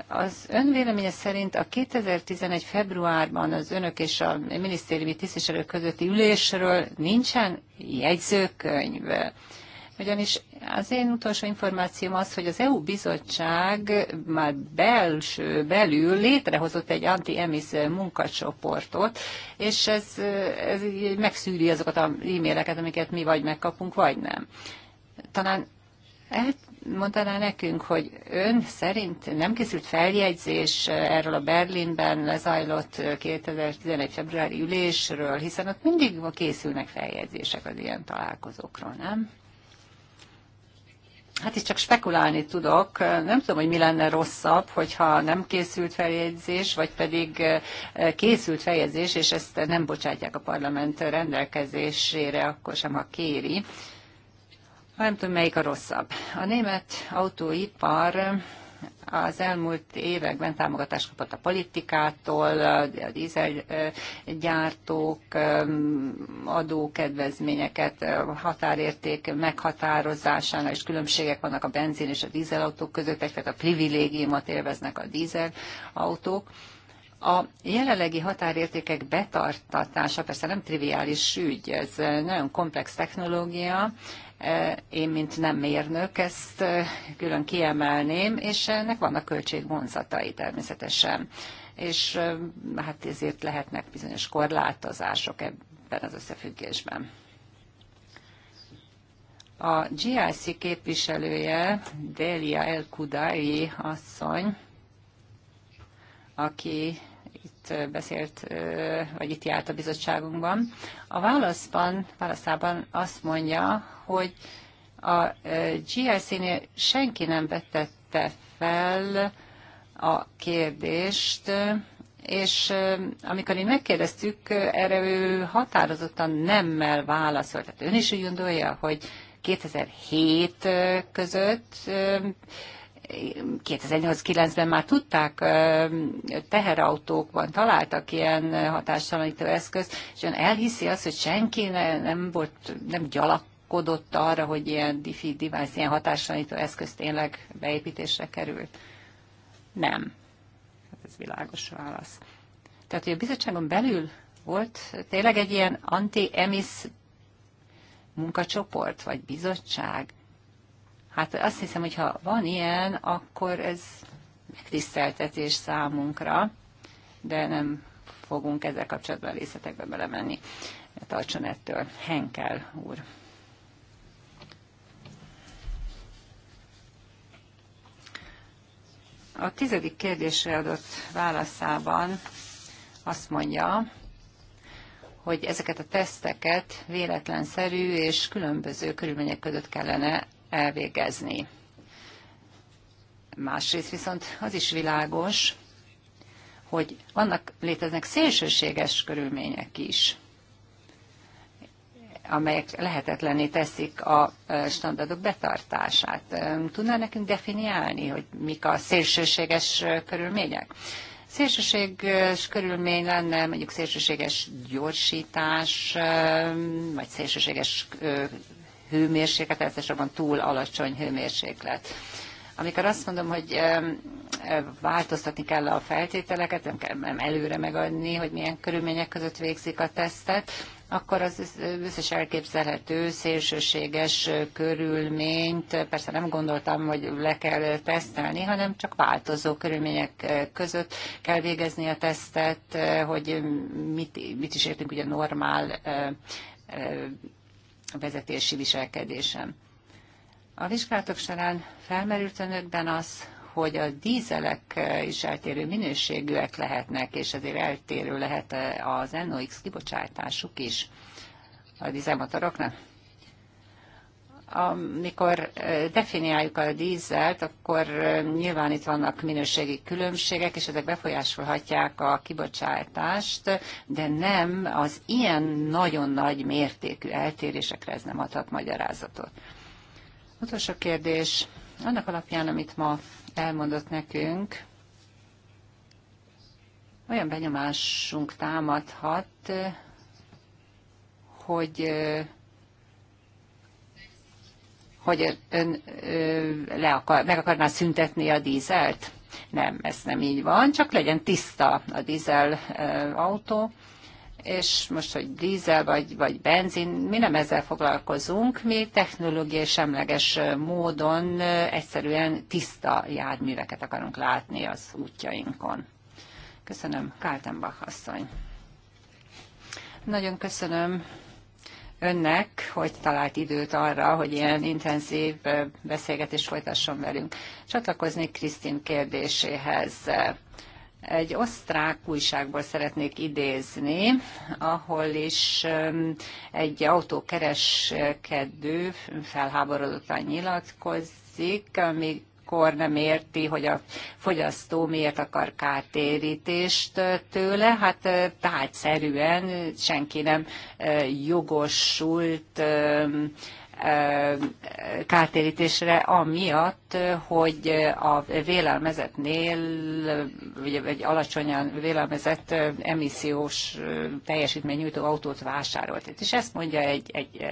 az ön véleménye szerint a 2011. februárban az önök és a minisztériumi tisztviselők közötti ülésről nincsen jegyzőkönyv. Ugyanis az én utolsó információm az, hogy az EU bizottság már belső, belül létrehozott egy anti-emis munkacsoportot, és ez, ez megszűri azokat az e-maileket, amiket mi vagy megkapunk, vagy nem. Talán el mondaná nekünk, hogy ön szerint nem készült feljegyzés erről a Berlinben lezajlott 2011. februári ülésről, hiszen ott mindig készülnek feljegyzések az ilyen találkozókról, nem? Hát is csak spekulálni tudok. Nem tudom, hogy mi lenne rosszabb, hogyha nem készült feljegyzés, vagy pedig eh, készült feljegyzés, és ezt nem bocsátják a parlament rendelkezésére, akkor sem, ha kéri nem tudom, melyik a rosszabb. A német autóipar az elmúlt években támogatást kapott a politikától, a dízelgyártók adókedvezményeket, határérték meghatározásánál és különbségek vannak a benzin és a dízelautók között, a privilégiumot élveznek a dízelautók. A jelenlegi határértékek betartatása persze nem triviális ügy, ez nagyon komplex technológia, én, mint nem mérnök, ezt külön kiemelném, és ennek vannak költségvonzatai természetesen. És hát ezért lehetnek bizonyos korlátozások ebben az összefüggésben. A GIC képviselője, Delia El Kudai asszony, aki itt beszélt, vagy itt járt a bizottságunkban. A válaszban, válaszában azt mondja, hogy a e, GIC-nél senki nem vetette fel a kérdést, és e, amikor én megkérdeztük, erre ő határozottan nemmel válaszolt. Tehát ön is úgy gondolja, hogy 2007 e, között 2008-9-ben már tudták, teherautókban találtak ilyen hatástalanító eszközt, és ön elhiszi azt, hogy senki nem volt, nem gyalap Kodott arra, hogy ilyen diffi device, ilyen hatásanító eszköz tényleg beépítésre került? Nem. Hát ez világos válasz. Tehát, hogy a bizottságon belül volt tényleg egy ilyen anti-emis munkacsoport, vagy bizottság? Hát azt hiszem, hogy ha van ilyen, akkor ez megtiszteltetés számunkra, de nem fogunk ezzel kapcsolatban részletekbe belemenni. Tartson ettől Henkel úr. A tizedik kérdésre adott válaszában azt mondja, hogy ezeket a teszteket véletlenszerű és különböző körülmények között kellene elvégezni. Másrészt viszont az is világos, hogy vannak, léteznek szélsőséges körülmények is amelyek lehetetlené teszik a standardok betartását. Tudná nekünk definiálni, hogy mik a szélsőséges körülmények? Szélsőséges körülmény lenne mondjuk szélsőséges gyorsítás, vagy szélsőséges hőmérséklet, elsősorban túl alacsony hőmérséklet. Amikor azt mondom, hogy változtatni kell a feltételeket, nem kell előre megadni, hogy milyen körülmények között végzik a tesztet, akkor az összes elképzelhető szélsőséges körülményt persze nem gondoltam, hogy le kell tesztelni, hanem csak változó körülmények között kell végezni a tesztet, hogy mit, mit is értünk ugye normál vezetési viselkedésen. A vizsgálatok során felmerült önökben az, hogy a dízelek eh, is eltérő minőségűek lehetnek, és ezért eltérő lehet eh, az NOx kibocsátásuk is a dízelmotoroknak. Amikor eh, definiáljuk a dízelt, akkor nyilván itt vannak minőségi különbségek, és ezek befolyásolhatják a kibocsátást, de nem az ilyen nagyon nagy mértékű eltérésekre ez nem adhat magyarázatot. Utolsó kérdés. Annak alapján, amit ma elmondott nekünk, olyan benyomásunk támadhat, hogy hogy ön le akar, meg akarná szüntetni a dízelt. Nem, ez nem így van, csak legyen tiszta a dízel autó, és most, hogy dízel vagy, vagy benzin, mi nem ezzel foglalkozunk, mi technológiai semleges módon egyszerűen tiszta járműveket akarunk látni az útjainkon. Köszönöm, Káltenbach asszony. Nagyon köszönöm önnek, hogy talált időt arra, hogy ilyen intenzív beszélgetést folytasson velünk. Csatlakozni Krisztin kérdéséhez. Egy osztrák újságból szeretnék idézni, ahol is egy autókereskedő felháborodottan nyilatkozik, amíg akkor nem érti, hogy a fogyasztó miért akar kártérítést tőle, hát tárgyszerűen senki nem jogosult kártérítésre, amiatt, hogy a vélelmezetnél, vagy egy alacsonyan vélelmezett emissziós nyújtó autót vásárolt. És ezt mondja egy, egy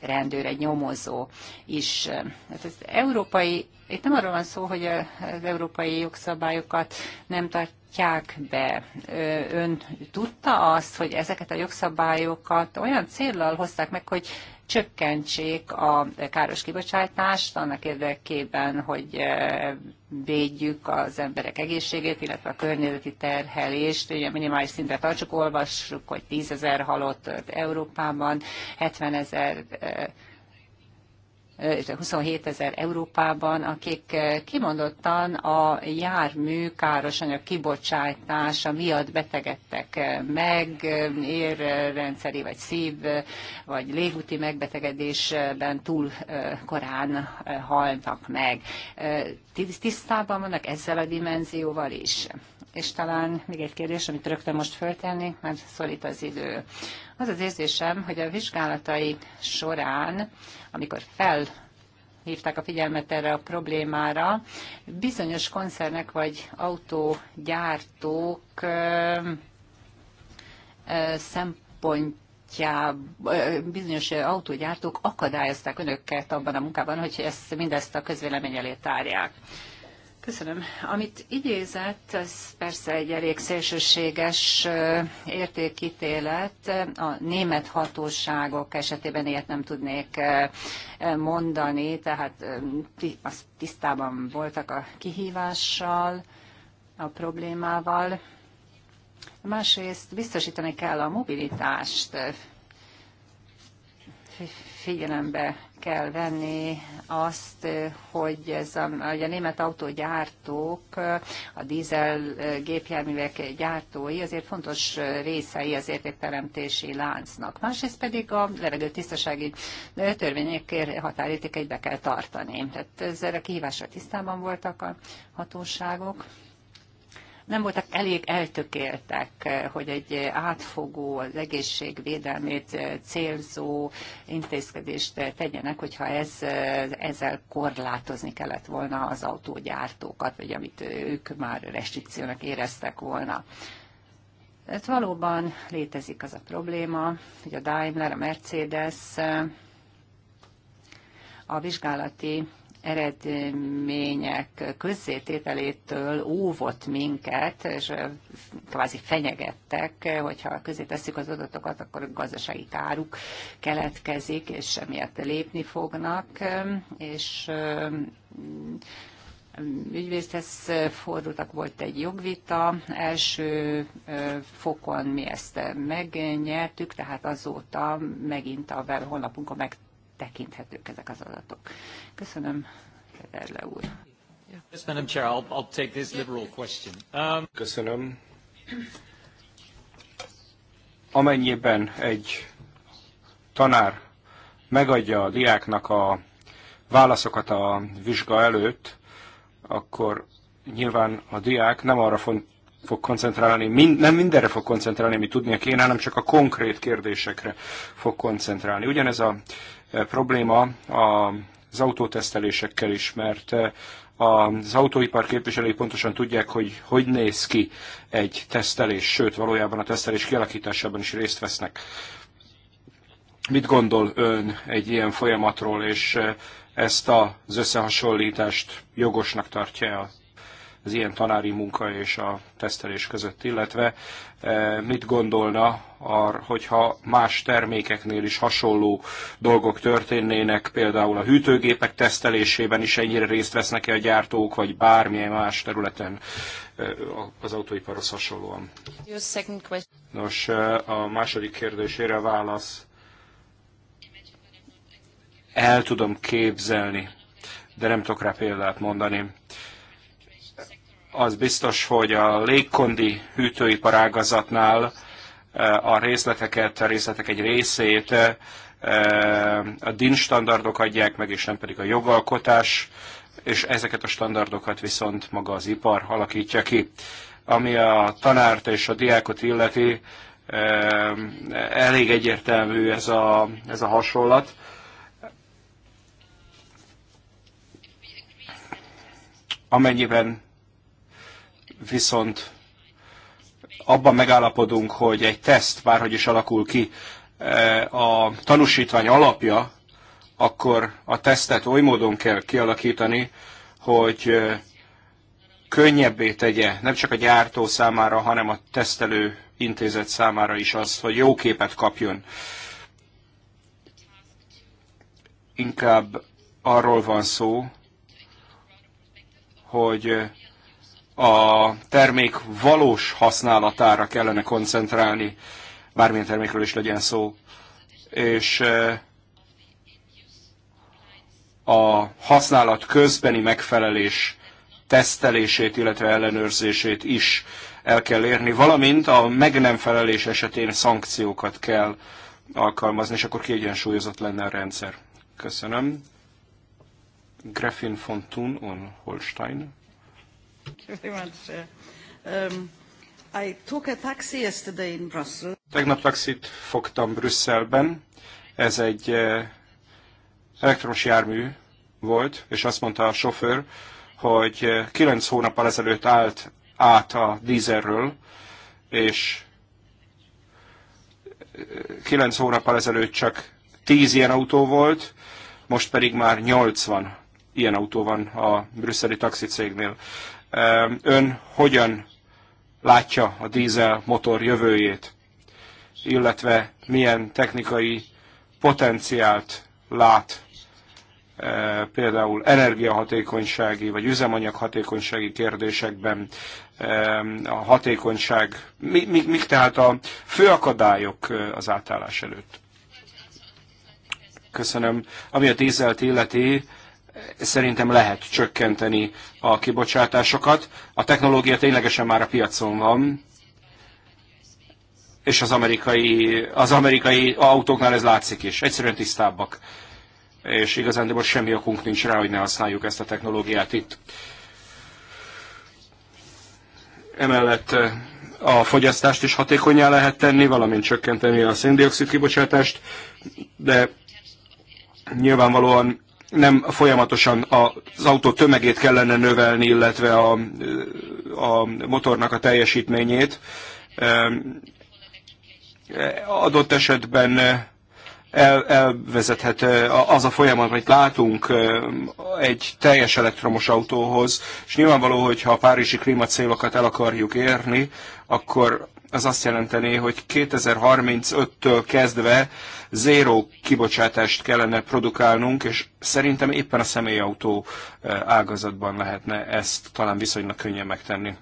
rendőr, egy nyomozó is. Hát az európai, itt nem arról van szó, hogy az európai jogszabályokat nem tart be. Ön tudta azt, hogy ezeket a jogszabályokat olyan céllal hozták meg, hogy csökkentsék a káros kibocsátást annak érdekében, hogy eh, védjük az emberek egészségét, illetve a környezeti terhelést. Ugye minimális szintre tartsuk, olvassuk, hogy 10 ezer halott Európában, 70 ezer 27 ezer Európában, akik eh, kimondottan a jármű károsanyag kibocsátása miatt betegedtek eh, meg, eh, érrendszeri vagy szív vagy légúti megbetegedésben túl korán haltak meg. Tisztában vannak ezzel a dimenzióval is? És talán még egy kérdés, amit rögtön most föltennék, mert szorít az idő. Az az érzésem, hogy a vizsgálatai során amikor fel hívták a figyelmet erre a problémára. Bizonyos koncernek vagy autógyártók ö, bizonyos autógyártók akadályozták önöket abban a munkában, hogy ezt, mindezt a közvélemény elé tárják. Köszönöm. Amit idézett, ez persze egy elég szélsőséges értékítélet. A német hatóságok esetében ilyet nem tudnék mondani, tehát az tisztában voltak a kihívással, a problémával. Másrészt biztosítani kell a mobilitást, figyelembe kell venni azt, hogy ez a, hogy a német autógyártók, a dízel gépjárművek gyártói azért fontos részei az értékteremtési láncnak. Másrészt pedig a levegő tisztasági törvényekért határítékeit be kell tartani. Tehát ezzel a kihívásra tisztában voltak a hatóságok nem voltak elég eltökéltek, hogy egy átfogó, az egészségvédelmét célzó intézkedést tegyenek, hogyha ez, ezzel korlátozni kellett volna az autógyártókat, vagy amit ők már restrikciónak éreztek volna. Tehát valóban létezik az a probléma, hogy a Daimler, a Mercedes a vizsgálati eredmények közzétételétől óvott minket, és kvázi fenyegettek, hogyha közé tesszük az adatokat, akkor gazdasági káruk keletkezik, és emiatt lépni fognak, és ügyvészhez fordultak, volt egy jogvita, első fokon mi ezt megnyertük, tehát azóta megint a honlapunkon meg tekinthetők ezek az adatok. Köszönöm, Federle úr. Yes, Madam Chair, I'll, I'll take this liberal question. Um... Köszönöm. Amennyiben egy tanár megadja a diáknak a válaszokat a vizsga előtt, akkor nyilván a diák nem arra font, fog koncentrálni, mind, nem mindenre fog koncentrálni, amit tudnia kéne, hanem csak a konkrét kérdésekre fog koncentrálni. Ugyanez a probléma az autótesztelésekkel is, mert eh, az autóipar képviselői pontosan tudják, hogy hogy néz ki egy tesztelés, sőt, valójában a tesztelés kialakításában is részt vesznek. Mit gondol ön egy ilyen folyamatról, és eh, ezt az összehasonlítást jogosnak tartja a az ilyen tanári munka és a tesztelés között, illetve eh, mit gondolna, hogyha más termékeknél is hasonló dolgok történnének, például a hűtőgépek tesztelésében is ennyire részt vesznek-e a gyártók, vagy bármilyen más területen eh, az autóiparhoz hasonlóan. Nos, eh, a második kérdésére válasz el tudom képzelni, de nem tudok rá példát mondani az biztos, hogy a légkondi hűtőipar ágazatnál eh, a részleteket, a részletek egy részét eh, a DIN standardok adják meg, és nem pedig a jogalkotás, és ezeket a standardokat viszont maga az ipar alakítja ki. Ami a tanárt és a diákot illeti, eh, elég egyértelmű ez a, ez a hasonlat. Amennyiben viszont abban megállapodunk, hogy egy teszt, bárhogy is alakul ki, eh, a tanúsítvány alapja, akkor a tesztet oly módon kell kialakítani, hogy eh, könnyebbé tegye nem csak a gyártó számára, hanem a tesztelő intézet számára is azt, hogy jó képet kapjon. Inkább arról van szó, hogy eh, a termék valós használatára kellene koncentrálni, bármilyen termékről is legyen szó, és a használat közbeni megfelelés tesztelését, illetve ellenőrzését is el kell érni, valamint a meg nem felelés esetén szankciókat kell alkalmazni, és akkor kiegyensúlyozott lenne a rendszer. Köszönöm. Grafin von Thun und Holstein. Tegnap taxit fogtam Brüsszelben. Ez egy eh, elektromos jármű volt, és azt mondta a sofőr, hogy 9 eh, hónap ezelőtt állt át a dízerről, és 9 eh, hónap ezelőtt csak 10 ilyen autó volt, most pedig már 80 ilyen autó van a brüsszeli taxicégnél. Ön hogyan látja a dízel motor jövőjét, illetve milyen technikai potenciált lát e, például energiahatékonysági vagy üzemanyaghatékonysági kérdésekben a hatékonyság, mi, mi, mik tehát a fő akadályok e, az átállás előtt? Köszönöm. Ami a dízelt illeti, szerintem lehet csökkenteni a kibocsátásokat. A technológia ténylegesen már a piacon van, és az amerikai, az amerikai autóknál ez látszik is. Egyszerűen tisztábbak. És igazán, de most semmi okunk nincs rá, hogy ne használjuk ezt a technológiát itt. Emellett eh, a fogyasztást is hatékonyá lehet tenni, valamint csökkenteni a széndiokszid kibocsátást, de nyilvánvalóan nem folyamatosan az autó tömegét kellene növelni, illetve a, a motornak a teljesítményét. Adott esetben el, elvezethet az a folyamat, amit látunk egy teljes elektromos autóhoz, és nyilvánvaló, hogy ha a párizsi klímacélokat el akarjuk érni, akkor az azt jelenteni, hogy 2035-től kezdve zéró kibocsátást kellene produkálnunk, és szerintem éppen a személyautó eh, ágazatban lehetne ezt talán viszonylag könnyen megtenni.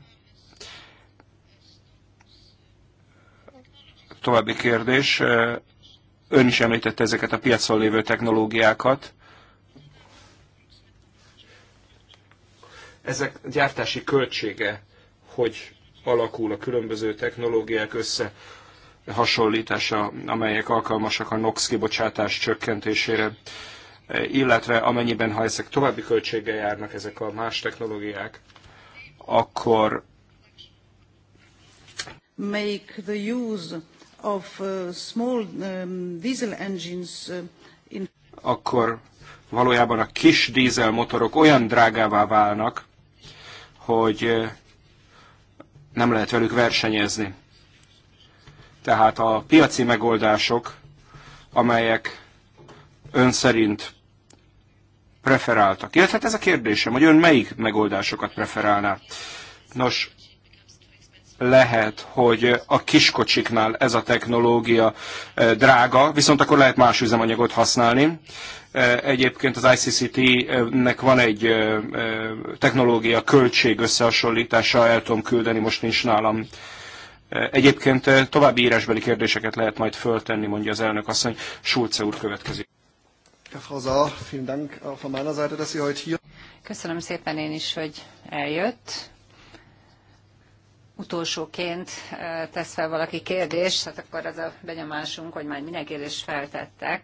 További kérdés. Eh, ön is említette ezeket a piacon lévő technológiákat. Ezek gyártási költsége hogy alakul a különböző technológiák össze hasonlítása, amelyek alkalmasak a NOx kibocsátás csökkentésére, illetve amennyiben, ha ezek további költséggel járnak, ezek a más technológiák, akkor make the use of uh, small um, diesel engines uh, in... akkor valójában a kis dízelmotorok olyan drágává válnak, hogy uh, nem lehet velük versenyezni. Tehát a piaci megoldások, amelyek ön szerint preferáltak. Illetve hát ez a kérdésem, hogy ön melyik megoldásokat preferálná. Nos, lehet, hogy a kiskocsiknál ez a technológia e, drága, viszont akkor lehet más üzemanyagot használni. E, egyébként az ICCT-nek van egy e, technológia költség összehasonlítása, el tudom küldeni, most nincs nálam. Egyébként további írásbeli kérdéseket lehet majd föltenni, mondja az elnök asszony. Schulze úr következik. Köszönöm szépen én is, hogy eljött utolsóként eh, tesz fel valaki kérdést, hát akkor az a benyomásunk, hogy már minden kérdést feltettek,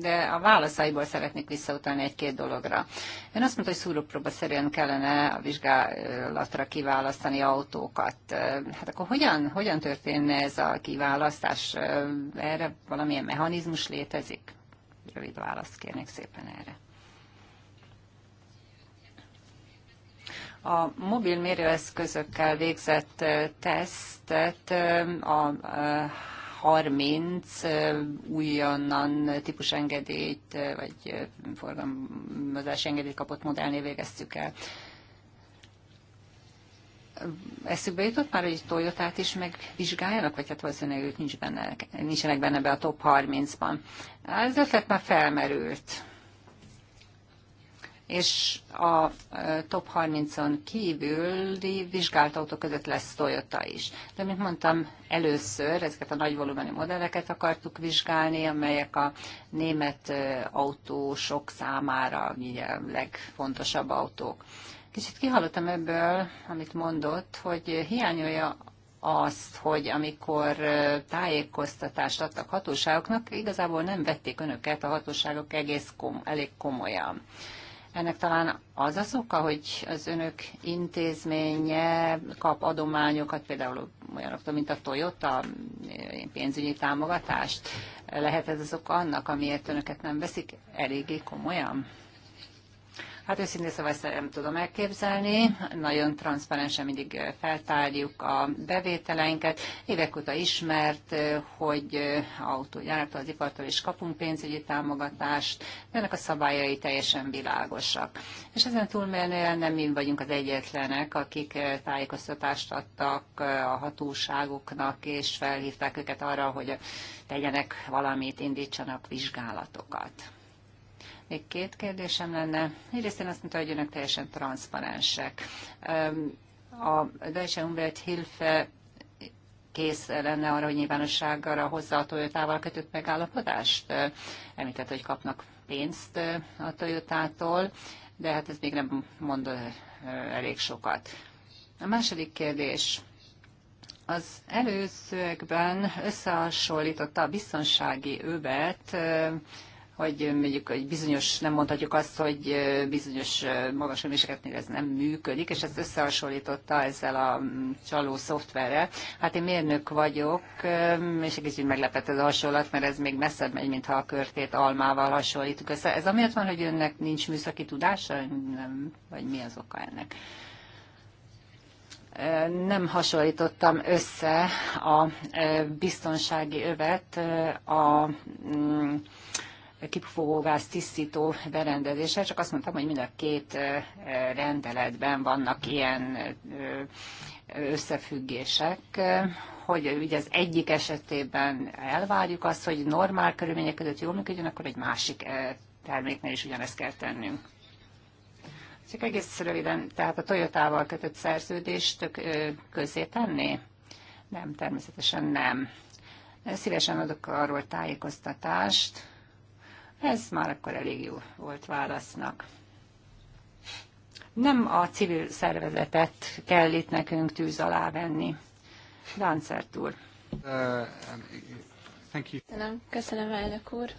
de a válaszaiból szeretnék visszautalni egy-két dologra. Én azt mondtam, hogy szúrópróba szerint kellene a vizsgálatra kiválasztani autókat. Eh, hát akkor hogyan, hogyan történne ez a kiválasztás? Eh, erre valamilyen mechanizmus létezik? Rövid választ kérnék szépen erre. A mobil mérőeszközökkel végzett tesztet a 30 újonnan típusengedélyt, vagy forgalmazási engedélyt kapott modellnél végeztük el. Eszükbe jutott már, hogy Toyotát is megvizsgáljanak, vagy hát valószínűleg ők nincs benne, nincsenek benne be a top 30-ban. Ez ötlet már felmerült és a top 30-on kívüli vizsgált autók között lesz Toyota is. De, mint mondtam, először ezeket a nagy volumenű modelleket akartuk vizsgálni, amelyek a német autósok számára ugye, a legfontosabb autók. Kicsit kihallottam ebből, amit mondott, hogy hiányolja azt, hogy amikor tájékoztatást adtak hatóságoknak, igazából nem vették önöket a hatóságok egész kom- elég komolyan. Ennek talán az az oka, hogy az önök intézménye kap adományokat, például olyanoktól, mint a Toyota pénzügyi támogatást. Lehet ez az oka annak, amiért önöket nem veszik eléggé komolyan? Hát őszintén szóval ezt nem tudom elképzelni. Nagyon transzparensen mindig feltárjuk a bevételeinket. Évek óta ismert, hogy autógyártó az ipartól is kapunk pénzügyi támogatást, de ennek a szabályai teljesen világosak. És ezen túlmenően nem mi vagyunk az egyetlenek, akik tájékoztatást adtak a hatóságoknak, és felhívták őket arra, hogy tegyenek valamit, indítsanak vizsgálatokat. Még két kérdésem lenne. Egyrészt én azt mondta, hogy önök teljesen transzparensek. A Deutsche Umwelt Hilfe kész lenne arra, hogy nyilvánosságra hozzá a Toyota-val kötött megállapodást? Említett, hogy kapnak pénzt a Toyotától, de hát ez még nem mond elég sokat. A második kérdés. Az előzőekben összehasonlította a biztonsági övet hogy mondjuk hogy bizonyos, nem mondhatjuk azt, hogy bizonyos magas hőmérsékletnél ez nem működik, és ezt összehasonlította ezzel a mm, csaló szoftverrel. Hát én mérnök vagyok, és egy kicsit meglepett ez a hasonlat, mert ez még messzebb megy, mintha a körtét almával hasonlítjuk össze. Ez amiatt van, hogy önnek nincs műszaki tudása, nem, vagy mi az oka ennek? nem hasonlítottam össze a biztonsági övet a mm, kipufogógáz tisztító berendezése, csak azt mondtam, hogy mind a két rendeletben vannak ilyen összefüggések, hogy ugye az egyik esetében elvárjuk azt, hogy normál körülmények között jól működjön, akkor egy másik terméknél is ugyanezt kell tennünk. Csak egész röviden, tehát a Toyota-val kötött szerződést közé tenni? Nem, természetesen nem. Szívesen adok arról tájékoztatást, ez már akkor elég jó volt válasznak. Nem a civil szervezetet kell itt nekünk tűz alá venni. Dancert úr. thank you. Köszönöm, köszönöm elnök úr.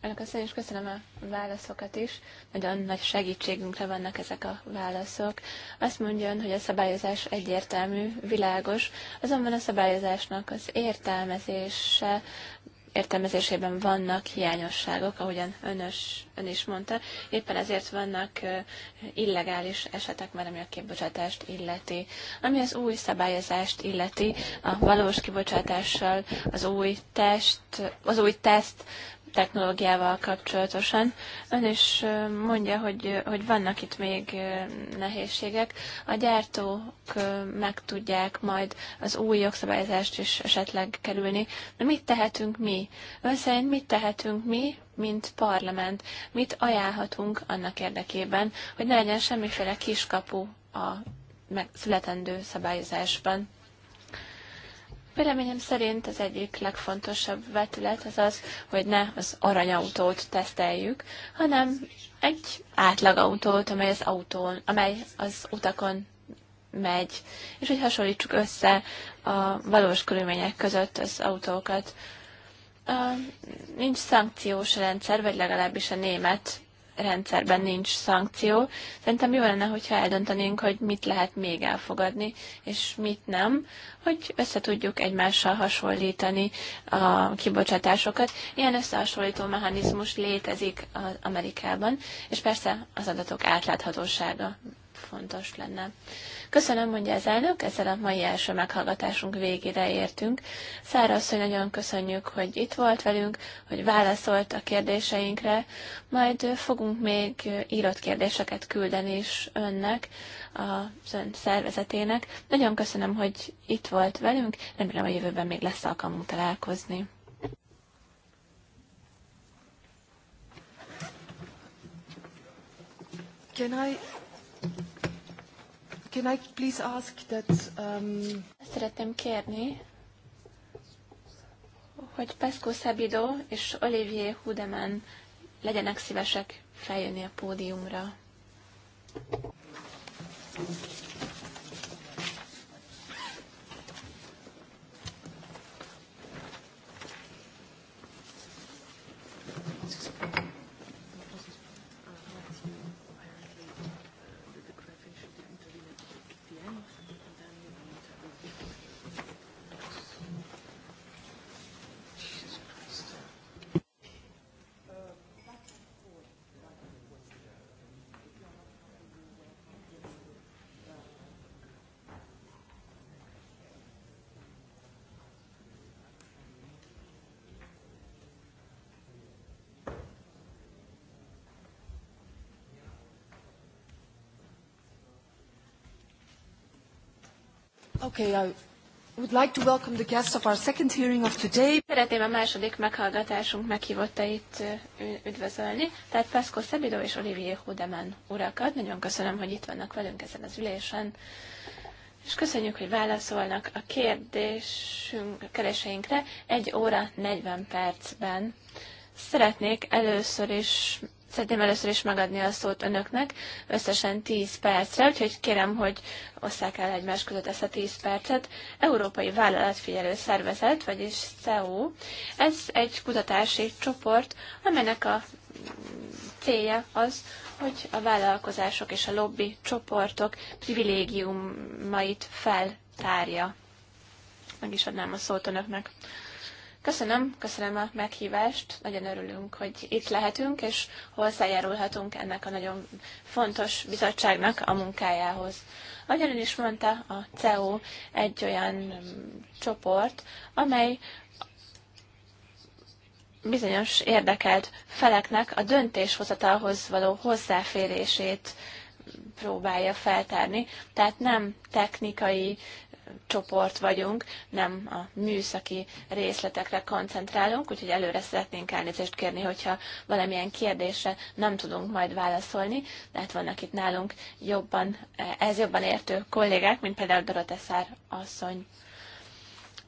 Önök azt is köszönöm a válaszokat is. Nagyon nagy segítségünkre vannak ezek a válaszok. Azt ön, hogy a szabályozás egyértelmű, világos, azonban a szabályozásnak az értelmezése értelmezésében vannak hiányosságok, ahogyan önös, ön is mondta. Éppen ezért vannak illegális esetek, mert ami a kibocsátást illeti. Ami az új szabályozást illeti, a valós kibocsátással az új test, az új teszt technológiával kapcsolatosan. Ön is mondja, hogy, hogy vannak itt még nehézségek. A gyártók meg tudják majd az új jogszabályzást is esetleg kerülni. De mit tehetünk mi? Ön szerint mit tehetünk mi, mint parlament? Mit ajánlhatunk annak érdekében, hogy ne legyen semmiféle kiskapu a születendő szabályozásban? Véleményem szerint az egyik legfontosabb vetület az az, hogy ne az aranyautót teszteljük, hanem egy átlagautót, amely az autón, amely az utakon megy, és hogy hasonlítsuk össze a valós körülmények között az autókat. A, nincs szankciós rendszer, vagy legalábbis a német rendszerben nincs szankció. Szerintem jó lenne, hogyha eldöntenénk, hogy mit lehet még elfogadni, és mit nem, hogy tudjuk egymással hasonlítani a kibocsátásokat. Ilyen összehasonlító mechanizmus létezik az Amerikában, és persze az adatok átláthatósága fontos lenne. Köszönöm, mondja az elnök, ezzel a mai első meghallgatásunk végére értünk. Szára asszony, nagyon köszönjük, hogy itt volt velünk, hogy válaszolt a kérdéseinkre, majd fogunk még írott kérdéseket küldeni is önnek, az ön szervezetének. Nagyon köszönöm, hogy itt volt velünk, remélem a jövőben még lesz alkalmunk találkozni. Can I Can I please ask that, um... Szeretném kérni, hogy Pesco Szabido és Olivier Hudeman legyenek szívesek feljönni a pódiumra. Thank you. Okay, I would like to welcome the guests of our second hearing of today. Szeretném a második meghallgatásunk meghívottait üdvözölni, tehát Pasco Szebido és Olivier Hudeman urakat. Nagyon köszönöm, hogy itt vannak velünk ezen az ülésen, és köszönjük, hogy válaszolnak a kérdésünk, a kereseinkre egy óra 40 percben. Szeretnék először is Szeretném először is megadni a szót önöknek, összesen 10 percre, úgyhogy kérem, hogy osszák el egymás között ezt a 10 percet. Európai Vállalatfigyelő Szervezet, vagyis CEU, ez egy kutatási csoport, amelynek a célja az, hogy a vállalkozások és a lobby csoportok privilégiumait feltárja. Meg is adnám a szót önöknek. Köszönöm, köszönöm a meghívást, nagyon örülünk, hogy itt lehetünk, és hozzájárulhatunk ennek a nagyon fontos bizottságnak a munkájához. Ahogyan is mondta, a CEO egy olyan mm, csoport, amely bizonyos érdekelt feleknek a döntéshozatalhoz való hozzáférését próbálja feltárni, tehát nem technikai csoport vagyunk, nem a műszaki részletekre koncentrálunk, úgyhogy előre szeretnénk elnézést kérni, hogyha valamilyen kérdésre nem tudunk majd válaszolni, de hát vannak itt nálunk jobban, ez jobban értő kollégák, mint például Dorote Szár asszony.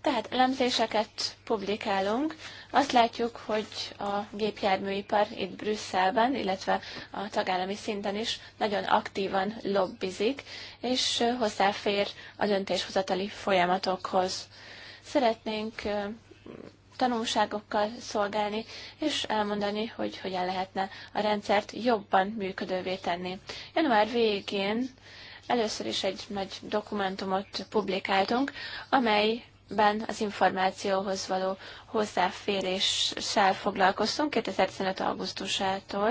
Tehát elemzéseket publikálunk. Azt látjuk, hogy a gépjárműipar itt Brüsszelben, illetve a tagállami szinten is nagyon aktívan lobbizik, és hozzáfér a döntéshozatali folyamatokhoz. Szeretnénk tanulságokkal szolgálni, és elmondani, hogy hogyan lehetne a rendszert jobban működővé tenni. Január végén először is egy nagy dokumentumot publikáltunk, amely ben az információhoz való hozzáféréssel foglalkoztunk 2015. augusztusától.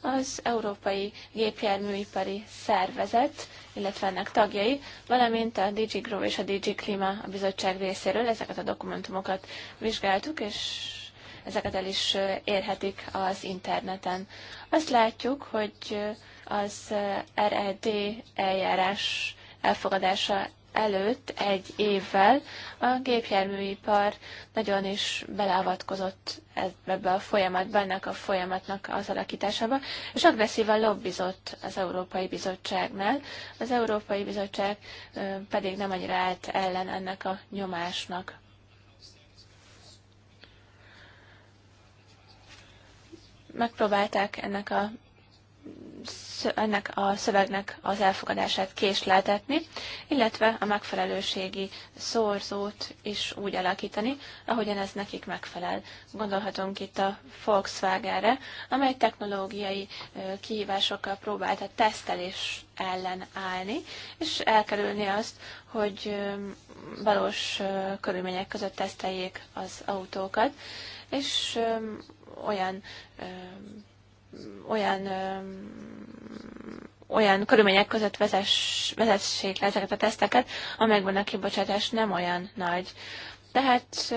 Az Európai Gépjárműipari Szervezet, illetve ennek tagjai, valamint a DG és a DigiKlima a bizottság részéről ezeket a dokumentumokat vizsgáltuk, és ezeket el is érhetik az interneten. Azt látjuk, hogy az RED eljárás elfogadása előtt egy évvel a gépjárműipar nagyon is beleavatkozott ebbe a folyamatba, ennek a folyamatnak az alakításába, és agresszívan lobbizott az Európai Bizottságnál. Az Európai Bizottság pedig nem annyira állt ellen ennek a nyomásnak. Megpróbálták ennek a ennek a szövegnek az elfogadását késleltetni, illetve a megfelelőségi szorzót is úgy alakítani, ahogyan ez nekik megfelel. Gondolhatunk itt a Volkswagenre, amely technológiai kihívásokkal próbált a tesztelés ellen állni, és elkerülni azt, hogy valós körülmények között teszteljék az autókat, és olyan olyan olyan körülmények között vezess, vezessék le ezeket a teszteket, amelyekben a kibocsátás nem olyan nagy. Tehát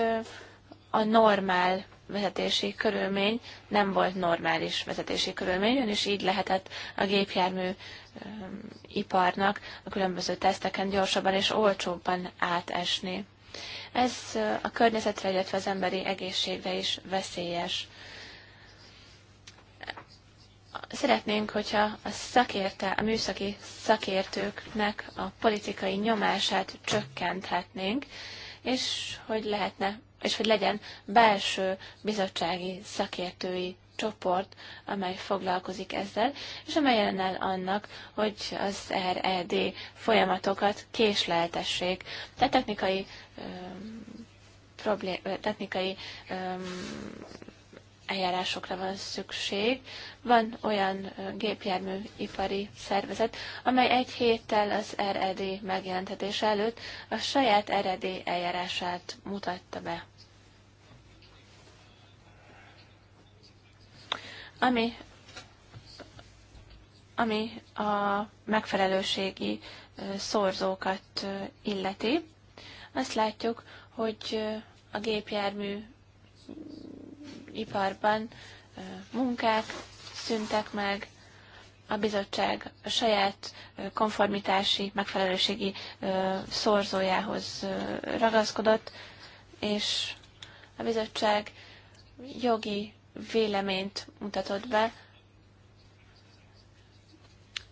a normál vezetési körülmény nem volt normális vezetési körülmény, és így lehetett a gépjármű iparnak a különböző teszteken gyorsabban és olcsóbban átesni. Ez a környezetre, illetve az emberi egészségre is veszélyes szeretnénk, hogyha a szakérte, a műszaki szakértőknek a politikai nyomását csökkenthetnénk, és hogy lehetne, és hogy legyen belső bizottsági szakértői csoport, amely foglalkozik ezzel, és amely jelen annak, hogy az RED folyamatokat késleltessék. Tehát technikai, ö, technikai ö, eljárásokra van szükség. Van olyan gépjárműipari szervezet, amely egy héttel az RED megjelentetés előtt a saját RED eljárását mutatta be. Ami, ami a megfelelőségi szorzókat illeti, azt látjuk, hogy a gépjármű iparban munkák szüntek meg, a bizottság a saját konformitási, megfelelőségi szorzójához ragaszkodott, és a bizottság jogi véleményt mutatott be,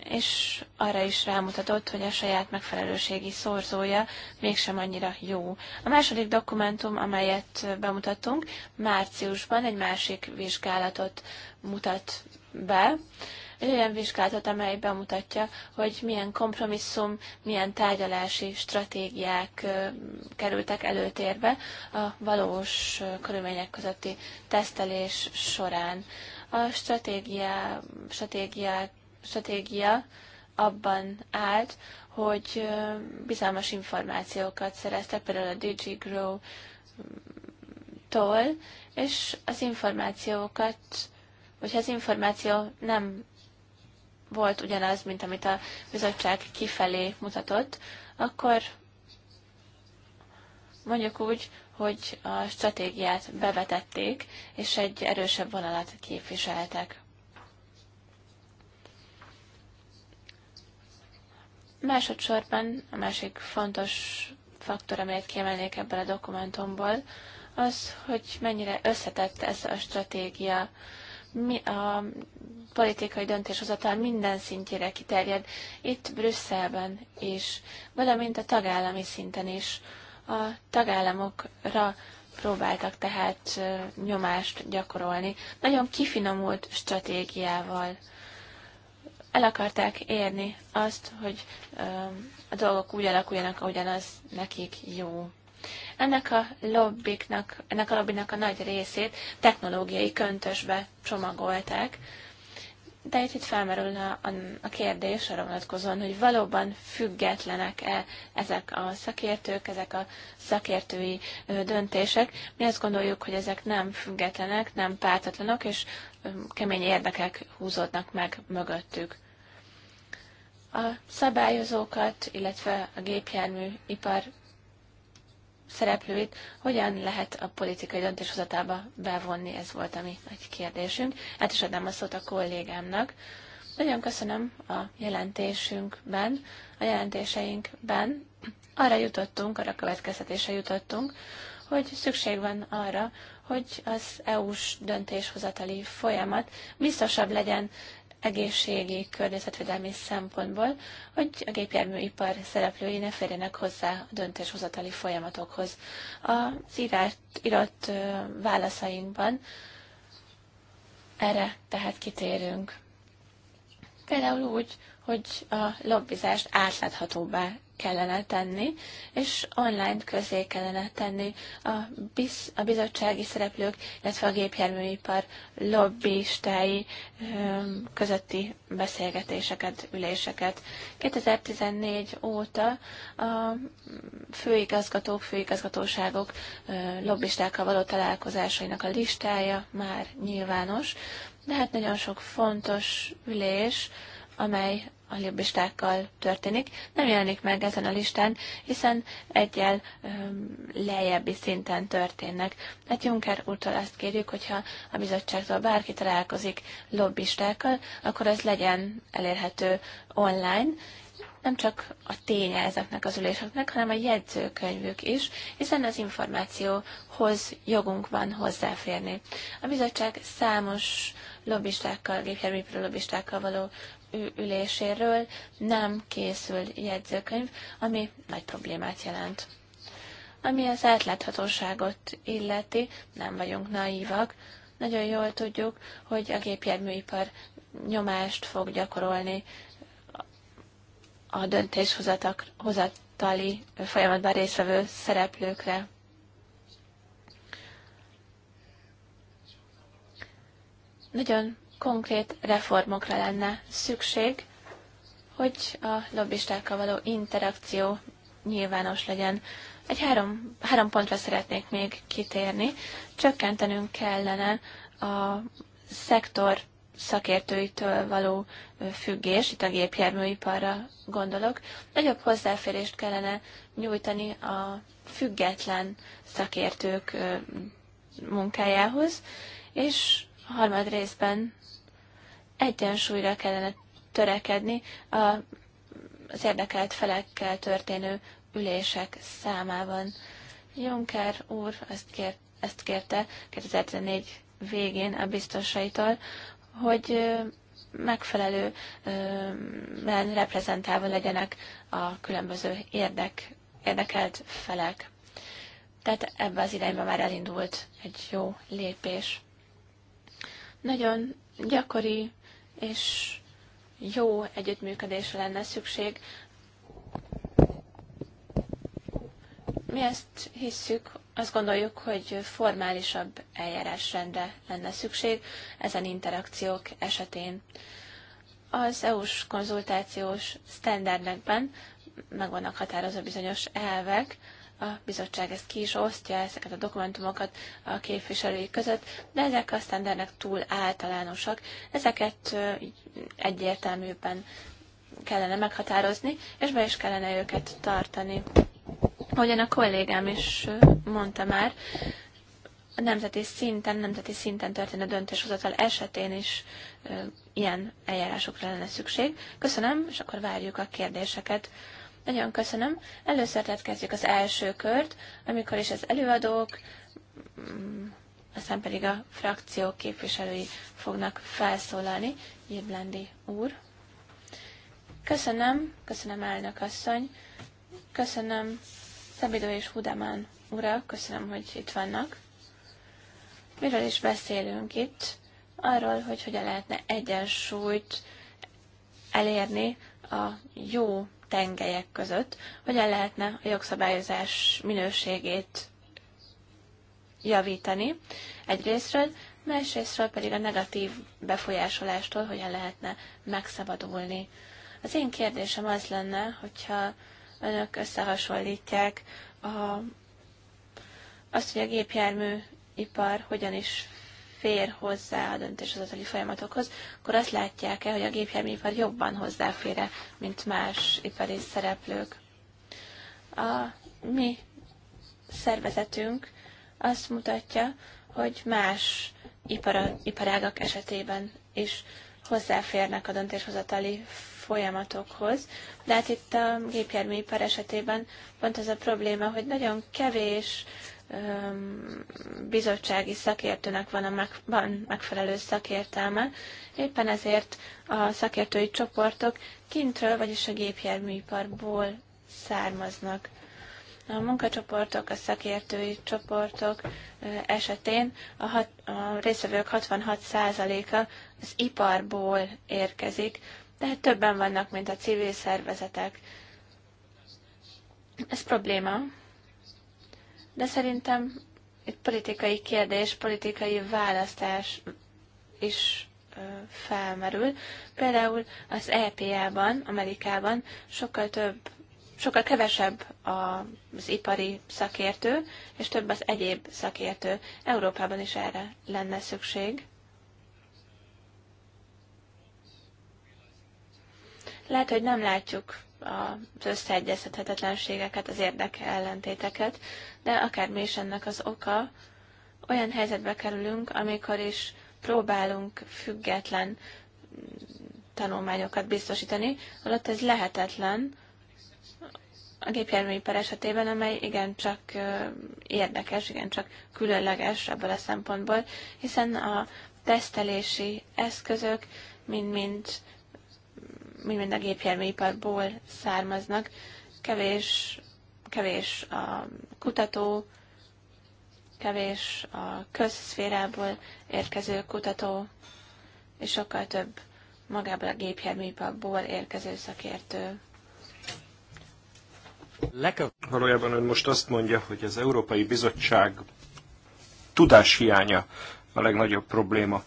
és arra is rámutatott, hogy a saját megfelelőségi szorzója mégsem annyira jó. A második dokumentum, amelyet bemutattunk, márciusban egy másik vizsgálatot mutat be, egy olyan vizsgálatot, amely bemutatja, hogy milyen kompromisszum, milyen tárgyalási stratégiák kerültek előtérbe a valós körülmények közötti tesztelés során. A stratégia, stratégiák stratégia abban állt, hogy bizalmas információkat szereztek, például a DigiGrow tól, és az információkat, hogyha az információ nem volt ugyanaz, mint amit a bizottság kifelé mutatott, akkor mondjuk úgy, hogy a stratégiát bevetették, és egy erősebb vonalat képviseltek. Másodszorban a másik fontos faktor, amelyet kiemelnék ebben a dokumentumból, az, hogy mennyire összetett ez a stratégia. Mi a politikai döntéshozatal minden szintjére kiterjed, itt Brüsszelben is, valamint a tagállami szinten is. A tagállamokra próbáltak tehát nyomást gyakorolni, nagyon kifinomult stratégiával el akarták érni azt, hogy a dolgok úgy alakuljanak, ahogyan az nekik jó. Ennek a lobbiknak, ennek a lobbinak a nagy részét technológiai köntösbe csomagolták, de itt, itt felmerül a, a, a kérdés arra vonatkozóan, hogy valóban függetlenek-e ezek a szakértők, ezek a szakértői ö, döntések. Mi azt gondoljuk, hogy ezek nem függetlenek, nem pártatlanok, és ö, kemény érdekek húzódnak meg mögöttük. A szabályozókat, illetve a gépjárműipar szereplőit hogyan lehet a politikai döntéshozatába bevonni, ez volt a mi nagy kérdésünk. Hát is adnám a szót a kollégámnak. Nagyon köszönöm a jelentésünkben, a jelentéseinkben arra jutottunk, arra következtetése jutottunk, hogy szükség van arra, hogy az EU-s döntéshozatali folyamat biztosabb legyen, egészségi, környezetvédelmi szempontból, hogy a gépjárműipar szereplői ne férjenek hozzá a döntéshozatali folyamatokhoz. Az írát, írott válaszainkban erre tehát kitérünk. Például úgy, hogy a lobbizást átláthatóbbá kellene tenni, és online közé kellene tenni a, biz, a bizottsági szereplők, illetve a gépjárműipar lobbistái közötti beszélgetéseket, üléseket. 2014 óta a főigazgatók, főigazgatóságok lobbistákkal való találkozásainak a listája már nyilvános, de hát nagyon sok fontos ülés, amely a libistákkal történik, nem jelenik meg ezen a listán, hiszen egyel um, lejjebbi szinten történnek. Tehát Juncker úrtól azt kérjük, hogyha a bizottságtól bárki találkozik lobbistákkal, akkor ez legyen elérhető online, nem csak a ténye ezeknek az üléseknek, hanem a jegyzőkönyvük is, hiszen az információhoz jogunk van hozzáférni. A bizottság számos lobbistákkal, gépjárműipro lobbistákkal való üléséről nem készül jegyzőkönyv, ami nagy problémát jelent. Ami az átláthatóságot illeti, nem vagyunk naívak, nagyon jól tudjuk, hogy a gépjárműipar nyomást fog gyakorolni a döntéshozatali folyamatban résztvevő szereplőkre. Nagyon konkrét reformokra lenne szükség, hogy a lobbistákkal való interakció nyilvános legyen. Egy három, három pontra szeretnék még kitérni. Csökkentenünk kellene a szektor szakértőitől való függés, itt a gépjárműiparra gondolok, nagyobb hozzáférést kellene nyújtani a független szakértők munkájához, és harmad részben egyensúlyra kellene törekedni a, az érdekelt felekkel történő ülések számában. Juncker úr ezt, kér, ezt kérte 2014 végén a biztosaitól, hogy megfelelően reprezentálva legyenek a különböző érdek, érdekelt felek. Tehát ebbe az irányba már elindult egy jó lépés. Nagyon gyakori és jó együttműködésre lenne szükség. Mi ezt hisszük, azt gondoljuk, hogy formálisabb eljárásrendre lenne szükség ezen interakciók esetén. Az EU-s konzultációs sztenderdekben megvannak határozó bizonyos elvek, a bizottság ezt ki is osztja, ezeket a dokumentumokat a képviselői között, de ezek a sztendernek túl általánosak. Ezeket egyértelműbben kellene meghatározni, és be is kellene őket tartani. Ahogyan a kollégám is mondta már, a nemzeti szinten, nemzeti szinten történő döntéshozatal esetén is ö, ilyen eljárásokra lenne szükség. Köszönöm, és akkor várjuk a kérdéseket nagyon köszönöm. Először tehát kezdjük az első kört, amikor is az előadók, mm, aztán pedig a frakciók képviselői fognak felszólalni. Jéblendi úr. Köszönöm, köszönöm elnök asszony, köszönöm Szabidó és Hudemán ura, köszönöm, hogy itt vannak. Miről is beszélünk itt? Arról, hogy hogyan lehetne egyensúlyt elérni a jó tengelyek között, hogyan lehetne a jogszabályozás minőségét javítani egyrésztről, másrésztről pedig a negatív befolyásolástól hogyan lehetne megszabadulni. Az én kérdésem az lenne, hogyha önök összehasonlítják a, azt, hogy a gépjárműipar hogyan is fér hozzá a döntéshozatali folyamatokhoz, akkor azt látják-e, hogy a gépjárműipar jobban hozzáfér mint más ipari szereplők. A mi szervezetünk azt mutatja, hogy más ipara, iparágak esetében is hozzáférnek a döntéshozatali folyamatokhoz. De hát itt a gépjárműipar esetében pont az a probléma, hogy nagyon kevés bizottsági szakértőnek van, a meg, van megfelelő szakértelme. Éppen ezért a szakértői csoportok kintről, vagyis a gépjárműiparból származnak. A munkacsoportok, a szakértői csoportok esetén a, hat, a részvevők 66%-a az iparból érkezik, tehát többen vannak, mint a civil szervezetek. Ez probléma, de szerintem itt politikai kérdés, politikai választás is felmerül. Például az EPA-ban, Amerikában sokkal több, sokkal kevesebb az ipari szakértő, és több az egyéb szakértő. Európában is erre lenne szükség. Lehet, hogy nem látjuk az összeegyeztethetetlenségeket, az érdeke ellentéteket, de akármi is ennek az oka, olyan helyzetbe kerülünk, amikor is próbálunk független tanulmányokat biztosítani, holott ez lehetetlen a gépjárműipar esetében, amely igencsak érdekes, igencsak különleges ebből a szempontból, hiszen a tesztelési eszközök mind-mind mind a gépjárműiparból származnak, kevés, kevés a kutató, kevés a közszférából érkező kutató, és sokkal több magából a gépjárműiparból érkező szakértő. Valójában ön most azt mondja, hogy az Európai Bizottság tudáshiánya a legnagyobb probléma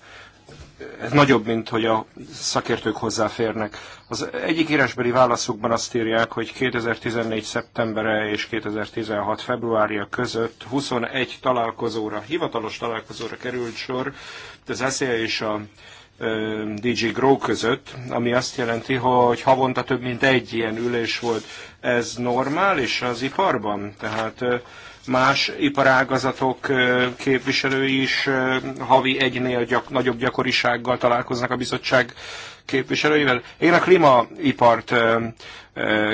ez nagyobb, mint hogy a szakértők hozzáférnek. Az egyik írásbeli válaszukban azt írják, hogy 2014. szeptembere és 2016. februárja között 21 találkozóra, hivatalos találkozóra került sor az SZIA e és a DG Grow között, ami azt jelenti, hogy havonta több mint egy ilyen ülés volt. Ez normális az iparban? Tehát más iparágazatok képviselői is havi egynél gyak, nagyobb gyakorisággal találkoznak a bizottság képviselőivel. Én a klímaipart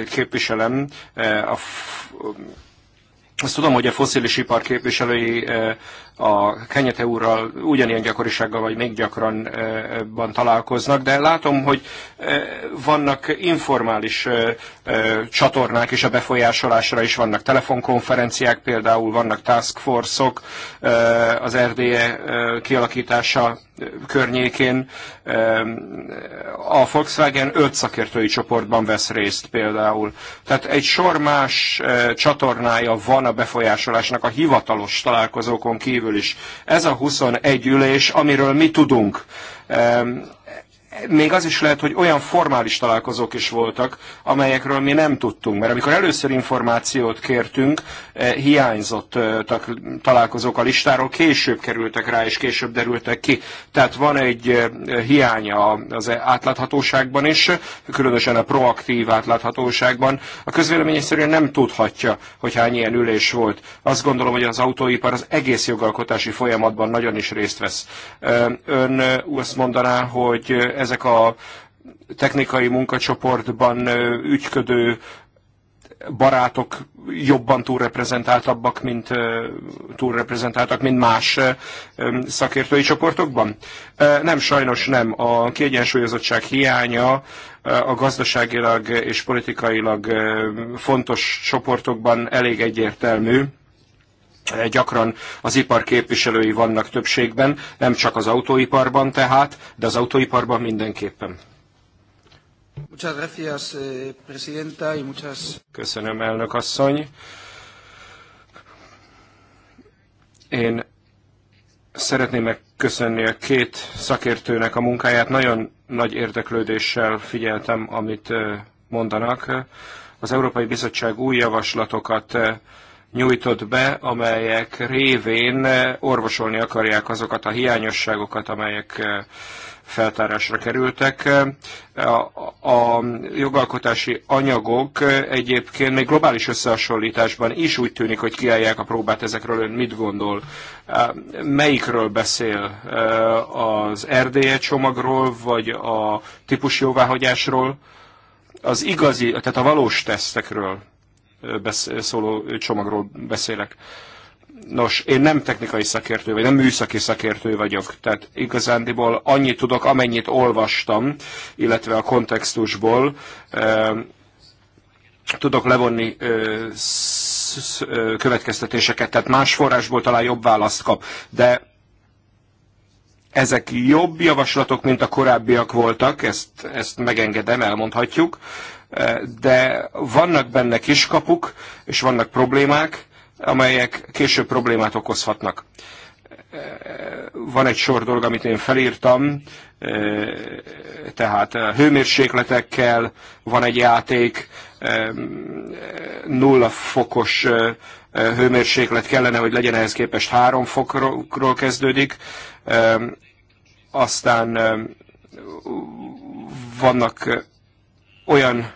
képviselem, a azt tudom, hogy a foszilis ipar képviselői a Kenyete úrral ugyanilyen gyakorisággal, vagy még gyakranban találkoznak, de látom, hogy vannak informális csatornák is a befolyásolásra is, vannak telefonkonferenciák, például vannak task force-ok, -ok, az RDE kialakítása környékén. A Volkswagen öt szakértői csoportban vesz részt például. Tehát egy sor más e, csatornája van a befolyásolásnak a hivatalos találkozókon kívül is. Ez a 21 ülés, amiről mi tudunk még az is lehet, hogy olyan formális találkozók is voltak, amelyekről mi nem tudtunk, mert amikor először információt kértünk, eh, hiányzott találkozók a listáról, később kerültek rá, és később derültek ki. Tehát van egy eh, hiánya az átláthatóságban is, különösen a proaktív átláthatóságban. A közvélemény egyszerűen nem tudhatja, hogy hány ilyen ülés volt. Azt gondolom, hogy az autóipar az egész jogalkotási folyamatban nagyon is részt vesz. Eh, ön azt mondaná, hogy ezek a technikai munkacsoportban ügyködő barátok jobban túlreprezentáltabbak, mint túlreprezentáltak, mint más szakértői csoportokban? Nem, sajnos nem. A kiegyensúlyozottság hiánya a gazdaságilag és politikailag fontos csoportokban elég egyértelmű. Eh, gyakran az ipar képviselői vannak többségben, nem csak az autóiparban tehát, de az autóiparban mindenképpen. Eh, Köszönöm, elnök asszony. Én szeretném megköszönni a két szakértőnek a munkáját. Nagyon nagy érdeklődéssel figyeltem, amit eh, mondanak. Az Európai Bizottság új javaslatokat nyújtott be, amelyek révén eh, orvosolni akarják azokat a hiányosságokat, amelyek eh, feltárásra kerültek. Eh, a, a jogalkotási anyagok egyébként még globális összehasonlításban is úgy tűnik, hogy kiállják a próbát ezekről. Ön mit gondol? Melyikről beszél? Az RDE csomagról, vagy a típusjóváhagyásról? Az igazi, tehát a valós tesztekről? szóló csomagról beszélek. Nos, én nem technikai szakértő, vagy nem műszaki szakértő vagyok, tehát igazándiból annyit tudok, amennyit olvastam, illetve a kontextusból tudok levonni következtetéseket, tehát más forrásból talán jobb választ kap, de ezek jobb javaslatok, mint a korábbiak voltak, ezt, ezt megengedem, elmondhatjuk de vannak benne kiskapuk, és vannak problémák, amelyek később problémát okozhatnak. Van egy sor dolog, amit én felírtam, tehát hőmérsékletekkel van egy játék, nulla fokos hőmérséklet kellene, hogy legyen ehhez képest három fokról kezdődik, aztán vannak olyan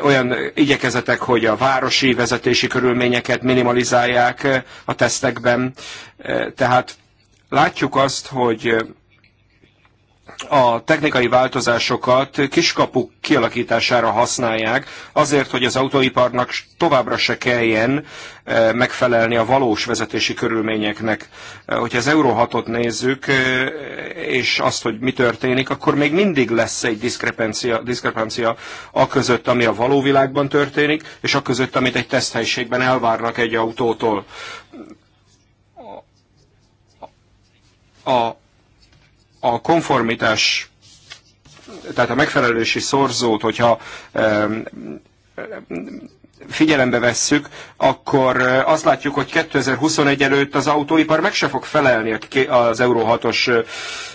olyan igyekezetek, hogy a városi vezetési körülményeket minimalizálják a tesztekben. Tehát látjuk azt, hogy a technikai változásokat kiskapuk kialakítására használják, azért, hogy az autóiparnak továbbra se kelljen eh, megfelelni a valós vezetési körülményeknek. Eh, hogyha az Euro 6-ot nézzük, eh, és azt, hogy mi történik, akkor még mindig lesz egy diszkrepancia, diszkrepancia a között, ami a való világban történik, és a között, amit egy teszthelyiségben elvárnak egy autótól. A a konformitás, tehát a megfelelősi szorzót, hogyha figyelembe vesszük, akkor eh, azt látjuk, hogy 2021 előtt az autóipar meg se fog felelni az Euró 6-os,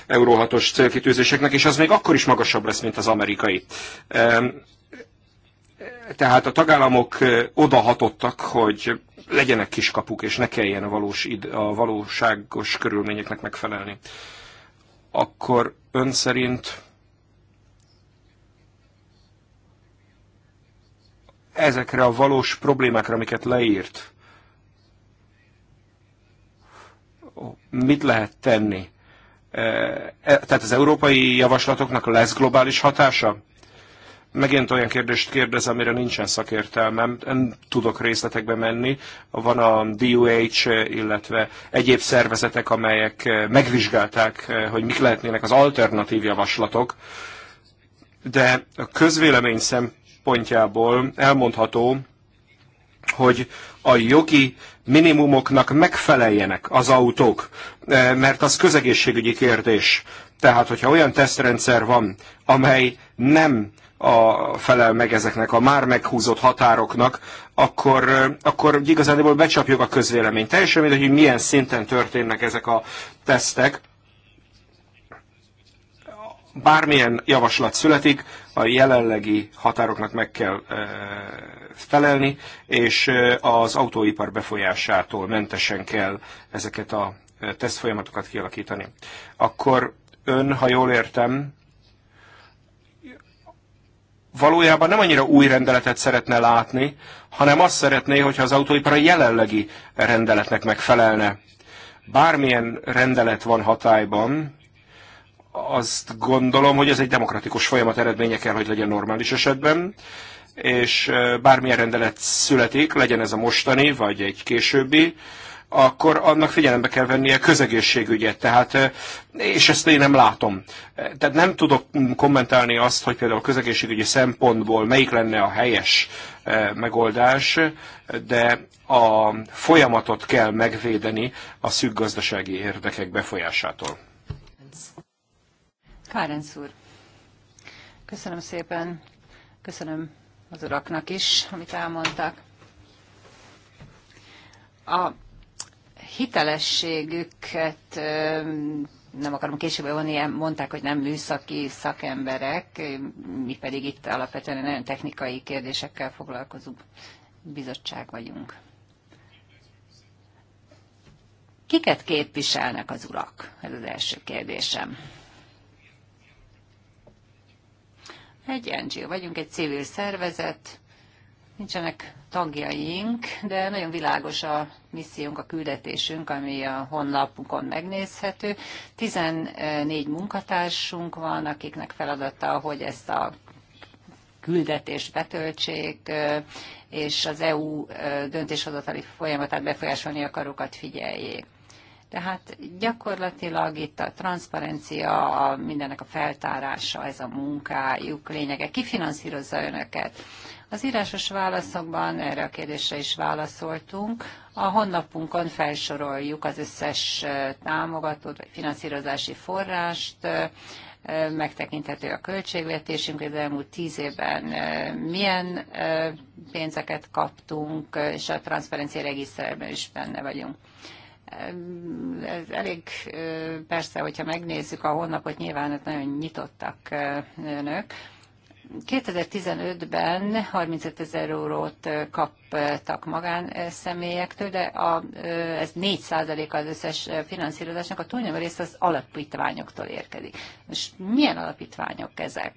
Euró eh, 6-os célkitűzéseknek, és az még akkor is magasabb lesz, mint az amerikai. Tehát a tagállamok eh, odahatottak, hogy legyenek kiskapuk, és ne kelljen a, valós, a valóságos körülményeknek megfelelni akkor ön szerint ezekre a valós problémákra, amiket leírt, mit lehet tenni? E, e, tehát az európai javaslatoknak lesz globális hatása? megint olyan kérdést kérdez, amire nincsen szakértelmem, nem tudok részletekbe menni. Van a DUH, illetve egyéb szervezetek, amelyek megvizsgálták, hogy mik lehetnének az alternatív javaslatok, de a közvélemény szempontjából elmondható, hogy a jogi minimumoknak megfeleljenek az autók, e, mert az közegészségügyi kérdés. Tehát, hogyha olyan tesztrendszer van, amely nem a, felel meg ezeknek a már meghúzott határoknak, akkor, akkor igazából becsapjuk a közvéleményt. Teljesen mindegy, hogy milyen szinten történnek ezek a tesztek. Bármilyen javaslat születik, a jelenlegi határoknak meg kell e, felelni, és az autóipar befolyásától mentesen kell ezeket a tesztfolyamatokat kialakítani. Akkor ön, ha jól értem, valójában nem annyira új rendeletet szeretne látni, hanem azt szeretné, hogyha az autóipar a jelenlegi rendeletnek megfelelne. Bármilyen rendelet van hatályban, azt gondolom, hogy ez egy demokratikus folyamat eredménye kell, hogy legyen normális esetben, és bármilyen rendelet születik, legyen ez a mostani, vagy egy későbbi, akkor annak figyelembe kell vennie közegészségügyet. Tehát, és ezt én nem látom. Tehát nem tudok kommentálni azt, hogy például a közegészségügyi szempontból melyik lenne a helyes megoldás, de a folyamatot kell megvédeni a szűk gazdasági érdekek befolyásától. Kárenc úr, köszönöm szépen, köszönöm az uraknak is, amit elmondtak. A hitelességüket nem akarom később vonni, mondták, hogy nem műszaki szakemberek, mi pedig itt alapvetően nagyon technikai kérdésekkel foglalkozó bizottság vagyunk. Kiket képviselnek az urak? Ez az első kérdésem. Egy NGO vagyunk, egy civil szervezet, Nincsenek tagjaink, de nagyon világos a missziónk, a küldetésünk, ami a honlapunkon megnézhető. 14 munkatársunk van, akiknek feladata, hogy ezt a küldetést betöltsék, és az EU döntéshozatali folyamatát befolyásolni akarókat figyeljék. Tehát gyakorlatilag itt a transzparencia, a mindennek a feltárása, ez a munkájuk lényege. Ki finanszírozza önöket? Az írásos válaszokban erre a kérdésre is válaszoltunk. A honlapunkon felsoroljuk az összes támogatót vagy finanszírozási forrást, megtekinthető a költségvetésünk, hogy az elmúlt tíz évben milyen pénzeket kaptunk, és a transzparencia regiszterben is benne vagyunk. Ez elég persze, hogyha megnézzük a honlapot, nyilván nagyon nyitottak önök, 2015-ben 35 ezer eurót kaptak magánszemélyektől, de a, ez 4 százaléka az összes finanszírozásnak, a túlnyomó rész az alapítványoktól érkezik. És milyen alapítványok ezek?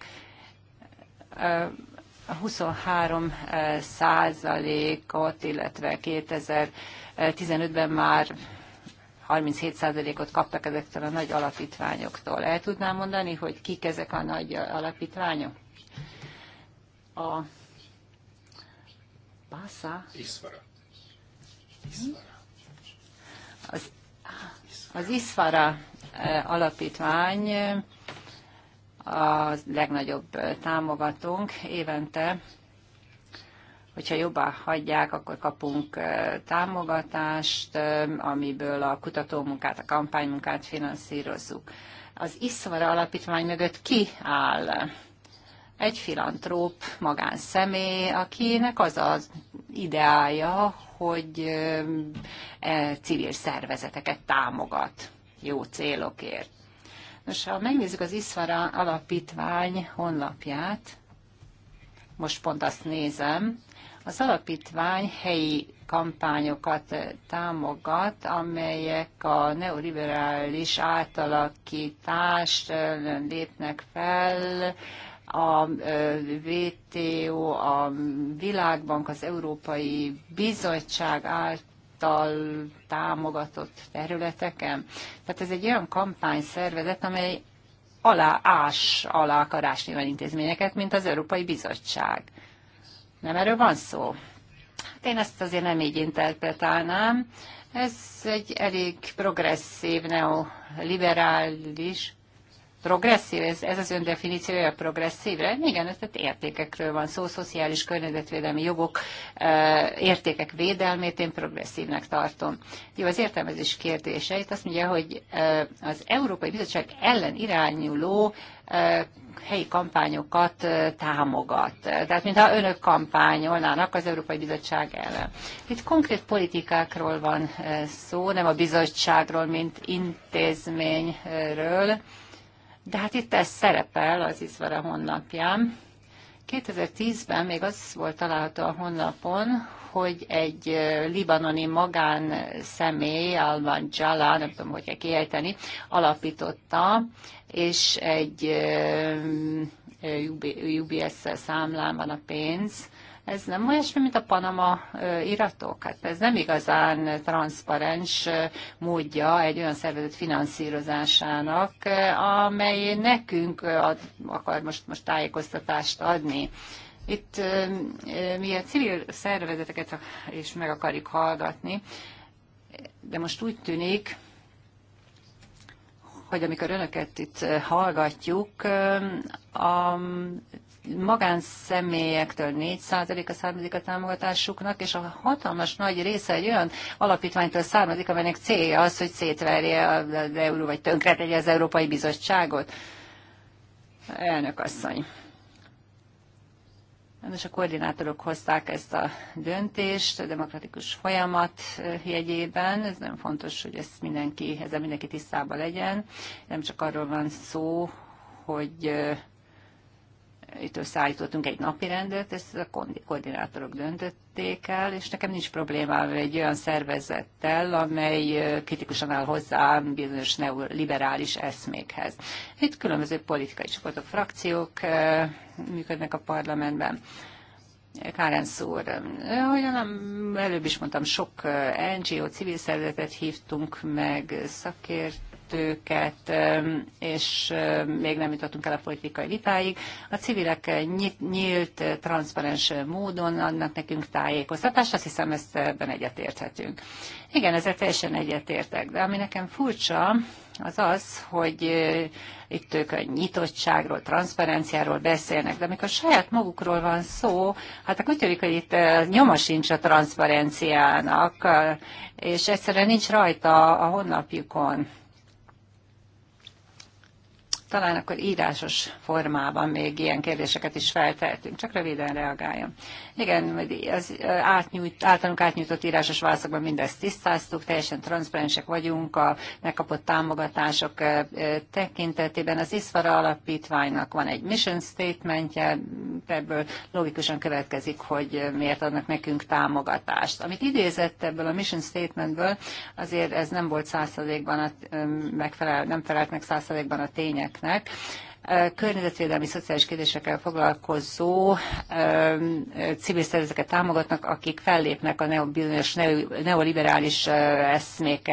A 23 százalékot, illetve 2015-ben már 37%-ot kaptak ezektől a nagy alapítványoktól. El tudnám mondani, hogy kik ezek a nagy alapítványok? a Pásza. Az, az Iszvara e, alapítvány e, a legnagyobb e, támogatónk évente hogyha jobbá hagyják, akkor kapunk támogatást, amiből a kutatómunkát, a kampánymunkát finanszírozzuk. Az ISZVARA alapítvány mögött ki áll? egy filantróp magánszemély, akinek az az ideája, hogy e, civil szervezeteket támogat jó célokért. Nos, ha megnézzük az Iszvara alapítvány honlapját, most pont azt nézem, az alapítvány helyi kampányokat támogat, amelyek a neoliberális átalakítást lépnek fel, a WTO, a Világbank, az Európai Bizottság által támogatott területeken. Tehát ez egy olyan kampányszervezet, amely alá ás, alá akar ásni intézményeket, mint az Európai Bizottság. Nem erről van szó? Hát én ezt azért nem így interpretálnám. Ez egy elég progresszív, neoliberális progresszív, ez, ez az ön definíciója progresszívre? Igen, tehát értékekről van szó, szociális környezetvédelmi jogok, értékek védelmét én progresszívnek tartom. Jó, az értelmezés kérdése, itt azt mondja, hogy az Európai Bizottság ellen irányuló helyi kampányokat támogat. Tehát, mintha önök kampányolnának az Európai Bizottság ellen. Itt konkrét politikákról van szó, nem a bizottságról, mint intézményről. De hát itt ez szerepel az Izvara honlapján. 2010-ben még az volt található a honlapon, hogy egy libanoni magánszemély, Alban Jala, nem tudom, hogy kell kiejteni, alapította, és egy UBS számlán van a pénz, ez nem olyasmi, mint a Panama iratok? Hát ez nem igazán transzparens módja egy olyan szervezet finanszírozásának, amely nekünk ad, akar most, most tájékoztatást adni. Itt mi a civil szervezeteket is meg akarjuk hallgatni, de most úgy tűnik, hogy amikor önöket itt hallgatjuk, a magánszemélyektől 4%-a származik a támogatásuknak, és a hatalmas nagy része egy olyan alapítványtól származik, amelynek célja az, hogy szétverje az euró, vagy tönkretegye az Európai Bizottságot. Elnök asszony. Most a koordinátorok hozták ezt a döntést a demokratikus folyamat jegyében. Ez nagyon fontos, hogy ezt mindenki, ezzel mindenki tisztában legyen. Nem csak arról van szó, hogy itt összeállítottunk egy napi rendet, ezt a koordinátorok döntötték el, és nekem nincs problémám egy olyan szervezettel, amely kritikusan áll hozzá bizonyos neoliberális eszmékhez. Itt különböző politikai csoportok, frakciók működnek a parlamentben. Káren szúr, olyan előbb is mondtam, sok NGO civil szervezetet hívtunk meg, szakért tőket és még nem jutottunk el a politikai vitáig. A civilek nyílt, transzparens módon adnak nekünk tájékoztatást, azt hiszem ezt ebben egyetérthetünk. Igen, ezzel teljesen egyetértek, de ami nekem furcsa, az az, hogy itt ők a nyitottságról, transzparenciáról beszélnek, de amikor saját magukról van szó, hát akkor úgy tűnik, hogy itt nyoma sincs a transzparenciának, és egyszerűen nincs rajta a honlapjukon talán akkor írásos formában még ilyen kérdéseket is feltehetünk. Csak röviden reagáljam. Igen, az átnyújt, általunk átnyújtott írásos válaszokban mindezt tisztáztuk, teljesen transzparensek vagyunk a megkapott támogatások tekintetében. Az ISZFARA alapítványnak van egy mission statementje, ebből logikusan következik, hogy miért adnak nekünk támogatást. Amit idézett ebből a mission statementből, azért ez nem volt százalékban megfelel, nem felelt meg százalékban a tények cégeknek környezetvédelmi szociális kérdésekkel foglalkozó civil szervezeteket támogatnak, akik fellépnek a neo, bizonyos neoliberális eszmék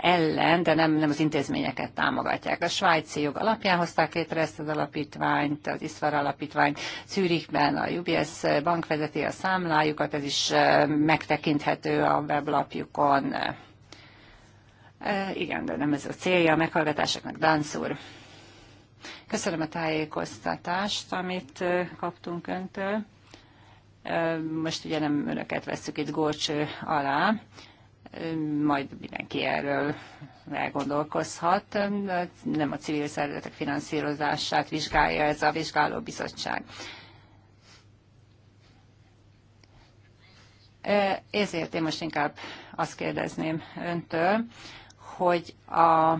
ellen, de nem, nem az intézményeket támogatják. A svájci jog alapján hozták létre ezt az alapítványt, az ISZVAR alapítványt, Zürichben a UBS bank vezeti a számlájukat, ez is megtekinthető a weblapjukon. Igen, de nem ez a célja a meghallgatásoknak, Dánc úr. Köszönöm a tájékoztatást, amit kaptunk öntől. Most ugye nem önöket veszük itt górcső alá, majd mindenki erről elgondolkozhat. Nem a civil szervezetek finanszírozását vizsgálja ez a vizsgáló bizottság. Ezért én most inkább azt kérdezném öntől, hogy a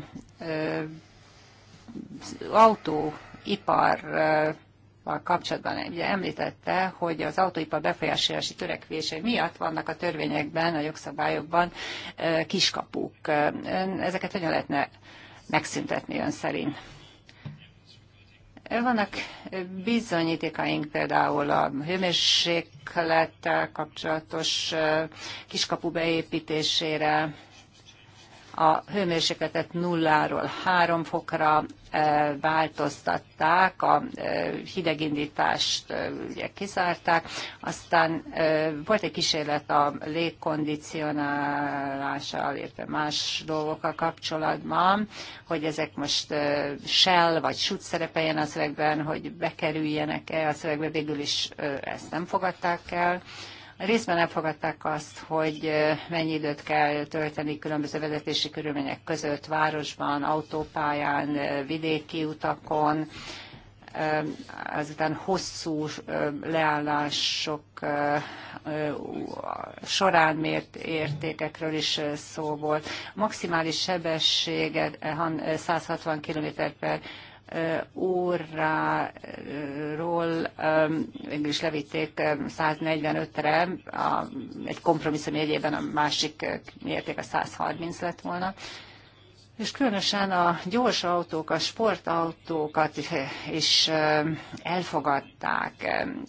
autóipar kapcsolatban ugye említette, hogy az autóipar befolyásolási törekvése miatt vannak a törvényekben, a jogszabályokban kiskapuk. Ezeket hogyan lehetne megszüntetni ön szerint? Vannak bizonyítékaink például a hőmérséklettel kapcsolatos kiskapu beépítésére, a hőmérsékletet nulláról három fokra eh, változtatták, a eh, hidegindítást eh, ugye kizárták, aztán volt egy kísérlet a légkondicionálással, illetve más dolgokkal kapcsolatban, hogy ezek most shell vagy sut szerepeljen a szövegben, hogy bekerüljenek-e a szövegbe, végül is ezt nem fogadták el. Részben elfogadták azt, hogy mennyi időt kell tölteni különböző vezetési körülmények között, városban, autópályán, vidéki utakon, azután hosszú leállások során mért értékekről is szó volt. maximális sebessége 160 eh, km per óráról végül is levitték 145-re, a, egy kompromisszum jegyében a másik mérték a 130 lett volna és különösen a gyors autók, a sportautókat is elfogadták.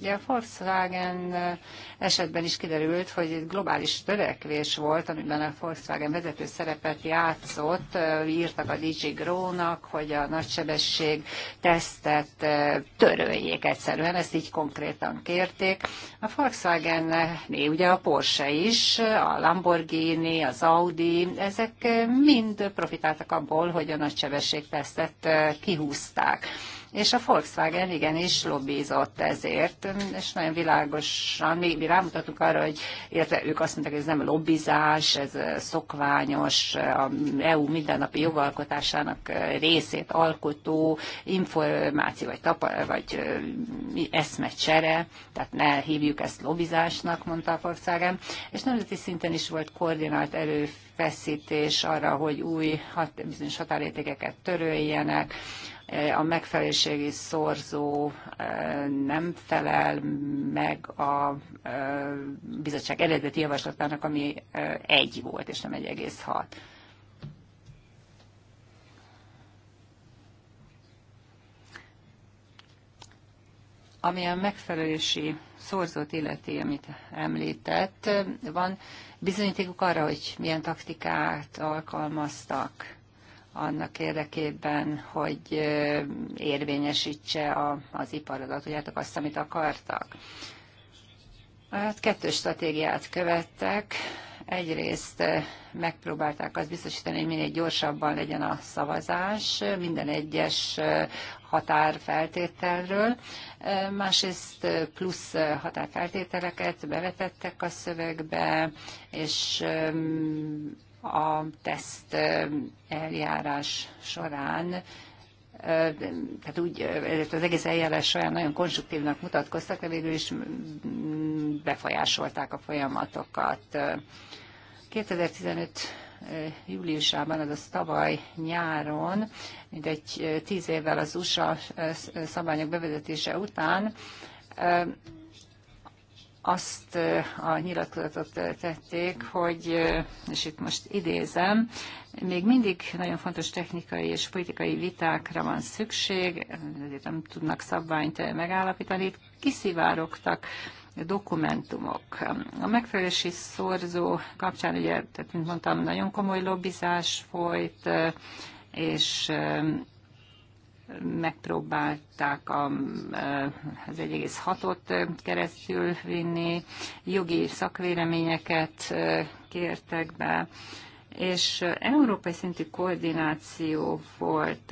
a Volkswagen eh, esetben is kiderült, hogy egy globális törekvés volt, amiben a Volkswagen vezető szerepet játszott. Eh, írtak a DJ Grónak, hogy a nagysebesség tesztet eh, töröljék egyszerűen, ezt így konkrétan kérték. A Volkswagen, ugye a Porsche is, a Lamborghini, az Audi, ezek mind profitáltak profitáltak abból, hogy a nagysebességtesztet eh, kihúzták és a Volkswagen igenis lobbizott ezért, és nagyon világosan mi, mi rámutatunk arra, hogy illetve ők azt mondták, hogy ez nem lobbizás, ez szokványos, a EU mindennapi jogalkotásának részét alkotó információ vagy, tapa, vagy eszmecsere, tehát ne hívjuk ezt lobbizásnak, mondta a Volkswagen, és nemzeti szinten is volt koordinált erőfeszítés arra, hogy új hat, bizonyos határértékeket töröljenek, Eh, a megfelelőségi szorzó eh, nem felel meg a eh, bizottság eredeti javaslatának, ami egy volt, és nem 1,6. Ami a megfelelési szorzót illeti, amit említett, van bizonyítékuk arra, hogy milyen taktikát alkalmaztak annak érdekében, hogy érvényesítse a, az iparadatójátok azt, amit akartak. Hát kettő stratégiát követtek. Egyrészt megpróbálták azt biztosítani, hogy minél gyorsabban legyen a szavazás minden egyes határfeltételről. Másrészt plusz határfeltételeket bevetettek a szövegbe, és a teszt eljárás során tehát úgy, az egész eljárás során nagyon konstruktívnak mutatkoztak, de végül is befolyásolták a folyamatokat. 2015 júliusában, azaz tavaly nyáron, mindegy tíz évvel az USA szabályok bevezetése után azt a nyilatkozatot tették, hogy, és itt most idézem, még mindig nagyon fontos technikai és politikai vitákra van szükség, ezért nem tudnak szabványt megállapítani, itt kiszivárogtak dokumentumok. A megfelelési szorzó kapcsán ugye, tehát mint mondtam, nagyon komoly lobbizás folyt, és megpróbálták a, eh, az 1,6-ot eh, keresztül vinni, jogi szakvéleményeket eh, kértek be, és európai szintű koordináció volt,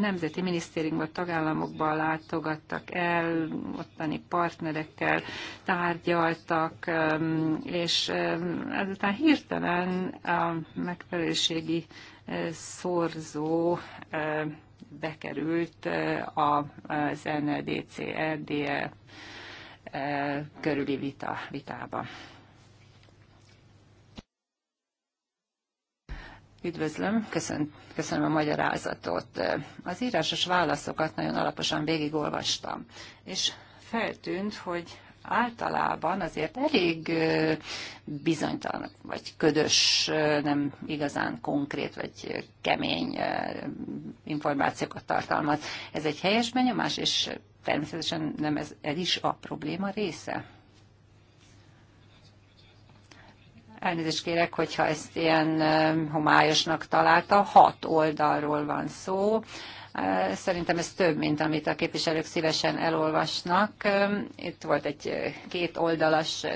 nemzeti minisztériumban, tagállamokban látogattak el, ottani partnerekkel tárgyaltak, és ezután hirtelen a megfelelőségi szorzó bekerült az NLDC, RDE körüli vita, vitába. Üdvözlöm, köszön, köszönöm a magyarázatot. Az írásos válaszokat nagyon alaposan végigolvastam, és feltűnt, hogy általában azért elég bizonytalan, vagy ködös, nem igazán konkrét, vagy kemény információkat tartalmaz. Ez egy helyes benyomás, és természetesen nem ez, ez is a probléma része. Elnézést kérek, hogyha ezt ilyen homályosnak találta, hat oldalról van szó, Szerintem ez több, mint amit a képviselők szívesen elolvasnak. Itt volt egy két oldalas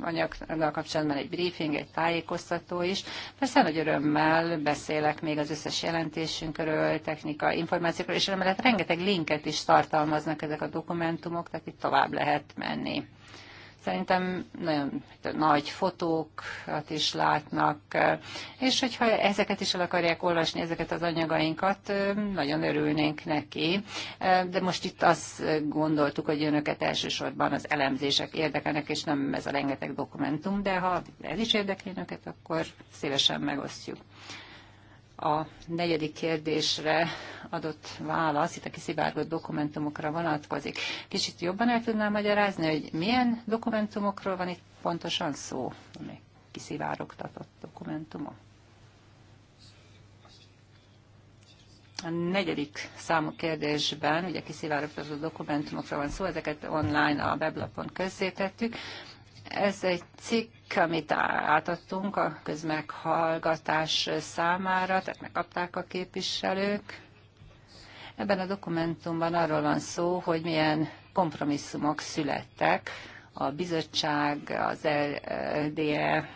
anyaggal kapcsolatban egy briefing, egy tájékoztató is. Persze nagy örömmel beszélek még az összes jelentésünkről, technika, információkról, és emellett rengeteg linket is tartalmaznak ezek a dokumentumok, tehát itt tovább lehet menni. Szerintem nagyon nagy fotókat is látnak, és hogyha ezeket is el akarják olvasni, ezeket az anyagainkat, nagyon örülnénk neki. De most itt azt gondoltuk, hogy önöket elsősorban az elemzések érdekelnek, és nem ez a rengeteg dokumentum, de ha ez is érdekli önöket, akkor szívesen megosztjuk a negyedik kérdésre adott válasz, itt a kiszivárgott dokumentumokra vonatkozik. Kicsit jobban el tudnám magyarázni, hogy milyen dokumentumokról van itt pontosan szó, ami kiszivárogtatott dokumentumok? A negyedik számú kérdésben, ugye kiszivárogtatott dokumentumokról van szó, ezeket online a weblapon közzétettük. Ez egy cikk, amit átadtunk a közmeghallgatás számára, tehát megkapták a képviselők. Ebben a dokumentumban arról van szó, hogy milyen kompromisszumok születtek a bizottság, az LDE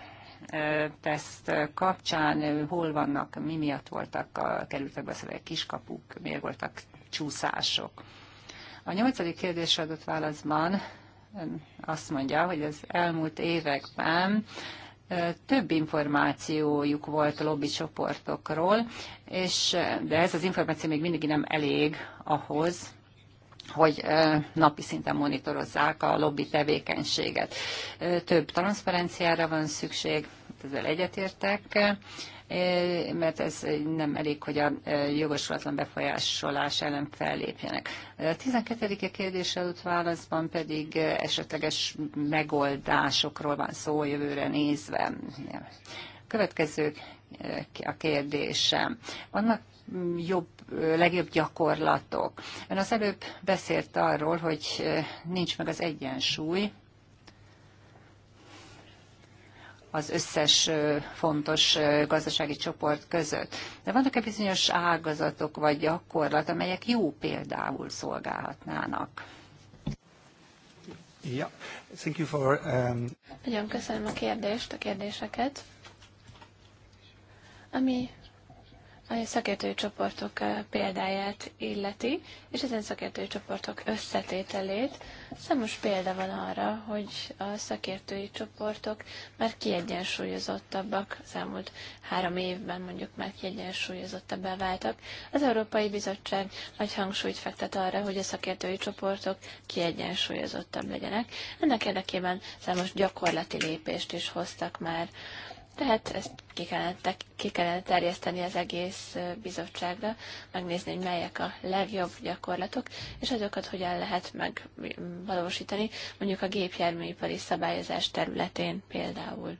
teszt kapcsán, hol vannak, mi miatt voltak, a, kerültek be a kiskapuk, miért voltak csúszások. A nyolcadik kérdésre adott válaszban Ön azt mondja, hogy az elmúlt években több információjuk volt a lobby csoportokról, és, de ez az információ még mindig nem elég ahhoz, hogy napi szinten monitorozzák a lobby tevékenységet. Több transzparenciára van szükség, ezzel egyetértek E, mert ez nem elég, hogy a e, jogosulatlan befolyásolás ellen fellépjenek. E, a 12. -e kérdés előtt válaszban pedig esetleges megoldásokról van szó jövőre nézve. Következő a kérdésem. Vannak jobb, legjobb gyakorlatok. Ön az előbb beszélt arról, hogy nincs meg az egyensúly az összes fontos gazdasági csoport között. De vannak-e bizonyos ágazatok vagy gyakorlat, amelyek jó például szolgálhatnának? Yeah. Thank you for, um... Nagyon köszönöm a kérdést, a kérdéseket. Ami a szakértői csoportok eh, példáját illeti, és ezen szakértői csoportok összetételét. Számos példa van arra, hogy a szakértői csoportok már kiegyensúlyozottabbak, az elmúlt három évben mondjuk már kiegyensúlyozottabbá váltak. Az Európai Bizottság nagy hangsúlyt fektet arra, hogy a szakértői csoportok kiegyensúlyozottabb legyenek. Ennek érdekében számos gyakorlati lépést is hoztak már tehát ezt ki kellene, ki kellene terjeszteni az egész bizottságra, megnézni, hogy melyek a legjobb gyakorlatok, és azokat hogyan lehet megvalósítani, mondjuk a gépjárműipari szabályozás területén például.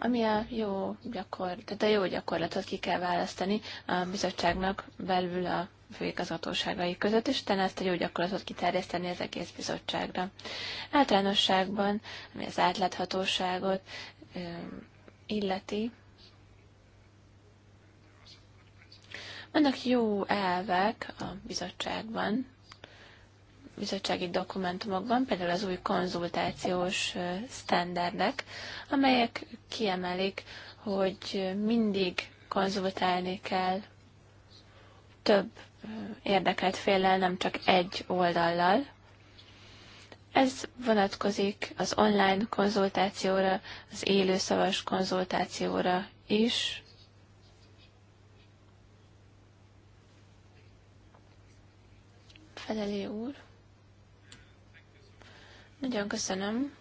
ami a jó, gyakor, tehát a jó gyakorlatot ki kell választani a bizottságnak belül a főigazgatóságai között, és utána ezt a jó gyakorlatot kiterjeszteni az egész bizottságra. Általánosságban, ami az átláthatóságot illeti, vannak jó elvek a bizottságban, bizottsági dokumentumokban, például az új konzultációs standardek, amelyek kiemelik, hogy mindig konzultálni kell több érdekelt féllel, nem csak egy oldallal. Ez vonatkozik az online konzultációra, az élőszavas konzultációra is. Feleli úr. Nagyon köszönöm.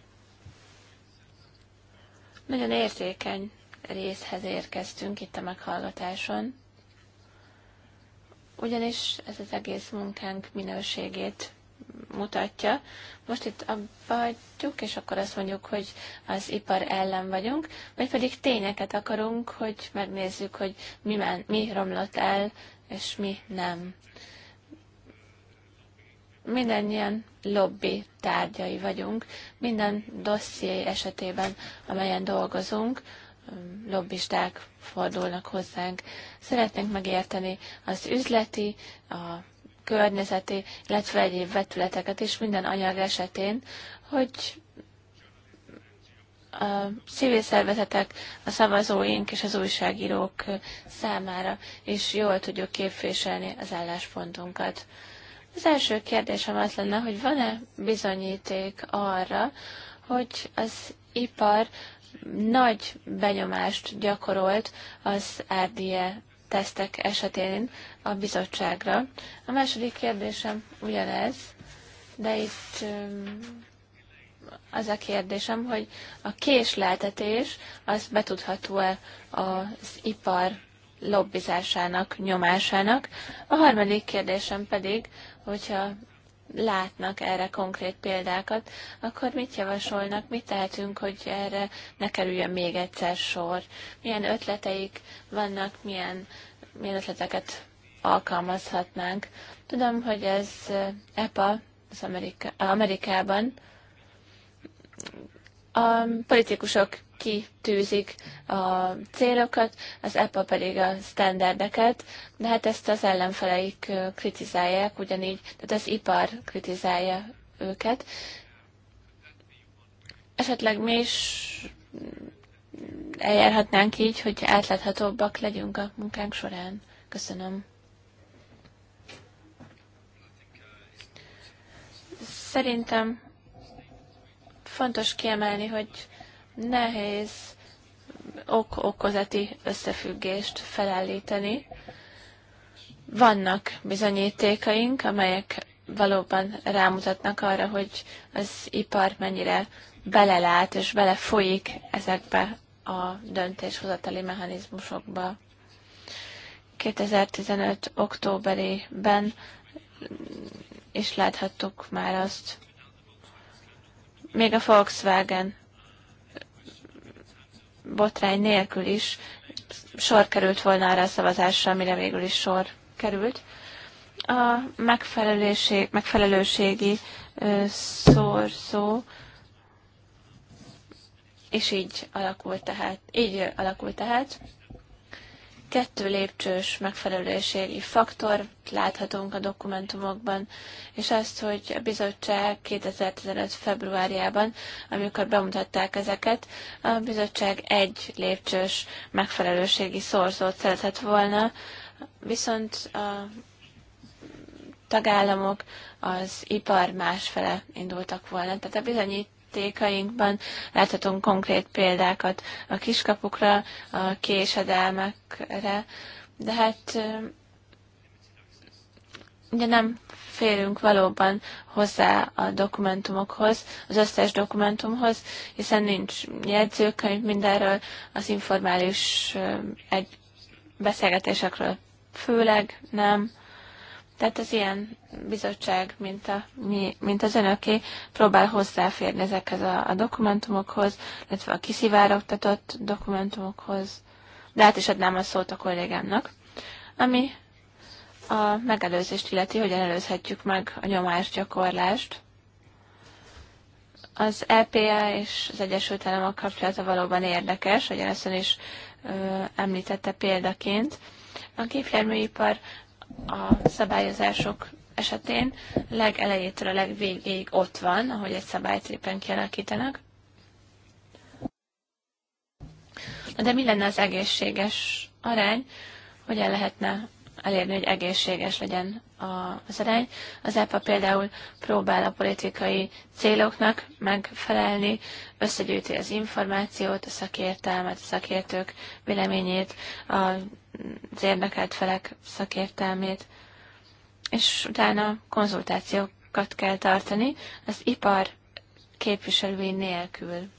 Nagyon értékeny részhez érkeztünk itt a meghallgatáson ugyanis ez az egész munkánk minőségét mutatja. Most itt adjuk, és akkor azt mondjuk, hogy az ipar ellen vagyunk, vagy pedig tényeket akarunk, hogy megnézzük, hogy mi, men, mi romlott el, és mi nem. ilyen lobby tárgyai vagyunk, minden dosszié esetében, amelyen dolgozunk, lobbisták fordulnak hozzánk. Szeretnénk megérteni az üzleti, a környezeti, illetve egyéb vetületeket is minden anyag esetén, hogy a civil szervezetek, a szavazóink és az újságírók számára is jól tudjuk képviselni az álláspontunkat. Az első kérdésem az lenne, hogy van-e bizonyíték arra, hogy az ipar nagy benyomást gyakorolt az RDE tesztek esetén a bizottságra. A második kérdésem ugyanez, de itt az a kérdésem, hogy a késleltetés az betudható-e az ipar lobbizásának, nyomásának. A harmadik kérdésem pedig, hogyha látnak erre konkrét példákat, akkor mit javasolnak, mit tehetünk, hogy erre ne kerüljön még egyszer sor? Milyen ötleteik vannak, milyen, milyen ötleteket alkalmazhatnánk? Tudom, hogy ez eh, EPA az Amerika, Amerikában a politikusok kitűzik a célokat, az EPA pedig a standardeket, de hát ezt az ellenfeleik kritizálják, ugyanígy, tehát az ipar kritizálja őket. Esetleg mi is eljárhatnánk így, hogy átláthatóbbak legyünk a munkánk során. Köszönöm. Szerintem Fontos kiemelni, hogy nehéz ok-okozati összefüggést felállítani. Vannak bizonyítékaink, amelyek valóban rámutatnak arra, hogy az ipar mennyire belelát és belefolyik ezekbe a döntéshozatali mechanizmusokba. 2015. októberében is láthattuk már azt, még a Volkswagen botrány nélkül is sor került volna arra a szavazásra, amire végül is sor került. A megfelelőség, megfelelőségi szó és így alakult tehát. Így alakult tehát kettő lépcsős megfelelőségi faktor láthatunk a dokumentumokban, és azt, hogy a bizottság 2015. februárjában, amikor bemutatták ezeket, a bizottság egy lépcsős megfelelőségi szorzót szeretett volna, viszont a tagállamok, az ipar másfele indultak volna. Tehát a bizonyít tékainkban Láthatunk konkrét példákat a kiskapukra, a késedelmekre, de hát ugye nem férünk valóban hozzá a dokumentumokhoz, az összes dokumentumhoz, hiszen nincs jegyzőkönyv mindenről, az informális egy beszélgetésekről főleg nem. Tehát az ilyen bizottság, mint, a, mi, mint az önöké, próbál hozzáférni ezekhez a, a dokumentumokhoz, illetve a kiszivárogtatott dokumentumokhoz. De át is adnám a szót a kollégámnak, ami a megelőzést illeti, hogyan előzhetjük meg a nyomásgyakorlást. Az EPA és az Egyesült Államok kapcsolata valóban érdekes, hogy ezt is ö, említette példaként. A kifjárműipar a szabályozások esetén legelejétől a legvégéig ott van, ahogy egy szabályt éppen kialakítanak. De mi lenne az egészséges arány? Hogyan lehetne elérni, hogy egészséges legyen az arány. Az EPA például próbál a politikai céloknak megfelelni, összegyűjti az információt, a szakértelmet, a szakértők véleményét, az érdekelt felek szakértelmét, és utána konzultációkat kell tartani az ipar képviselői nélkül.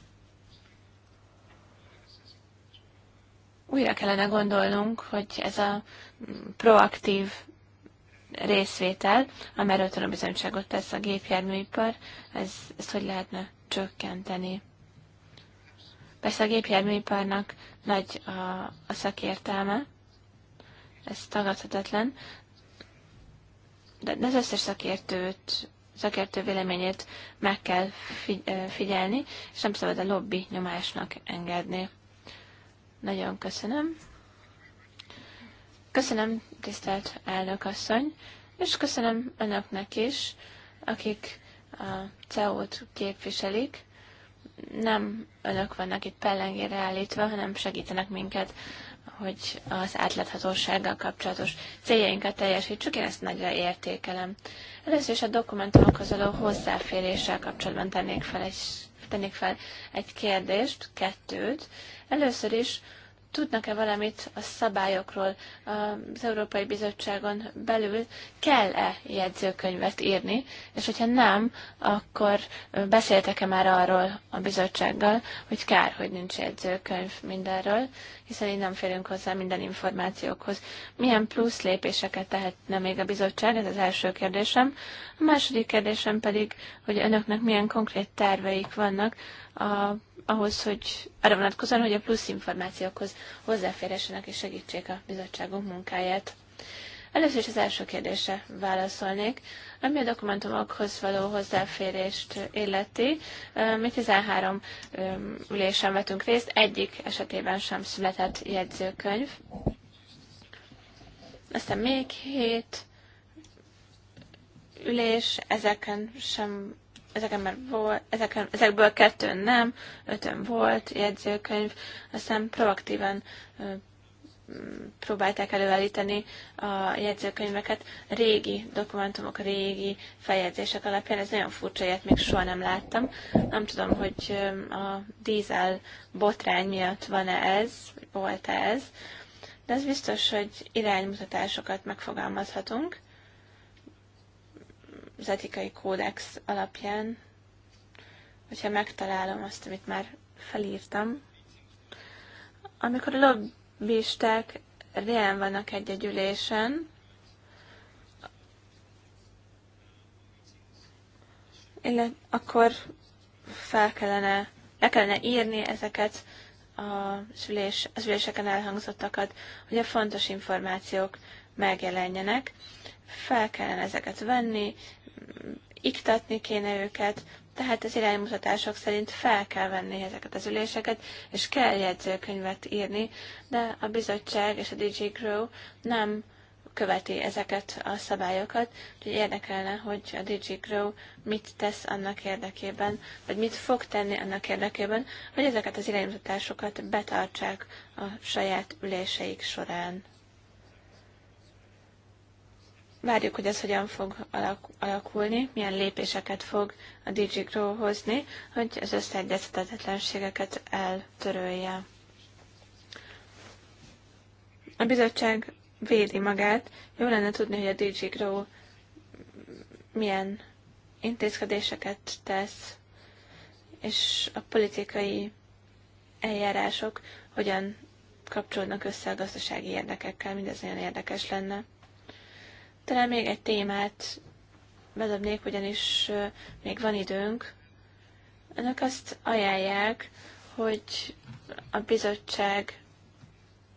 újra kellene gondolnunk, hogy ez a proaktív részvétel, amelyről bizonyságot tesz a gépjárműipar, ez, ezt hogy lehetne csökkenteni? Persze a gépjárműiparnak nagy a, a szakértelme, ez tagadhatatlan, de az összes szakértőt, szakértő véleményét meg kell figyelni, és nem szabad a lobby nyomásnak engedni. Nagyon köszönöm. Köszönöm, tisztelt elnök asszony, és köszönöm önöknek is, akik a CEO-t képviselik. Nem önök vannak itt pellengére állítva, hanem segítenek minket, hogy az átláthatósággal kapcsolatos céljainkat teljesítsük. Én ezt nagyra értékelem. Először is a dokumentumokhoz való hozzáféréssel kapcsolatban tennék fel egy tennék fel egy kérdést, kettőt. Először is tudnak-e valamit a szabályokról az Európai Bizottságon belül, kell-e jegyzőkönyvet írni, és hogyha nem, akkor beszéltek-e már arról a bizottsággal, hogy kár, hogy nincs jegyzőkönyv mindenről, hiszen így nem férünk hozzá minden információkhoz. Milyen plusz lépéseket tehetne még a bizottság, ez az első kérdésem. A második kérdésem pedig, hogy önöknek milyen konkrét terveik vannak a, ahhoz, hogy arra vonatkozóan, hogy a plusz információkhoz hozzáférhessenek és segítsék a bizottságunk munkáját. Először is az első kérdése válaszolnék, ami a dokumentumokhoz való hozzáférést illeti. Um, mi 13 um, ülésen vetünk részt, egyik esetében sem született jegyzőkönyv. Aztán még hét ülés, ezeken sem ezeken már volt, ezeken, ezekből kettőn nem, ötön volt jegyzőkönyv, aztán proaktívan próbálták előállítani a jegyzőkönyveket régi dokumentumok, régi feljegyzések alapján. Ez nagyon furcsa, ilyet még soha nem láttam. Nem tudom, hogy a dízel botrány miatt van-e ez, vagy volt-e ez, de az biztos, hogy iránymutatásokat megfogalmazhatunk az etikai kódex alapján, hogyha megtalálom azt, amit már felírtam, amikor a lobbisták jelen vannak egy-egy ülésen, akkor fel kellene, le kellene írni ezeket a ülés, az üléseken elhangzottakat, hogy a fontos információk megjelenjenek. Fel kellene ezeket venni, iktatni kéne őket, tehát az iránymutatások szerint fel kell venni ezeket az üléseket, és kell jegyzőkönyvet írni, de a bizottság és a DG Grow nem követi ezeket a szabályokat, úgyhogy érdekelne, hogy a DG Grow mit tesz annak érdekében, vagy mit fog tenni annak érdekében, hogy ezeket az iránymutatásokat betartsák a saját üléseik során. Várjuk, hogy ez hogyan fog alakulni, milyen lépéseket fog a DigiGrow hozni, hogy az összeegyeztetetlenségeket eltörölje. A bizottság védi magát. Jó lenne tudni, hogy a DigiGrow milyen intézkedéseket tesz, és a politikai eljárások hogyan kapcsolódnak össze a gazdasági érdekekkel, mindez nagyon érdekes lenne. Talán még egy témát bedobnék, ugyanis még van időnk. Önök azt ajánlják, hogy a bizottság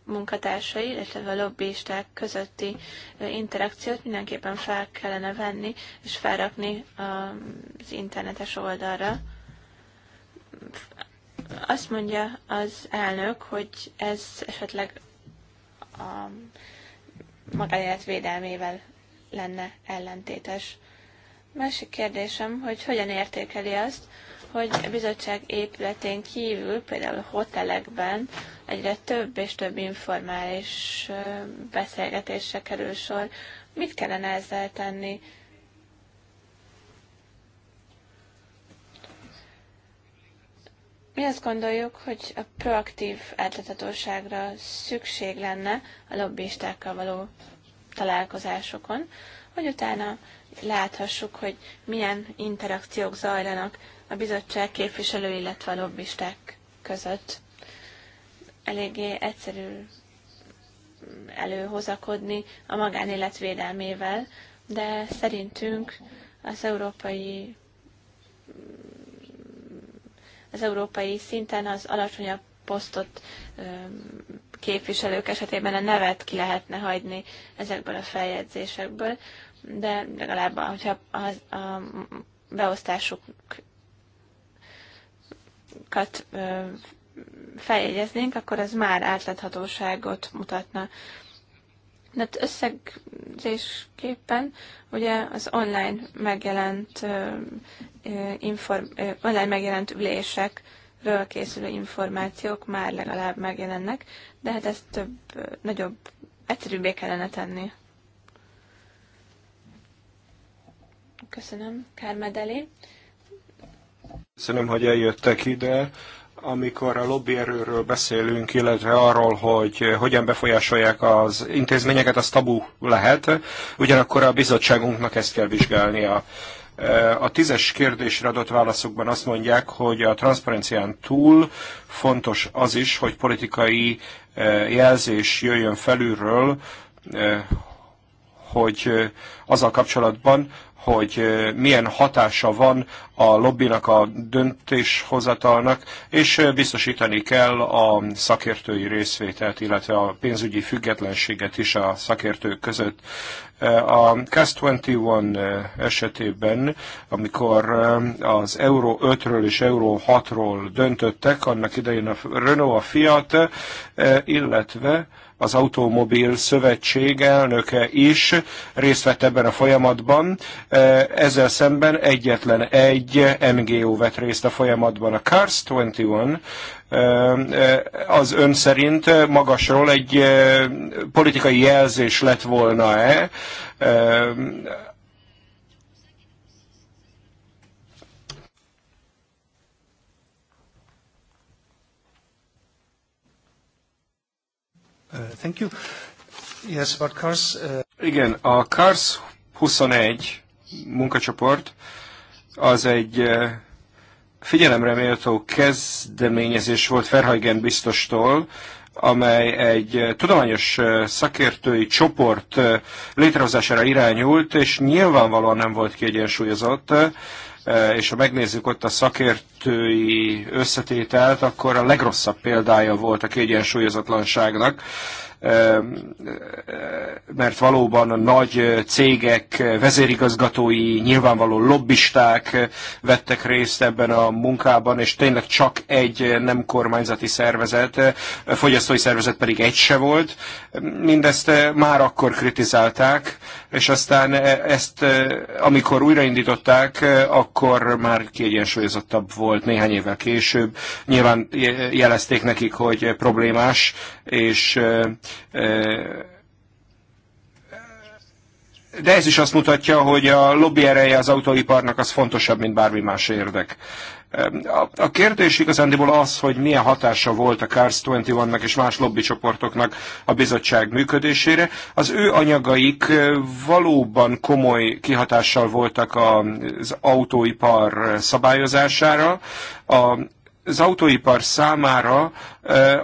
munkatársai, illetve a lobbisták közötti interakciót mindenképpen fel kellene venni, és felrakni az internetes oldalra. Azt mondja az elnök, hogy ez esetleg a magánélet védelmével lenne ellentétes. Másik kérdésem, hogy hogyan értékeli azt, hogy a bizottság épületén kívül, például a hotelekben egyre több és több informális beszélgetésre kerül sor. Mit kellene ezzel tenni? Mi azt gondoljuk, hogy a proaktív átláthatóságra szükség lenne a lobbistákkal való találkozásokon, hogy utána láthassuk, hogy milyen interakciók zajlanak a bizottság képviselő, illetve a lobbisták között. Eléggé egyszerű előhozakodni a magánélet védelmével, de szerintünk az európai az európai szinten az alacsonyabb posztot képviselők esetében a nevet ki lehetne hagyni ezekből a feljegyzésekből, de legalább, hogyha a, a beosztásukat feljegyeznénk, akkor az már átláthatóságot mutatna. De hát összegzésképpen ugye az online megjelent, inform, online megjelent ülések ről készülő információk már legalább megjelennek, de hát ezt több, nagyobb, egyszerűbbé kellene tenni. Köszönöm, Kármedeli. Köszönöm, hogy eljöttek ide amikor a lobbyerőről beszélünk, illetve arról, hogy hogyan befolyásolják az intézményeket, az tabu lehet. Ugyanakkor a bizottságunknak ezt kell vizsgálnia. A tízes kérdésre adott válaszokban azt mondják, hogy a transzparencián túl fontos az is, hogy politikai e, jelzés jöjjön felülről, e, hogy e, azzal kapcsolatban, hogy milyen hatása van a lobbinak, a döntéshozatalnak, és biztosítani kell a szakértői részvételt, illetve a pénzügyi függetlenséget is a szakértők között. A CAS-21 esetében, amikor az Euro 5-ről és Euro 6-ról döntöttek, annak idején a Renault, a Fiat, illetve az Automobil Szövetség elnöke is részt vett ebben a folyamatban. E, ezzel szemben egyetlen egy NGO vett részt a folyamatban. A Cars 21 e, e, az ön szerint magasról egy politikai jelzés lett volna-e Uh, thank you. Yes, CARS... Uh... Igen, a CARS 21 munkacsoport az egy uh, figyelemre méltó kezdeményezés volt Verhagen biztostól, amely egy uh, tudományos szakértői csoport létrehozására irányult, és nyilvánvalóan nem volt kiegyensúlyozott. E, és ha megnézzük ott a szakértői összetételt, akkor a legrosszabb példája volt a kiegyensúlyozatlanságnak, e, e, mert valóban a nagy cégek vezérigazgatói, nyilvánvaló lobbisták vettek részt ebben a munkában, és tényleg csak egy nem kormányzati szervezet, fogyasztói szervezet pedig egy se volt. Mindezt már akkor kritizálták, és aztán e, ezt, e, amikor újraindították, e, akkor már kiegyensúlyozottabb volt néhány évvel később. Nyilván jelezték nekik, hogy problémás, és de ez is azt mutatja, hogy a lobby ereje az autóiparnak az fontosabb, mint bármi más érdek. A kérdés igazándiból az, hogy milyen hatása volt a Cars 21 nek és más lobbycsoportoknak a bizottság működésére. Az ő anyagaik valóban komoly kihatással voltak az autóipar szabályozására. A az autóipar számára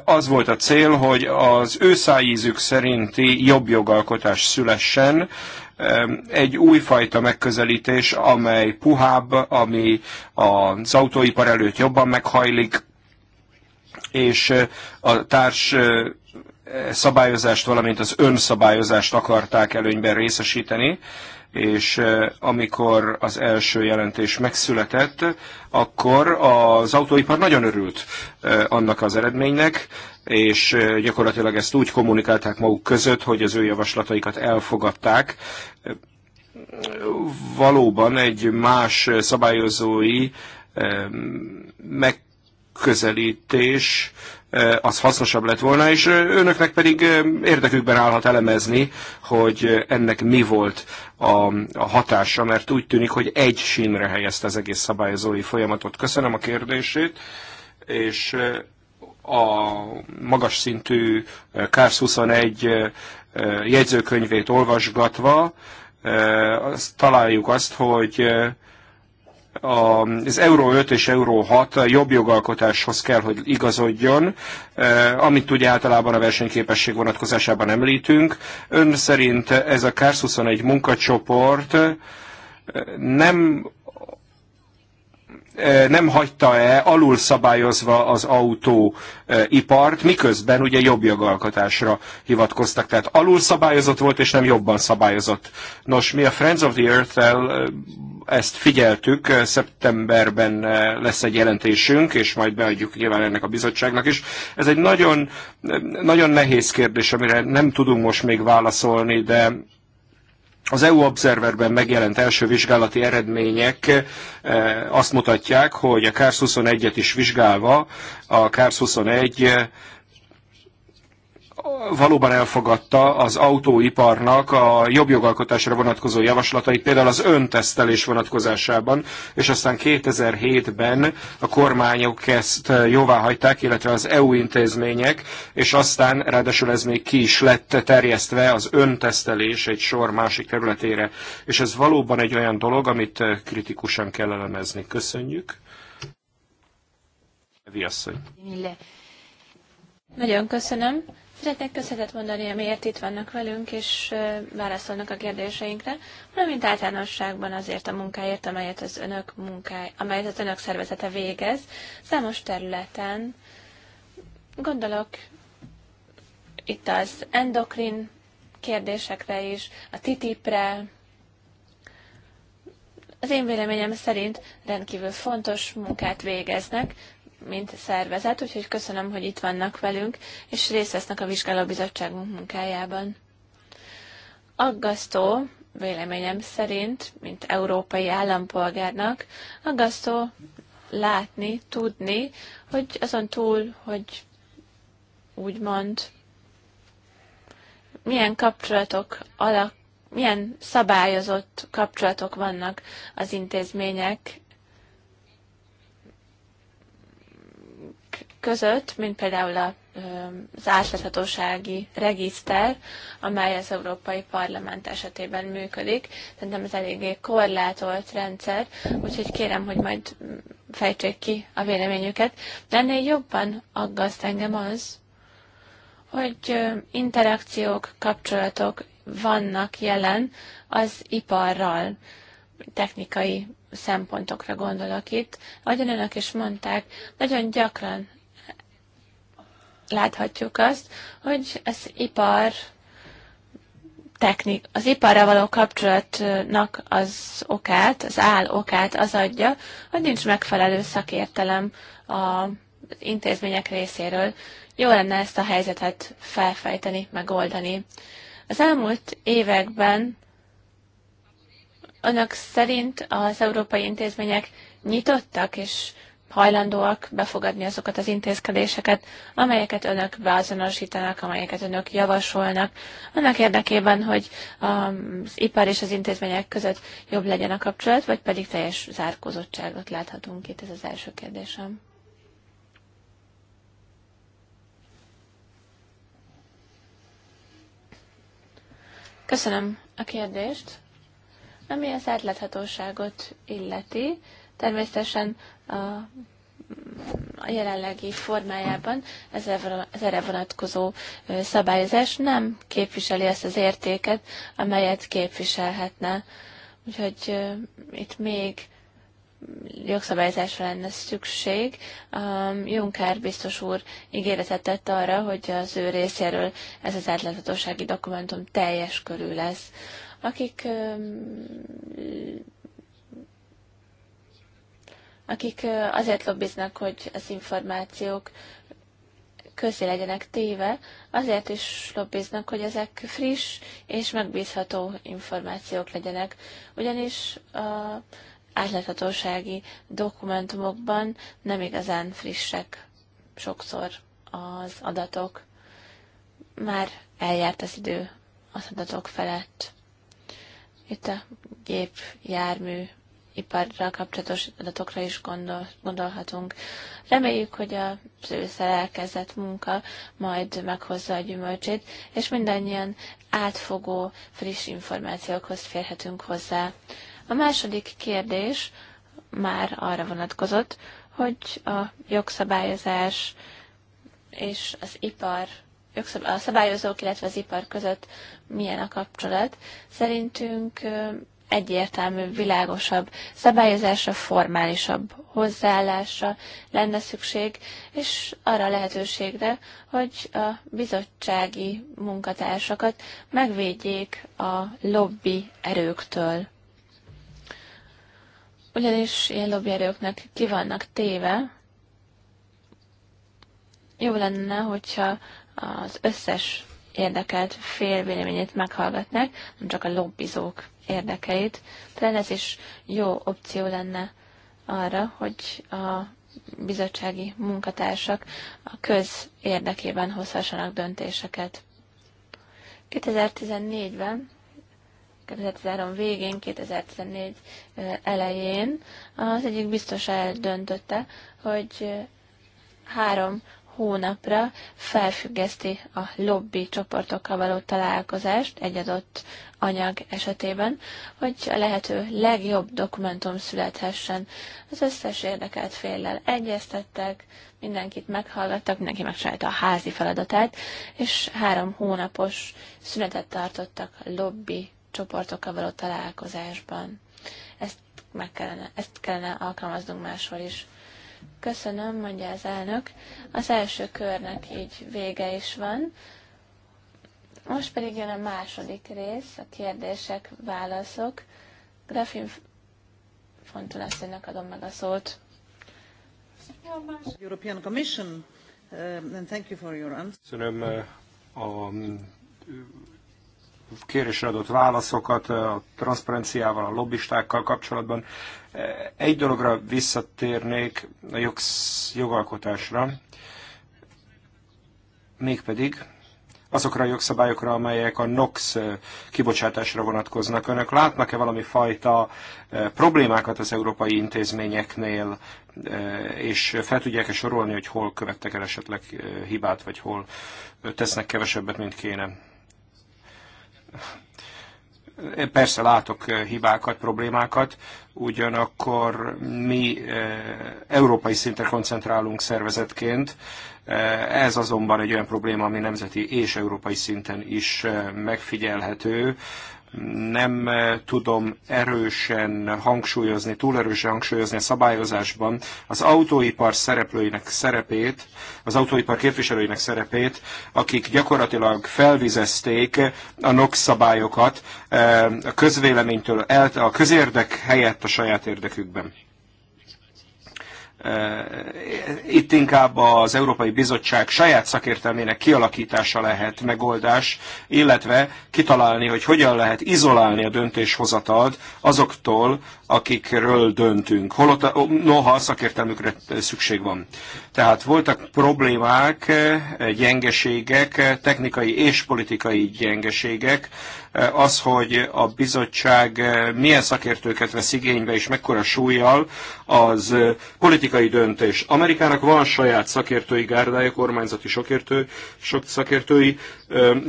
az volt a cél, hogy az ő szájízük szerinti jobb jogalkotás szülessen, egy újfajta megközelítés, amely puhább, ami az autóipar előtt jobban meghajlik, és a társ szabályozást, valamint az önszabályozást akarták előnyben részesíteni és eh, amikor az első jelentés megszületett, akkor az autóipar nagyon örült eh, annak az eredménynek, és eh, gyakorlatilag ezt úgy kommunikálták maguk között, hogy az ő javaslataikat elfogadták. Valóban egy más szabályozói megközelítés az hasznosabb lett volna, és önöknek pedig érdekükben állhat elemezni, hogy ennek mi volt a, a hatása, mert úgy tűnik, hogy egy sínre helyezte az egész szabályozói folyamatot. Köszönöm a kérdését, és a magas szintű KARS 21 jegyzőkönyvét olvasgatva azt találjuk azt, hogy az Euró 5 és Euró 6 jobb jogalkotáshoz kell, hogy igazodjon, e, amit ugye általában a versenyképesség vonatkozásában említünk. Ön szerint ez a KARS 21 munkacsoport e, nem nem hagyta-e alul szabályozva az autóipart, miközben ugye jobb jogalkotásra hivatkoztak. Tehát alul szabályozott volt, és nem jobban szabályozott. Nos, mi a Friends of the Earth-tel ezt figyeltük, szeptemberben lesz egy jelentésünk, és majd beadjuk nyilván ennek a bizottságnak is. Ez egy nagyon, nagyon nehéz kérdés, amire nem tudunk most még válaszolni, de az EU Observerben megjelent első vizsgálati eredmények eh, azt mutatják, hogy a KARS 21-et is vizsgálva, a KARS 21 valóban elfogadta az autóiparnak a jobb jogalkotásra vonatkozó javaslatait, például az öntesztelés vonatkozásában, és aztán 2007-ben a kormányok ezt jóvá hagyták, illetve az EU intézmények, és aztán ráadásul ez még ki is lett terjesztve az öntesztelés egy sor másik területére. És ez valóban egy olyan dolog, amit kritikusan kell elemezni. Köszönjük. Evi Nagyon köszönöm. Szeretnék köszönetet mondani, amiért itt vannak velünk, és válaszolnak a kérdéseinkre, valamint általánosságban azért a munkáért, amelyet az önök, munkáj, amelyet az önök szervezete végez számos területen. Gondolok itt az endokrin kérdésekre is, a titipre. Az én véleményem szerint rendkívül fontos munkát végeznek, mint szervezet, úgyhogy köszönöm, hogy itt vannak velünk, és részt vesznek a vizsgálóbizottságunk munkájában. Aggasztó, véleményem szerint, mint európai állampolgárnak, aggasztó látni, tudni, hogy azon túl, hogy úgymond milyen kapcsolatok alak, milyen szabályozott kapcsolatok vannak az intézmények között, mint például a, az átláthatósági regiszter, amely az Európai Parlament esetében működik. Szerintem ez eléggé korlátolt rendszer, úgyhogy kérem, hogy majd fejtsék ki a véleményüket. De ennél jobban aggaszt engem az, hogy interakciók, kapcsolatok vannak jelen az iparral, technikai szempontokra gondolok itt. Ahogyan önök is mondták, nagyon gyakran láthatjuk azt, hogy az ipar technik, az iparra való kapcsolatnak az okát, az áll okát az adja, hogy nincs megfelelő szakértelem az intézmények részéről. Jó lenne ezt a helyzetet felfejteni, megoldani. Az elmúlt években önök szerint az európai intézmények nyitottak és hajlandóak befogadni azokat az intézkedéseket, amelyeket önök beazonosítanak, amelyeket önök javasolnak, annak érdekében, hogy az ipar és az intézmények között jobb legyen a kapcsolat, vagy pedig teljes zárkózottságot láthatunk itt, ez az első kérdésem. Köszönöm a kérdést. Ami az átláthatóságot illeti, Természetesen a, a jelenlegi formájában ez erre vonatkozó szabályozás nem képviseli ezt az értéket, amelyet képviselhetne. Úgyhogy itt még jogszabályzásra lenne szükség. Um, Juncker biztos úr ígéretet tett arra, hogy az ő részéről ez az átláthatósági dokumentum teljes körül lesz. Akik um, akik azért lobbiznak, hogy az információk közé legyenek téve, azért is lobbiznak, hogy ezek friss és megbízható információk legyenek. Ugyanis a átláthatósági dokumentumokban nem igazán frissek sokszor az adatok. Már eljárt az idő az adatok felett. Itt a gép jármű iparral kapcsolatos adatokra is gondol, gondolhatunk. Reméljük, hogy a ősszel elkezdett munka majd meghozza a gyümölcsét, és mindannyian átfogó, friss információkhoz férhetünk hozzá. A második kérdés már arra vonatkozott, hogy a jogszabályozás és az ipar a szabályozók, illetve az ipar között milyen a kapcsolat. Szerintünk egyértelmű, világosabb szabályozásra, formálisabb hozzáállásra lenne szükség, és arra a lehetőségre, hogy a bizottsági munkatársakat megvédjék a lobby erőktől. Ugyanis ilyen lobby erőknek ki vannak téve. Jó lenne, hogyha az összes érdekelt fél véleményét meghallgatnák, nem csak a lobbizók érdekeit. Talán ez is jó opció lenne arra, hogy a bizottsági munkatársak a köz érdekében hozhassanak döntéseket. 2014-ben 2013 végén, 2014 elején az egyik biztos eldöntötte, hogy három hónapra felfüggeszti a lobby csoportokkal való találkozást egy adott anyag esetében, hogy a lehető legjobb dokumentum születhessen. Az összes érdekelt féllel egyeztettek, mindenkit meghallgattak, mindenki megcsinálta a házi feladatát, és három hónapos szünetet tartottak a lobby csoportokkal való találkozásban. Ezt meg kellene, ezt kellene alkalmaznunk máshol is. Köszönöm, mondja az elnök. Az első körnek így vége is van. Most pedig jön a második rész, a kérdések, válaszok. Grafin Fontul adom meg a szót. European Commission, uh, and thank you for your answer. Köszönöm uh, a kérésre adott válaszokat a transzparenciával, a lobbistákkal kapcsolatban. Egy dologra visszatérnék a jogsz, jogalkotásra, mégpedig azokra a jogszabályokra, amelyek a NOx kibocsátásra vonatkoznak. Önök látnak-e valami fajta problémákat az európai intézményeknél, és fel tudják-e sorolni, hogy hol követtek el esetleg hibát, vagy hol tesznek kevesebbet, mint kéne? Én persze látok eh, hibákat, problémákat, ugyanakkor mi eh, európai szinten koncentrálunk szervezetként, eh, ez azonban egy olyan probléma, ami nemzeti és európai szinten is megfigyelhető nem eh, tudom erősen hangsúlyozni, túl erősen hangsúlyozni a szabályozásban az autóipar szereplőinek szerepét, az autóipar képviselőinek szerepét, akik gyakorlatilag felvizezték a NOx szabályokat eh, a közvéleménytől, el, a közérdek helyett a saját érdekükben. Eh, itt inkább az Európai Bizottság saját szakértelmének kialakítása lehet megoldás, illetve kitalálni, hogy hogyan lehet izolálni a döntéshozatalt azoktól akikről döntünk. Holott, noha a szakértelmükre szükség van. Tehát voltak problémák, eh, gyengeségek, eh, technikai és politikai gyengeségek. Eh, az, hogy a bizottság milyen szakértőket vesz igénybe és mekkora súlyjal, az politikai döntés. Amerikának van saját szakértői gárdája, kormányzati sokértő, sok szakértői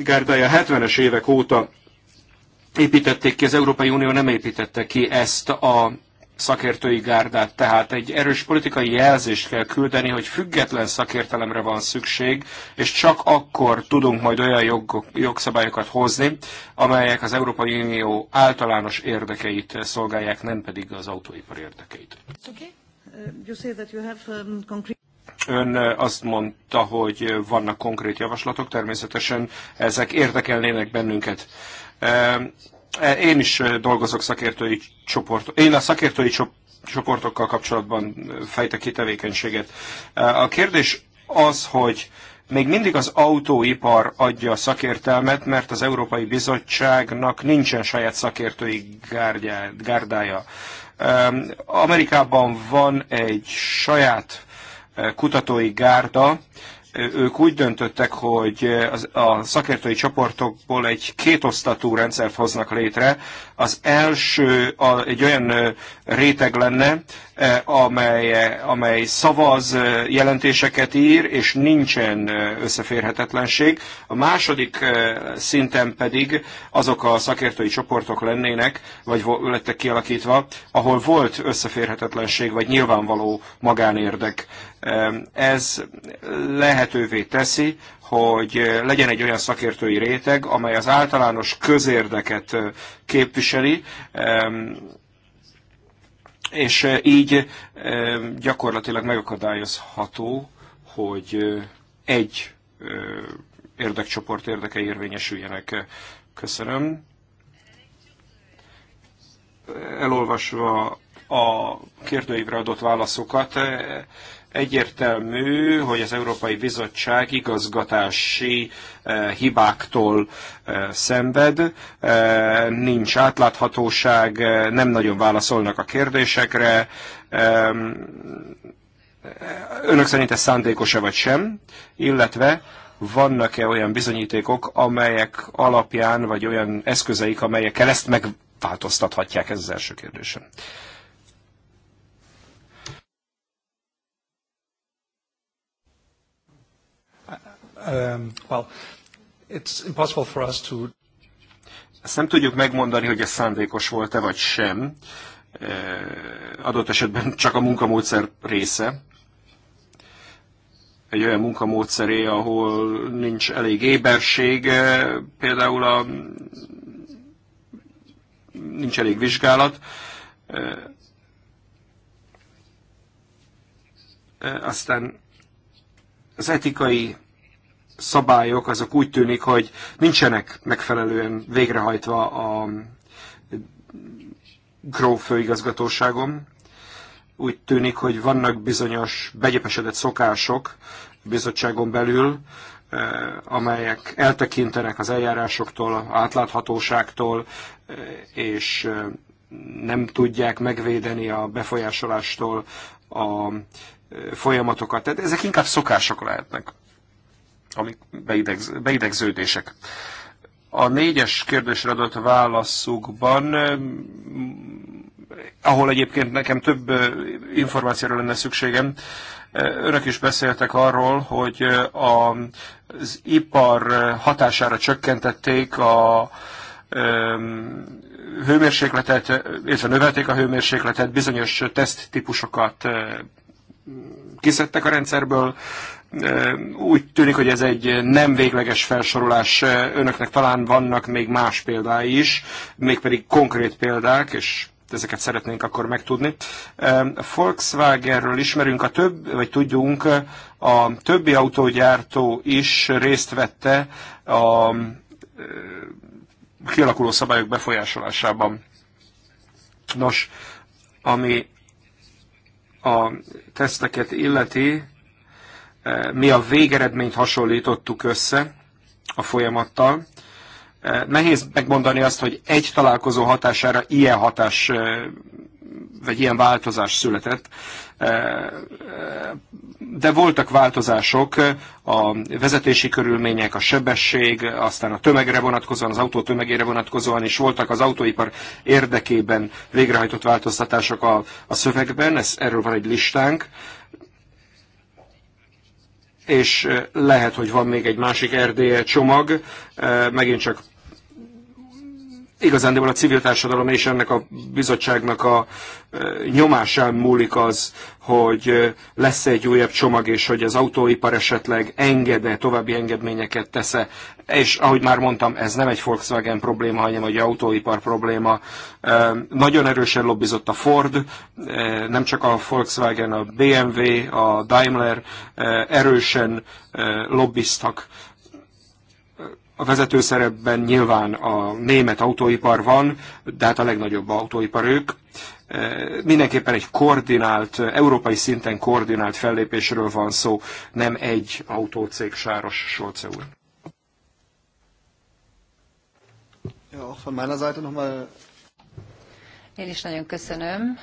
gárdája 70-es évek óta építették ki, az Európai Unió nem építette ki ezt a szakértői gárdát. Tehát egy erős politikai jelzést kell küldeni, hogy független szakértelemre van szükség, és csak akkor tudunk majd olyan jog, jogszabályokat hozni, amelyek az Európai Unió általános érdekeit szolgálják, nem pedig az autóipar érdekeit. Uh, um, Ön uh, azt mondta, hogy uh, vannak konkrét javaslatok, természetesen ezek érdekelnének bennünket. Én is dolgozok szakértői csoportok. Én a szakértői csoportokkal kapcsolatban fejtek ki tevékenységet. A kérdés az, hogy még mindig az autóipar adja a szakértelmet, mert az Európai Bizottságnak nincsen saját szakértői gárdája. Amerikában van egy saját kutatói gárda, ők úgy döntöttek, hogy a szakértői csoportokból egy kétosztatú rendszert hoznak létre. Az első egy olyan réteg lenne, amely, amely szavaz, jelentéseket ír, és nincsen összeférhetetlenség. A második szinten pedig azok a szakértői csoportok lennének, vagy lettek kialakítva, ahol volt összeférhetetlenség, vagy nyilvánvaló magánérdek ez lehetővé teszi, hogy legyen egy olyan szakértői réteg, amely az általános közérdeket képviseli, és így gyakorlatilag megakadályozható, hogy egy érdekcsoport érdeke érvényesüljenek. Köszönöm. Elolvasva a kérdőívre adott válaszokat, egyértelmű, hogy az Európai Bizottság igazgatási eh, hibáktól eh, szenved, eh, nincs átláthatóság, nem nagyon válaszolnak a kérdésekre. Önök szerint ez szándékos-e vagy sem? Illetve vannak-e olyan bizonyítékok, amelyek alapján, vagy olyan eszközeik, amelyekkel ezt megváltoztathatják? Ez az első kérdésem. Um, well, it's impossible for us to... Ezt nem tudjuk megmondani, hogy ez szándékos volt-e vagy sem. Uh, adott esetben csak a munkamódszer része. Egy olyan munkamódszeré, ahol nincs elég éberség, uh, például a nincs elég vizsgálat. Uh, aztán az etikai szabályok azok úgy tűnik, hogy nincsenek megfelelően végrehajtva a Grow főigazgatóságon. Úgy tűnik, hogy vannak bizonyos begyepesedett szokások bizottságon belül, eh, amelyek eltekintenek az eljárásoktól, átláthatóságtól, eh, és eh, nem tudják megvédeni a befolyásolástól a folyamatokat. Tehát ezek inkább szokások lehetnek amik beidegz, beidegződések. A négyes kérdésre adott válaszukban, ahol egyébként nekem több információra lenne szükségem, Önök is beszéltek arról, hogy az ipar hatására csökkentették a hőmérsékletet, illetve növelték a hőmérsékletet, bizonyos teszttípusokat típusokat kiszedtek a rendszerből, úgy tűnik, hogy ez egy nem végleges felsorolás. Önöknek talán vannak még más példái is, mégpedig konkrét példák, és ezeket szeretnénk akkor megtudni. A Volkswagenről ismerünk a több, vagy tudjunk, a többi autógyártó is részt vette a kialakuló szabályok befolyásolásában. Nos, ami a teszteket illeti, Eh, mi a végeredményt hasonlítottuk össze a folyamattal. Eh, nehéz megmondani azt, hogy egy találkozó hatására ilyen hatás eh, vagy ilyen változás született, de voltak változások, a vezetési körülmények, a sebesség, aztán a tömegre vonatkozóan, az autó tömegére vonatkozóan is voltak az autóipar érdekében végrehajtott változtatások a, a szövegben, ez, erről van egy listánk, és eh, lehet, hogy van még egy másik Erdélye csomag, eh, megint csak igazándiból a civil társadalom és ennek a bizottságnak a e, nyomásán múlik az, hogy e, lesz egy újabb csomag, és hogy az autóipar esetleg engede, további engedményeket tesze És ahogy már mondtam, ez nem egy Volkswagen probléma, hanem egy autóipar probléma. E, nagyon erősen lobbizott a Ford, nem csak a Volkswagen, a BMW, a Daimler erősen lobbiztak a vezető szerepben nyilván a német autóipar van, de hát a legnagyobb autóipar ők. E, mindenképpen egy koordinált, európai szinten koordinált fellépésről van szó, nem egy autócég sáros Solce úr. Én is nagyon köszönöm,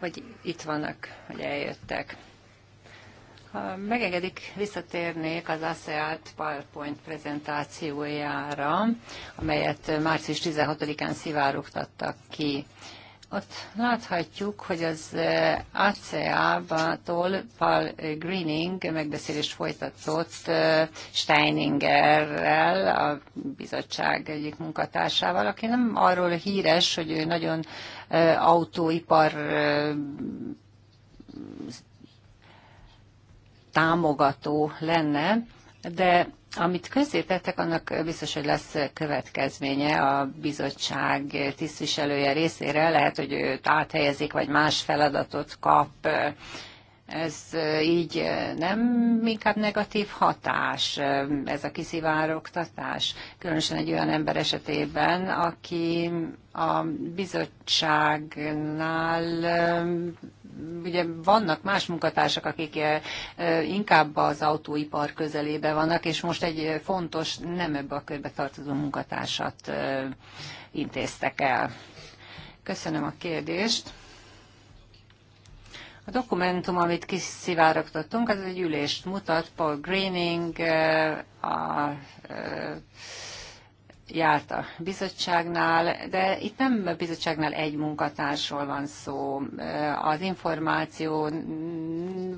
hogy itt vannak, hogy eljöttek. Ha megengedik, visszatérnék az ASEAT PowerPoint prezentációjára, amelyet március 16-án szivárogtattak ki. Ott láthatjuk, hogy az ACA-tól Paul Greening megbeszélés folytatott eh, Steiningerrel, a bizottság egyik munkatársával, aki nem arról híres, hogy ő nagyon eh, autóipar eh, támogató lenne, de amit közzétettek, annak biztos, hogy lesz következménye a bizottság tisztviselője részére. Lehet, hogy őt áthelyezik, vagy más feladatot kap. Ez így nem inkább negatív hatás, ez a kiszivárogtatás, különösen egy olyan ember esetében, aki a bizottságnál ugye vannak más munkatársak, akik eh, eh, inkább az autóipar közelébe vannak, és most egy eh, fontos, nem ebbe a körbe tartozó munkatársat intéztek el. Köszönöm a kérdést. A dokumentum, amit kiszivárogtattunk, az egy ülést mutat, Paul Greening, a, a, a járt a bizottságnál, de itt nem a bizottságnál egy munkatársról van szó. Az információ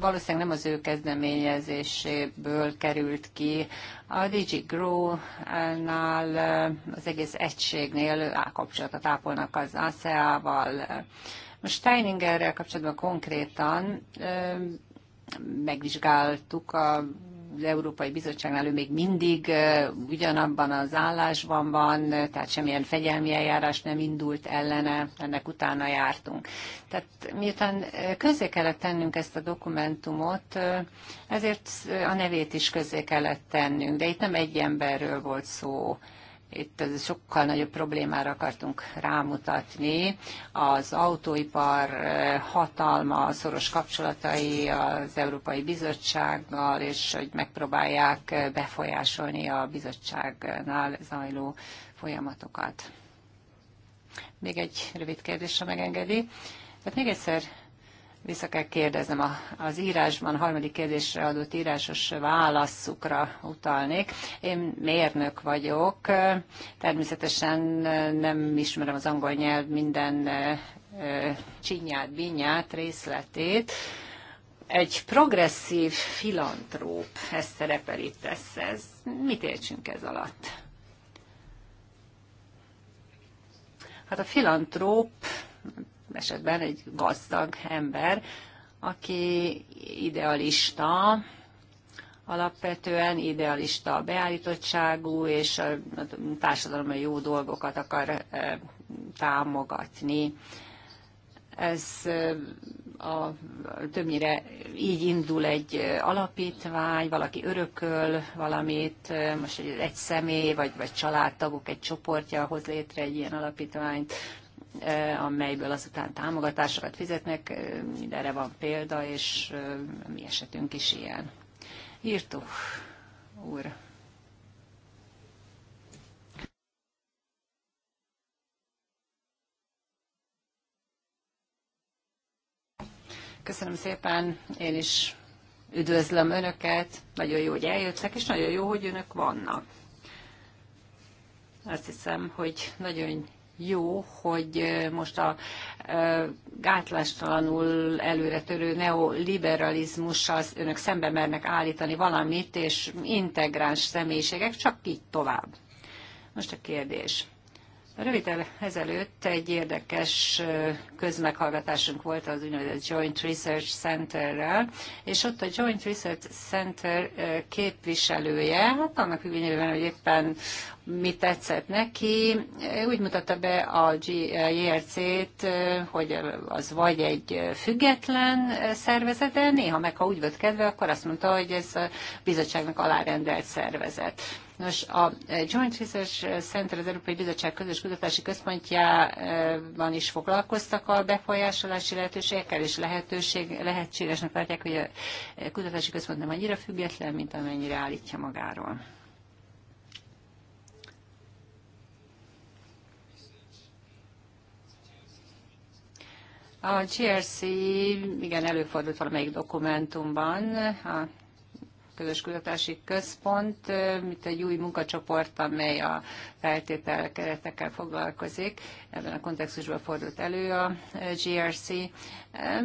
valószínűleg nem az ő kezdeményezéséből került ki. A DG Grow-nál, az egész egységnél kapcsolatot ápolnak az ASEA-val. Most Steiningerrel kapcsolatban konkrétan megvizsgáltuk a az Európai Bizottságnál ő még mindig ugyanabban az állásban van, tehát semmilyen fegyelmi eljárás nem indult ellene, ennek utána jártunk. Tehát miután közé kellett tennünk ezt a dokumentumot, ezért a nevét is közé kellett tennünk, de itt nem egy emberről volt szó, itt sokkal nagyobb problémára akartunk rámutatni. Az autóipar eh, hatalma, szoros kapcsolatai az Európai Bizottsággal, és hogy megpróbálják eh, befolyásolni a bizottságnál zajló folyamatokat. Még egy rövid kérdés, ha megengedi. Tehát még egyszer vissza kell kérdeznem a, az írásban, a harmadik kérdésre adott írásos válaszukra utalnék. Én mérnök vagyok, természetesen nem ismerem az angol nyelv minden csinyát, binyát, részletét. Egy progresszív filantróp, ez szerepel itt, ez, ez. Mit értsünk ez alatt? Hát a filantróp esetben egy gazdag ember, aki idealista, alapvetően idealista a beállítottságú, és a társadalom jó dolgokat akar támogatni. Ez a, többnyire így indul egy alapítvány, valaki örököl valamit, most egy személy, vagy, vagy családtagok egy csoportja hoz létre egy ilyen alapítványt, Eh, amelyből azután támogatásokat fizetnek, eh, mindenre van példa, és eh, mi esetünk is ilyen. Írtuk, úr. Köszönöm szépen, én is üdvözlöm Önöket, nagyon jó, hogy eljöttek, és nagyon jó, hogy Önök vannak. Azt hiszem, hogy nagyon jó, hogy most a gátlástalanul előre törő neoliberalizmussal önök szembe mernek állítani valamit, és integráns személyiségek, csak így tovább. Most a kérdés. Röviddel ezelőtt egy érdekes közmeghallgatásunk volt az úgynevezett Joint Research Centerrel, és ott a Joint Research Center képviselője, hát annak függvényében, hogy éppen mi tetszett neki, úgy mutatta be a JRC-t, hogy az vagy egy független szervezet, de néha meg, ha úgy volt kedve, akkor azt mondta, hogy ez a bizottságnak alárendelt szervezet. Nos, a Joint Research Center, az Európai Bizottság Közös Kutatási Központjában is foglalkoztak a befolyásolási lehetőségekkel, és lehetőség, lehetségesnek látják, hogy a kutatási központ nem annyira független, mint amennyire állítja magáról. A GRC igen előfordult valamelyik dokumentumban, a közös kutatási központ, mint egy új munkacsoport, amely a feltétel keretekkel foglalkozik. Ebben a kontextusban fordult elő a GRC.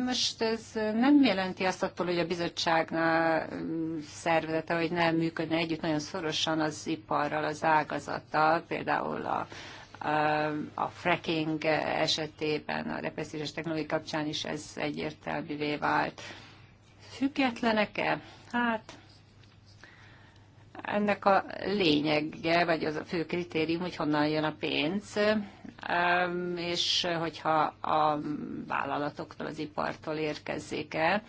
Most ez nem jelenti azt attól, hogy a bizottságnál szervezete, hogy nem működne együtt nagyon szorosan az iparral, az ágazattal, például a a fracking esetében, a repressziós technológia kapcsán is ez egyértelművé vált. Függetlenek-e? Hát ennek a lényege, vagy az a fő kritérium, hogy honnan jön a pénz, és hogyha a vállalatoktól, az ipartól érkezzék el,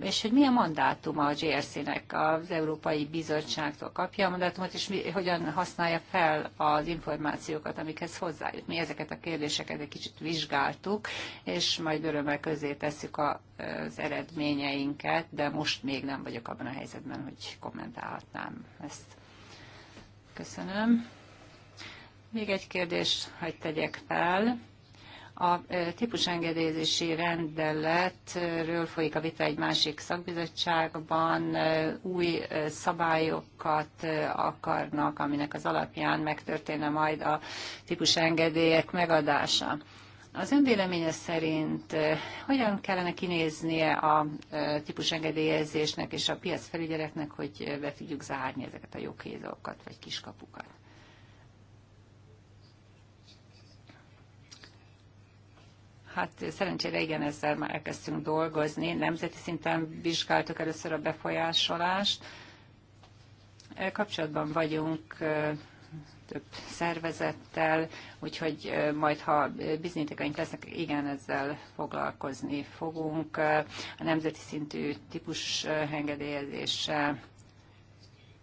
és hogy mi a mandátuma a GRC-nek az Európai Bizottságtól kapja a mandátumot, és mi, hogyan használja fel az információkat, amikhez hozzájut. Mi ezeket a kérdéseket egy kicsit vizsgáltuk, és majd örömmel közé tesszük az eredményeinket, de most még nem vagyok abban a helyzetben, hogy kommentálhatnám ezt. Köszönöm. Még egy kérdést hagyd tegyek fel a e, típusengedélyezési rendeletről folyik a vita egy másik szakbizottságban, e, új e, szabályokat akarnak, aminek az alapján megtörténne majd a típusengedélyek megadása. Az ön véleménye szerint hogyan kellene kinéznie a típusengedélyezésnek és a piacfelügyeletnek, hogy be tudjuk zárni ezeket a joghézókat vagy kiskapukat? Hát szerencsére igen, ezzel már elkezdtünk dolgozni. Nemzeti szinten vizsgáltuk először a befolyásolást. E, kapcsolatban vagyunk e, több szervezettel, úgyhogy e, majd, ha bizonyítékaink lesznek, igen, ezzel foglalkozni fogunk. A nemzeti szintű típus engedélyezése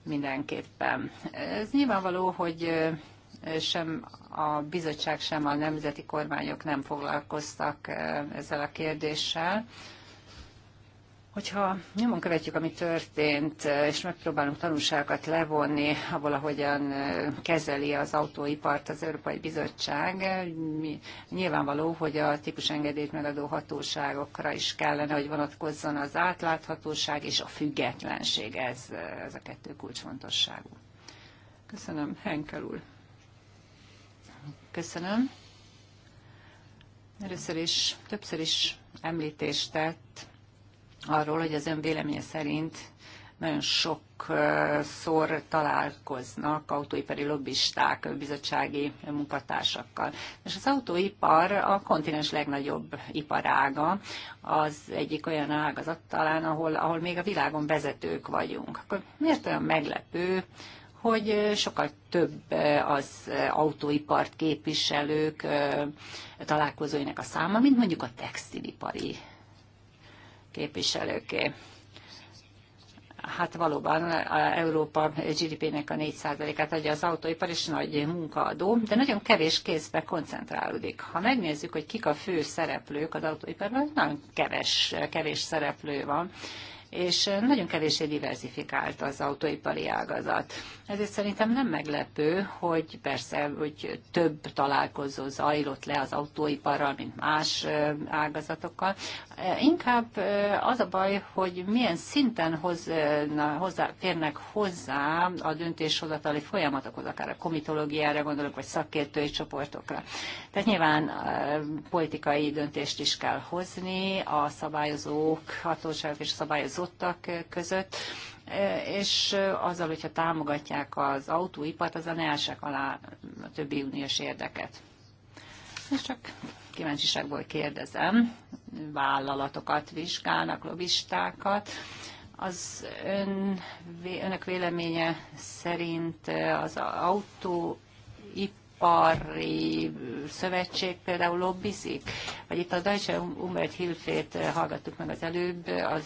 mindenképpen. Ez nyilvánvaló, hogy sem a bizottság, sem a nemzeti kormányok nem foglalkoztak ezzel a kérdéssel. Hogyha nyomon követjük, ami történt, és megpróbálunk tanulságokat levonni abból, ahogyan kezeli az autóipart az Európai Bizottság, nyilvánvaló, hogy a engedélyt megadó hatóságokra is kellene, hogy vonatkozzon az átláthatóság és a függetlenség. Ez, ez a kettő kulcsfontosságú. Köszönöm, Henkel úr. Köszönöm. Először is többször is említést tett arról, hogy az ön véleménye szerint nagyon sokszor találkoznak autóipari lobbisták, bizottsági munkatársakkal. És az autóipar a kontinens legnagyobb iparága, az egyik olyan ágazat talán, ahol, ahol még a világon vezetők vagyunk. Akkor miért olyan meglepő, hogy sokkal több az autóipart képviselők találkozóinak a száma, mint mondjuk a textilipari képviselőké. Hát valóban a Európa GDP-nek a 4%-át adja az autóipar, és nagy munkaadó, de nagyon kevés kézbe koncentrálódik. Ha megnézzük, hogy kik a fő szereplők az autóiparban, nagyon keves, kevés szereplő van és nagyon kevéssé diversifikált az autóipari ágazat. Ezért szerintem nem meglepő, hogy persze, hogy több találkozó zajlott le az autóiparral, mint más ágazatokkal. E, inkább az a baj, hogy milyen szinten hozna, hozzá, férnek hozzá a döntéshozatali folyamatokhoz, akár a komitológiára gondolok, vagy szakértői csoportokra. Tehát nyilván politikai döntést is kell hozni, a szabályozók, hatóságok és a szabályozó alkalmazottak eh, között, eh, és eh, azzal, hogyha támogatják az autóipart, az a elsek alá a többi uniós érdeket. És csak kíváncsiságból kérdezem, vállalatokat vizsgálnak, lobistákat, az ön, önök véleménye szerint az autó ipari szövetség például lobbizik, vagy itt a Deutsche Hilfét eh, hallgattuk meg az előbb, az,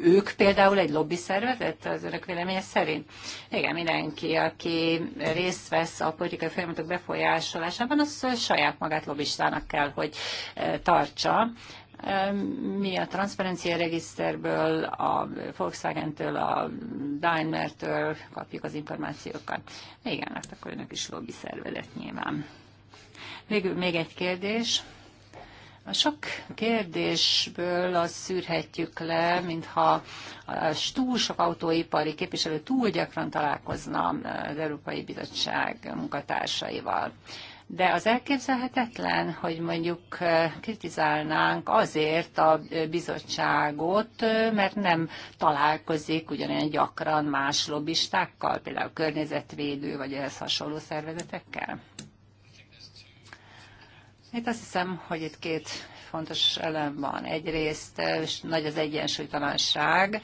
ők például egy lobby szervezet az önök véleménye szerint? Igen, mindenki, aki részt vesz a politikai folyamatok befolyásolásában, az saját magát lobbistának kell, hogy eh, tartsa. Mi a transzparencia regiszterből, a Volkswagen-től, a Daimler-től kapjuk az információkat. Igen, hát akkor önök is lobby szervezet nyilván. Végül még egy kérdés. A sok kérdésből azt szűrhetjük le, mintha túl sok autóipari képviselő túl gyakran találkozna az Európai Bizottság munkatársaival de az elképzelhetetlen, hogy mondjuk kritizálnánk azért a bizottságot, mert nem találkozik ugyanolyan gyakran más lobbistákkal, például környezetvédő vagy ehhez hasonló szervezetekkel. Itt azt hiszem, hogy itt két fontos elem van. Egyrészt és nagy az egyensúlytalanság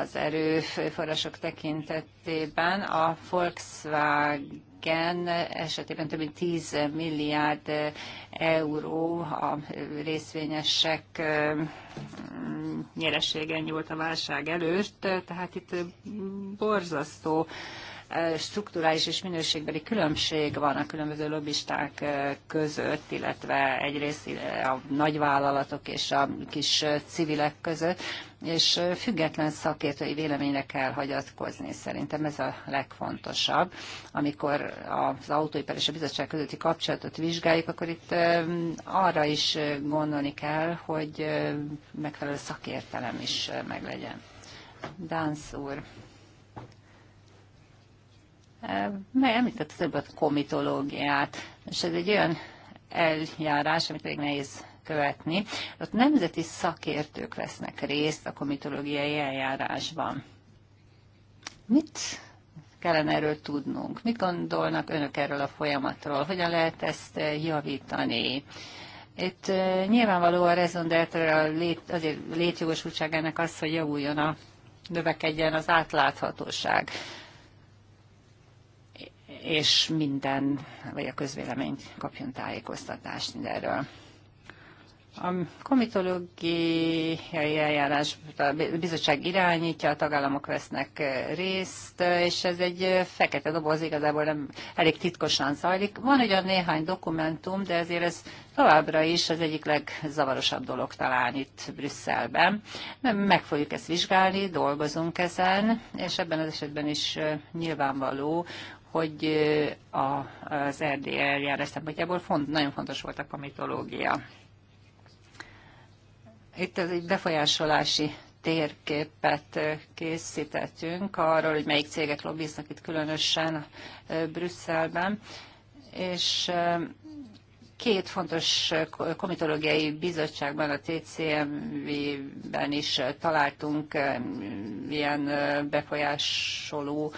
az erőforrások tekintetében. A Volkswagen cégeken esetében több mint 10 milliárd euró a részvényesek nyereségen nyúlt a válság előtt, tehát itt borzasztó strukturális és minőségbeli különbség van a különböző lobbisták között, illetve egyrészt a nagyvállalatok és a kis civilek között, és független szakértői véleményre kell hagyatkozni. Szerintem ez a legfontosabb. Amikor az autóipar és a bizottság közötti kapcsolatot vizsgáljuk, akkor itt arra is gondolni kell, hogy megfelelő szakértelem is meglegyen. Dánsz úr említett az a komitológiát, és ez egy olyan eljárás, amit még nehéz követni. Ott nemzeti szakértők vesznek részt a komitológiai eljárásban. Mit kellene erről tudnunk? Mit gondolnak önök erről a folyamatról? Hogyan lehet ezt eh, javítani? Itt eh, nyilvánvalóan rezondelt lét, azért létjogosultságának az, hogy javuljon a növekedjen az átláthatóság és minden, vagy a közvélemény kapjon tájékoztatást mindenről. A komitológiai eljárás, a bizottság irányítja, a tagállamok vesznek részt, és ez egy fekete doboz, igazából nem elég titkosan zajlik. Van ugyan néhány dokumentum, de ezért ez továbbra is az egyik legzavarosabb dolog talán itt Brüsszelben. Meg fogjuk ezt vizsgálni, dolgozunk ezen, és ebben az esetben is nyilvánvaló, hogy az erdély eljárás szempontjából font, nagyon fontos volt a komitológia. Itt ez egy befolyásolási térképet készítettünk arról, hogy melyik cégek lobbiznak itt különösen Brüsszelben, és két fontos eh, komitológiai bizottságban, a TCM-ben is eh, találtunk eh, ilyen befolyásoló,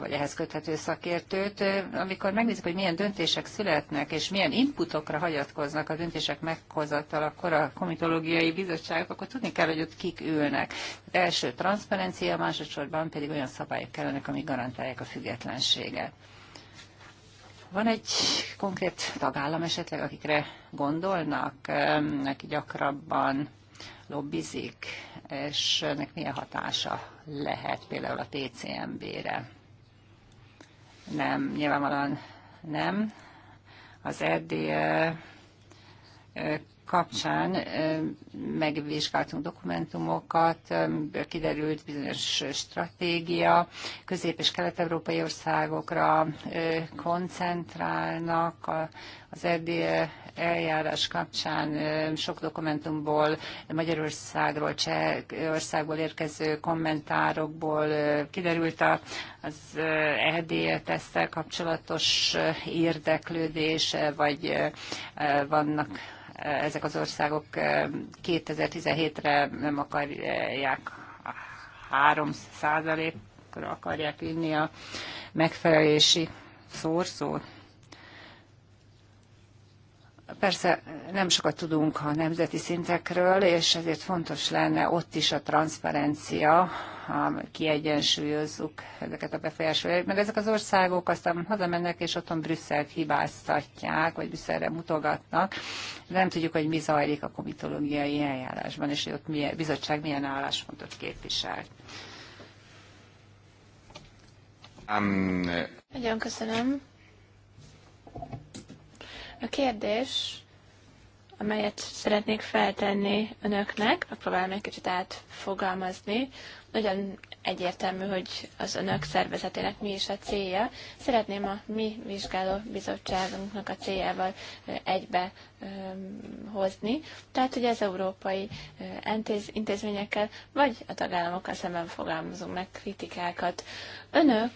vagy ehhez köthető szakértőt. Amikor megnézzük, hogy milyen döntések születnek, és milyen inputokra hagyatkoznak a döntések meghozatal, akkor a komitológiai bizottságok, akkor tudni kell, hogy ott kik ülnek. De első transzparencia, másodszorban pedig olyan szabályok kellenek, amik garantálják a függetlenséget. Van egy konkrét tagállam esetleg, akikre gondolnak, neki gyakrabban lobbizik, és ennek milyen hatása lehet például a TCMB-re? Nem, nyilvánvalóan nem. Az RD e e, kapcsán megvizsgáltunk dokumentumokat, kiderült bizonyos stratégia, közép- és kelet-európai országokra koncentrálnak az erdélye eljárás kapcsán sok dokumentumból, Magyarországról, Csehországból érkező kommentárokból kiderült az erdélye tesztel kapcsolatos érdeklődés, vagy vannak ezek az országok 2017-re nem akarják 3 százalékra akarják vinni a megfelelési szorszót. Persze nem sokat tudunk a nemzeti szintekről, és ezért fontos lenne ott is a transzparencia, kiegyensúlyozzuk ezeket a befolyásolókat, mert ezek az országok aztán hazamennek, és otthon Brüsszelt hibáztatják, vagy Brüsszelre mutogatnak, de nem tudjuk, hogy mi zajlik a komitológiai eljárásban, és hogy ott milyen, bizottság milyen álláspontot képvisel. Um, Nagyon köszönöm. A kérdés, amelyet szeretnék feltenni önöknek, megpróbálom egy kicsit átfogalmazni. Nagyon egyértelmű, hogy az önök szervezetének mi is a célja. Szeretném a mi vizsgáló bizottságunknak a céljával egybe hozni. Tehát, hogy az európai intézményekkel vagy a tagállamokkal szemben fogalmazunk meg kritikákat. Önök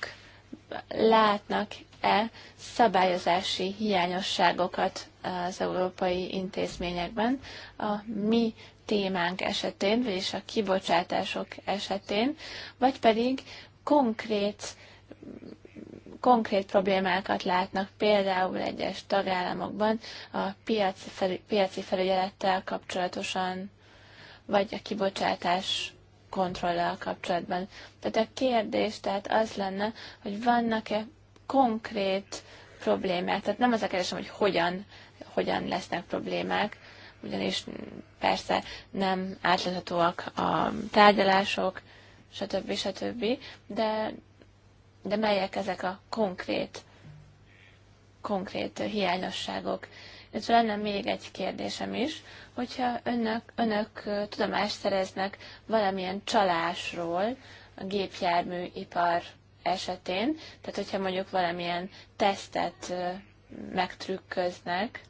látnak e szabályozási hiányosságokat az európai intézményekben. A mi témánk esetén, vagyis a kibocsátások esetén, vagy pedig konkrét konkrét problémákat látnak például egyes tagállamokban a piaci, felü- piaci felügyelettel kapcsolatosan, vagy a kibocsátás kontrollal kapcsolatban. Tehát a kérdés tehát az lenne, hogy vannak-e konkrét problémák. Tehát nem az a keresem, hogy hogyan, hogyan lesznek problémák, ugyanis persze nem átláthatóak a tárgyalások, stb. stb. De, de melyek ezek a konkrét, konkrét hiányosságok? Ez lenne még egy kérdésem is, hogyha önök, önök tudomást szereznek valamilyen csalásról a gépjárműipar esetén, tehát hogyha mondjuk valamilyen tesztet megtrükköznek,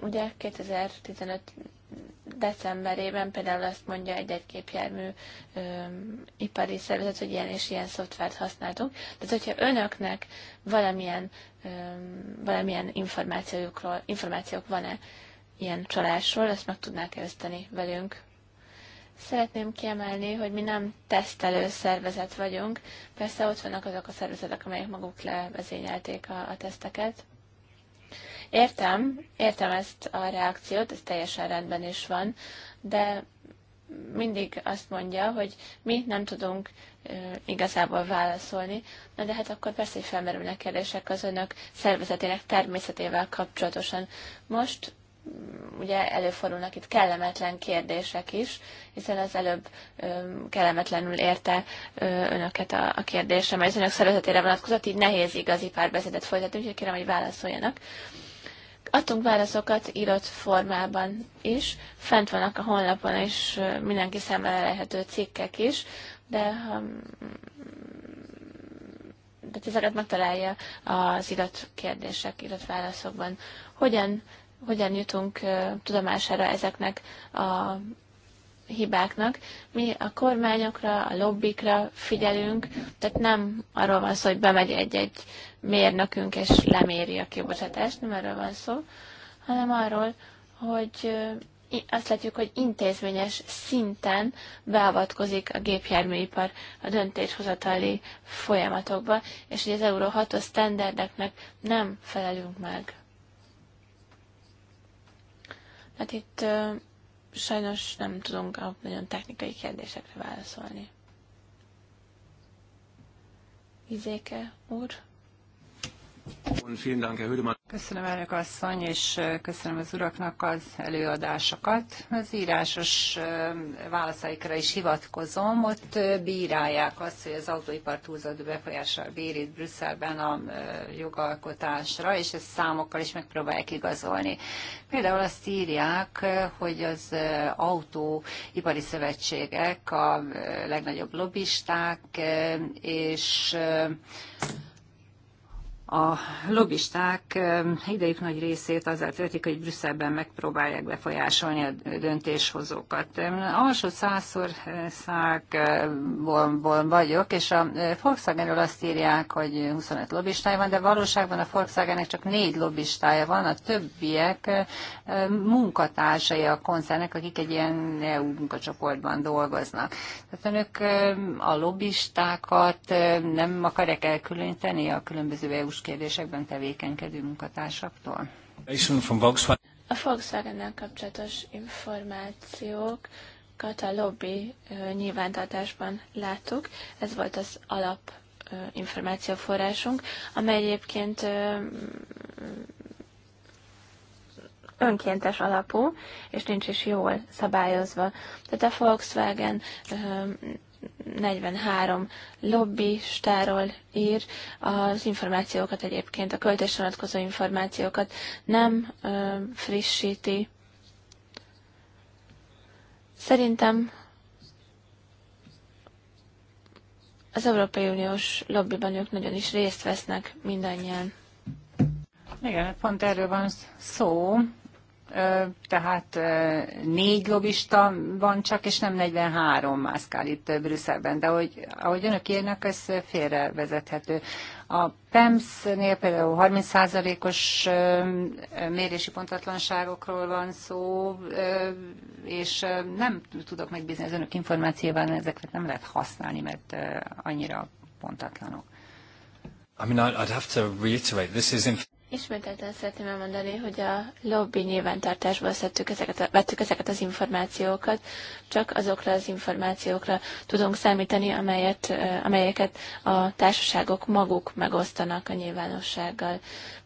ugye 2015 decemberében például azt mondja egy-egy képjármű ö, ipari szervezet, hogy ilyen és ilyen szoftvert használtunk. Tehát, hogyha önöknek valamilyen, ö, valamilyen információjukról, információk van-e ilyen csalásról, azt meg tudnák -e velünk. Szeretném kiemelni, hogy mi nem tesztelő szervezet vagyunk. Persze ott vannak azok a szervezetek, amelyek maguk levezényelték a, a teszteket. Értem, értem ezt a reakciót, ez teljesen rendben is van, de mindig azt mondja, hogy mi nem tudunk igazából válaszolni. Na de hát akkor persze, hogy felmerülnek kérdések az önök szervezetének természetével kapcsolatosan. Most ugye előfordulnak itt kellemetlen kérdések is, hiszen az előbb öm, kellemetlenül érte ö, önöket a, a kérdésem, mert az önök szervezetére vonatkozott, így nehéz igazi párbeszédet folytatni, úgyhogy kérem, hogy válaszoljanak. Adtunk válaszokat írott formában is, fent vannak a honlapon, és mindenki számára lehető cikkek is, de ha mm, de hát ezeket megtalálja az írott kérdések, írott válaszokban. Hogyan hogyan jutunk tudomására ezeknek a hibáknak. Mi a kormányokra, a lobbikra figyelünk, tehát nem arról van szó, hogy bemegy egy-egy mérnökünk és leméri a kibocsátást, nem erről van szó, hanem arról, hogy azt látjuk, hogy intézményes szinten beavatkozik a gépjárműipar a döntéshozatali folyamatokba, és hogy az Euró 6-os sztenderdeknek nem felelünk meg. Hát itt sajnos nem tudunk a nagyon technikai kérdésekre válaszolni. Izéke úr? Köszönöm elnök asszony, és köszönöm az uraknak az előadásokat. Az írásos válaszaikra is hivatkozom. Ott bírálják azt, hogy az autóipar túlzott befolyással bírít Brüsszelben a jogalkotásra, és ezt számokkal is megpróbálják igazolni. Például azt írják, hogy az autóipari szövetségek a legnagyobb lobbisták, és a lobbisták idejük nagy részét azzal töltik, hogy Brüsszelben megpróbálják befolyásolni a döntéshozókat. Alsó százszor eh, szákból vagyok, és a eh, Volkswagenről azt írják, hogy 25 lobbistája van, de valóságban a Volkswagennek csak négy lobbistája van, a többiek eh, munkatársai a koncernek, akik egy ilyen EU munkacsoportban dolgoznak. Tehát önök a lobbistákat nem akarják elkülöníteni a különböző EU-s kérdésekben tevékenykedő munkatársaktól? A volkswagen kapcsolatos információkat a lobby nyilvántartásban láttuk. Ez volt az alap információforrásunk, amely egyébként mm, önkéntes alapú, és nincs is jól szabályozva. Tehát a Volkswagen 43 lobbistáról ír, az információkat egyébként, a költés vonatkozó információkat nem ö, frissíti. Szerintem az Európai Uniós lobbiban ők nagyon is részt vesznek mindannyian. Igen, pont erről van szó, tehát négy lobista van csak, és nem 43 mászkál itt Brüsszelben, de ahogy, ahogy önök írnak, ez félrevezethető. A PEMS-nél például 30%-os mérési pontatlanságokról van szó, és nem tudok megbízni az önök információban, ezeket nem lehet használni, mert annyira pontatlanok. I mean, I'd have to reiterate, this is in Ismételten szeretném elmondani, hogy a lobby nyilvántartásból szedtük ezeket a, vettük ezeket az információkat, csak azokra az információkra tudunk számítani, amelyet, amelyeket a társaságok maguk megosztanak a nyilvánossággal.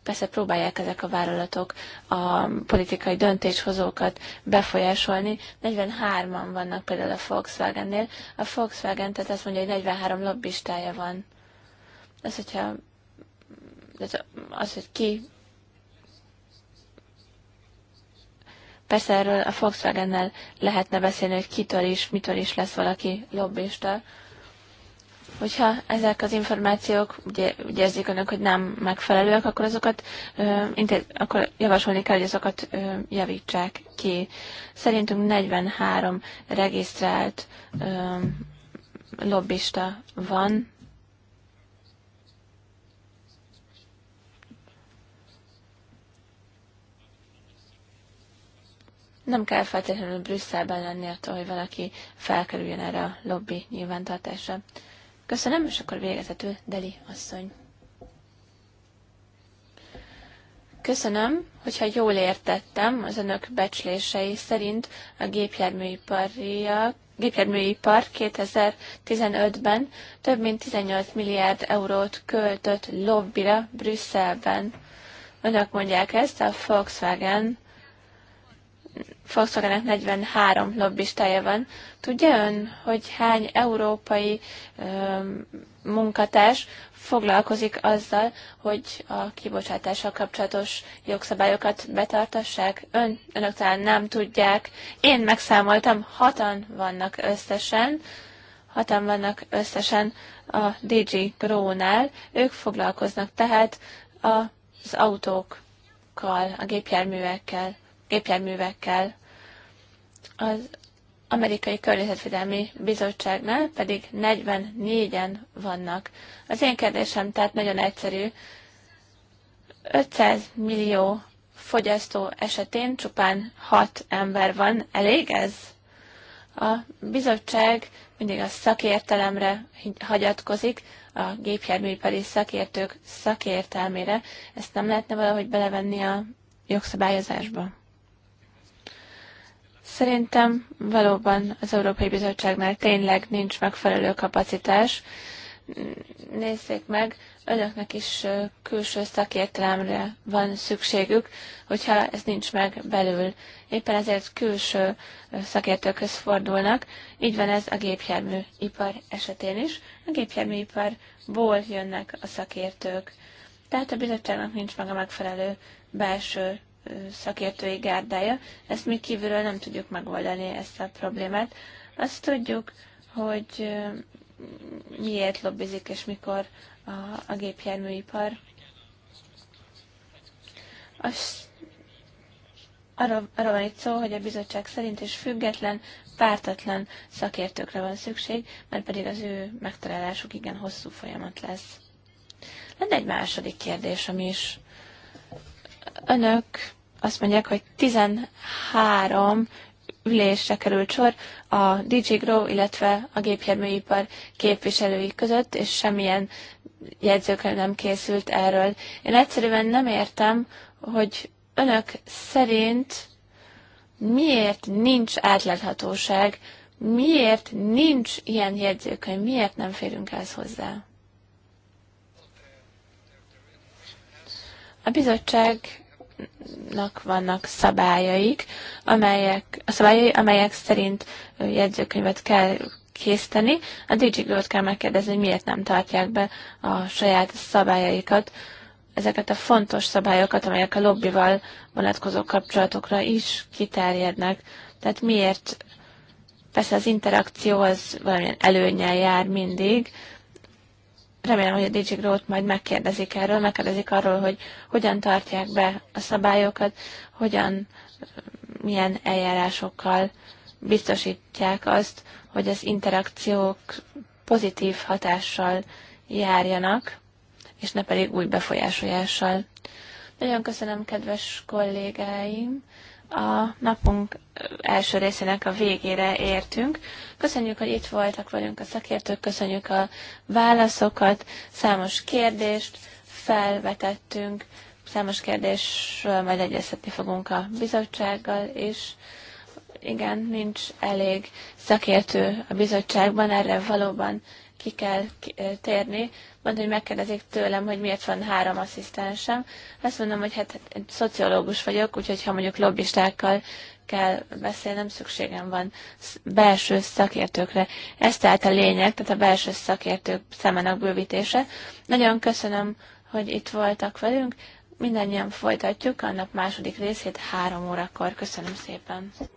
Persze próbálják ezek a vállalatok a politikai döntéshozókat befolyásolni. 43-an vannak például a Volkswagen-nél. A Volkswagen, tehát azt mondja, hogy 43 lobbistája van. Ez, hogyha ez az, hogy ki Persze erről a volkswagen lehetne beszélni, hogy kitől is, mitől is lesz valaki lobbista. Hogyha ezek az információk, ugye, ugye érzik önök, hogy nem megfelelőek, akkor azokat ö, intéz, akkor javasolni kell, hogy azokat ö, javítsák ki. Szerintünk 43 regisztrált ö, lobbista van, Nem kell feltétlenül Brüsszelben lenni attól, hogy valaki felkerüljön erre a lobby nyilvántartásra. Köszönöm, és akkor végezetül Deli asszony. Köszönöm, hogyha jól értettem, az önök becslései szerint a gépjárműipar 2015-ben több mint 18 milliárd eurót költött lobbira Brüsszelben. Önök mondják ezt, a Volkswagen Volkswagen-nek 43 lobbistája van. Tudja ön, hogy hány európai ö, munkatárs foglalkozik azzal, hogy a kibocsátással kapcsolatos jogszabályokat betartassák? Ön, önök talán nem tudják. Én megszámoltam, hatan vannak összesen. Hatan vannak összesen a DG Grónál. Ők foglalkoznak tehát az autókkal, a gépjárművekkel gépjárművekkel az Amerikai Környezetvédelmi Bizottságnál pedig 44-en vannak. Az én kérdésem tehát nagyon egyszerű. 500 millió fogyasztó esetén csupán 6 ember van. Elég ez? A bizottság mindig a szakértelemre hagyatkozik, a gépjárműipari szakértők szakértelmére. Ezt nem lehetne valahogy belevenni a jogszabályozásba? Szerintem valóban az Európai Bizottságnál tényleg nincs megfelelő kapacitás. Nézzék meg, önöknek is külső szakértelemre van szükségük, hogyha ez nincs meg belül. Éppen ezért külső szakértőkhöz fordulnak, így van ez a gépjárműipar esetén is. A gépjárműiparból jönnek a szakértők. Tehát a bizottságnak nincs meg a megfelelő belső szakértői gárdája. Ezt mi kívülről nem tudjuk megoldani ezt a problémát. Azt tudjuk, hogy miért lobbizik és mikor a, a gépjárműipar. Azt arról, arról van itt szó, hogy a bizottság szerint is független, pártatlan szakértőkre van szükség, mert pedig az ő megtalálásuk igen hosszú folyamat lesz. Lenne egy második kérdés, ami is önök azt mondják, hogy 13 ülésre került sor a DJ Grow, illetve a gépjárműipar képviselői között, és semmilyen jegyzőkönyv nem készült erről. Én egyszerűen nem értem, hogy önök szerint miért nincs átláthatóság, miért nincs ilyen jegyzőkönyv, miért nem férünk ehhez hozzá. A bizottság nak vannak szabályaik, amelyek, a szabályai, amelyek szerint jegyzőkönyvet kell készíteni. A digigrow kell megkérdezni, hogy miért nem tartják be a saját szabályaikat, ezeket a fontos szabályokat, amelyek a lobbival vonatkozó kapcsolatokra is kiterjednek. Tehát miért? Persze az interakció az valamilyen előnyel jár mindig, remélem, hogy a DG Growth majd megkérdezik erről, megkérdezik arról, hogy hogyan tartják be a szabályokat, hogyan, milyen eljárásokkal biztosítják azt, hogy az interakciók pozitív hatással járjanak, és ne pedig új befolyásolással. Nagyon köszönöm, kedves kollégáim! a napunk első részének a végére értünk. Köszönjük, hogy itt voltak velünk a szakértők, köszönjük a válaszokat, számos kérdést felvetettünk, számos kérdésről majd egyeztetni fogunk a bizottsággal is. Igen, nincs elég szakértő a bizottságban, erre valóban ki kell térni, Mondta, hogy megkérdezik tőlem, hogy miért van három asszisztensem. Azt mondom, hogy hát egy szociológus vagyok, úgyhogy ha mondjuk lobbistákkal kell beszélnem, szükségem van belső szakértőkre. Ez tehát a lényeg, tehát a belső szakértők szemenek bővítése. Nagyon köszönöm, hogy itt voltak velünk. Mindannyian folytatjuk annak második részét három órakor. Köszönöm szépen!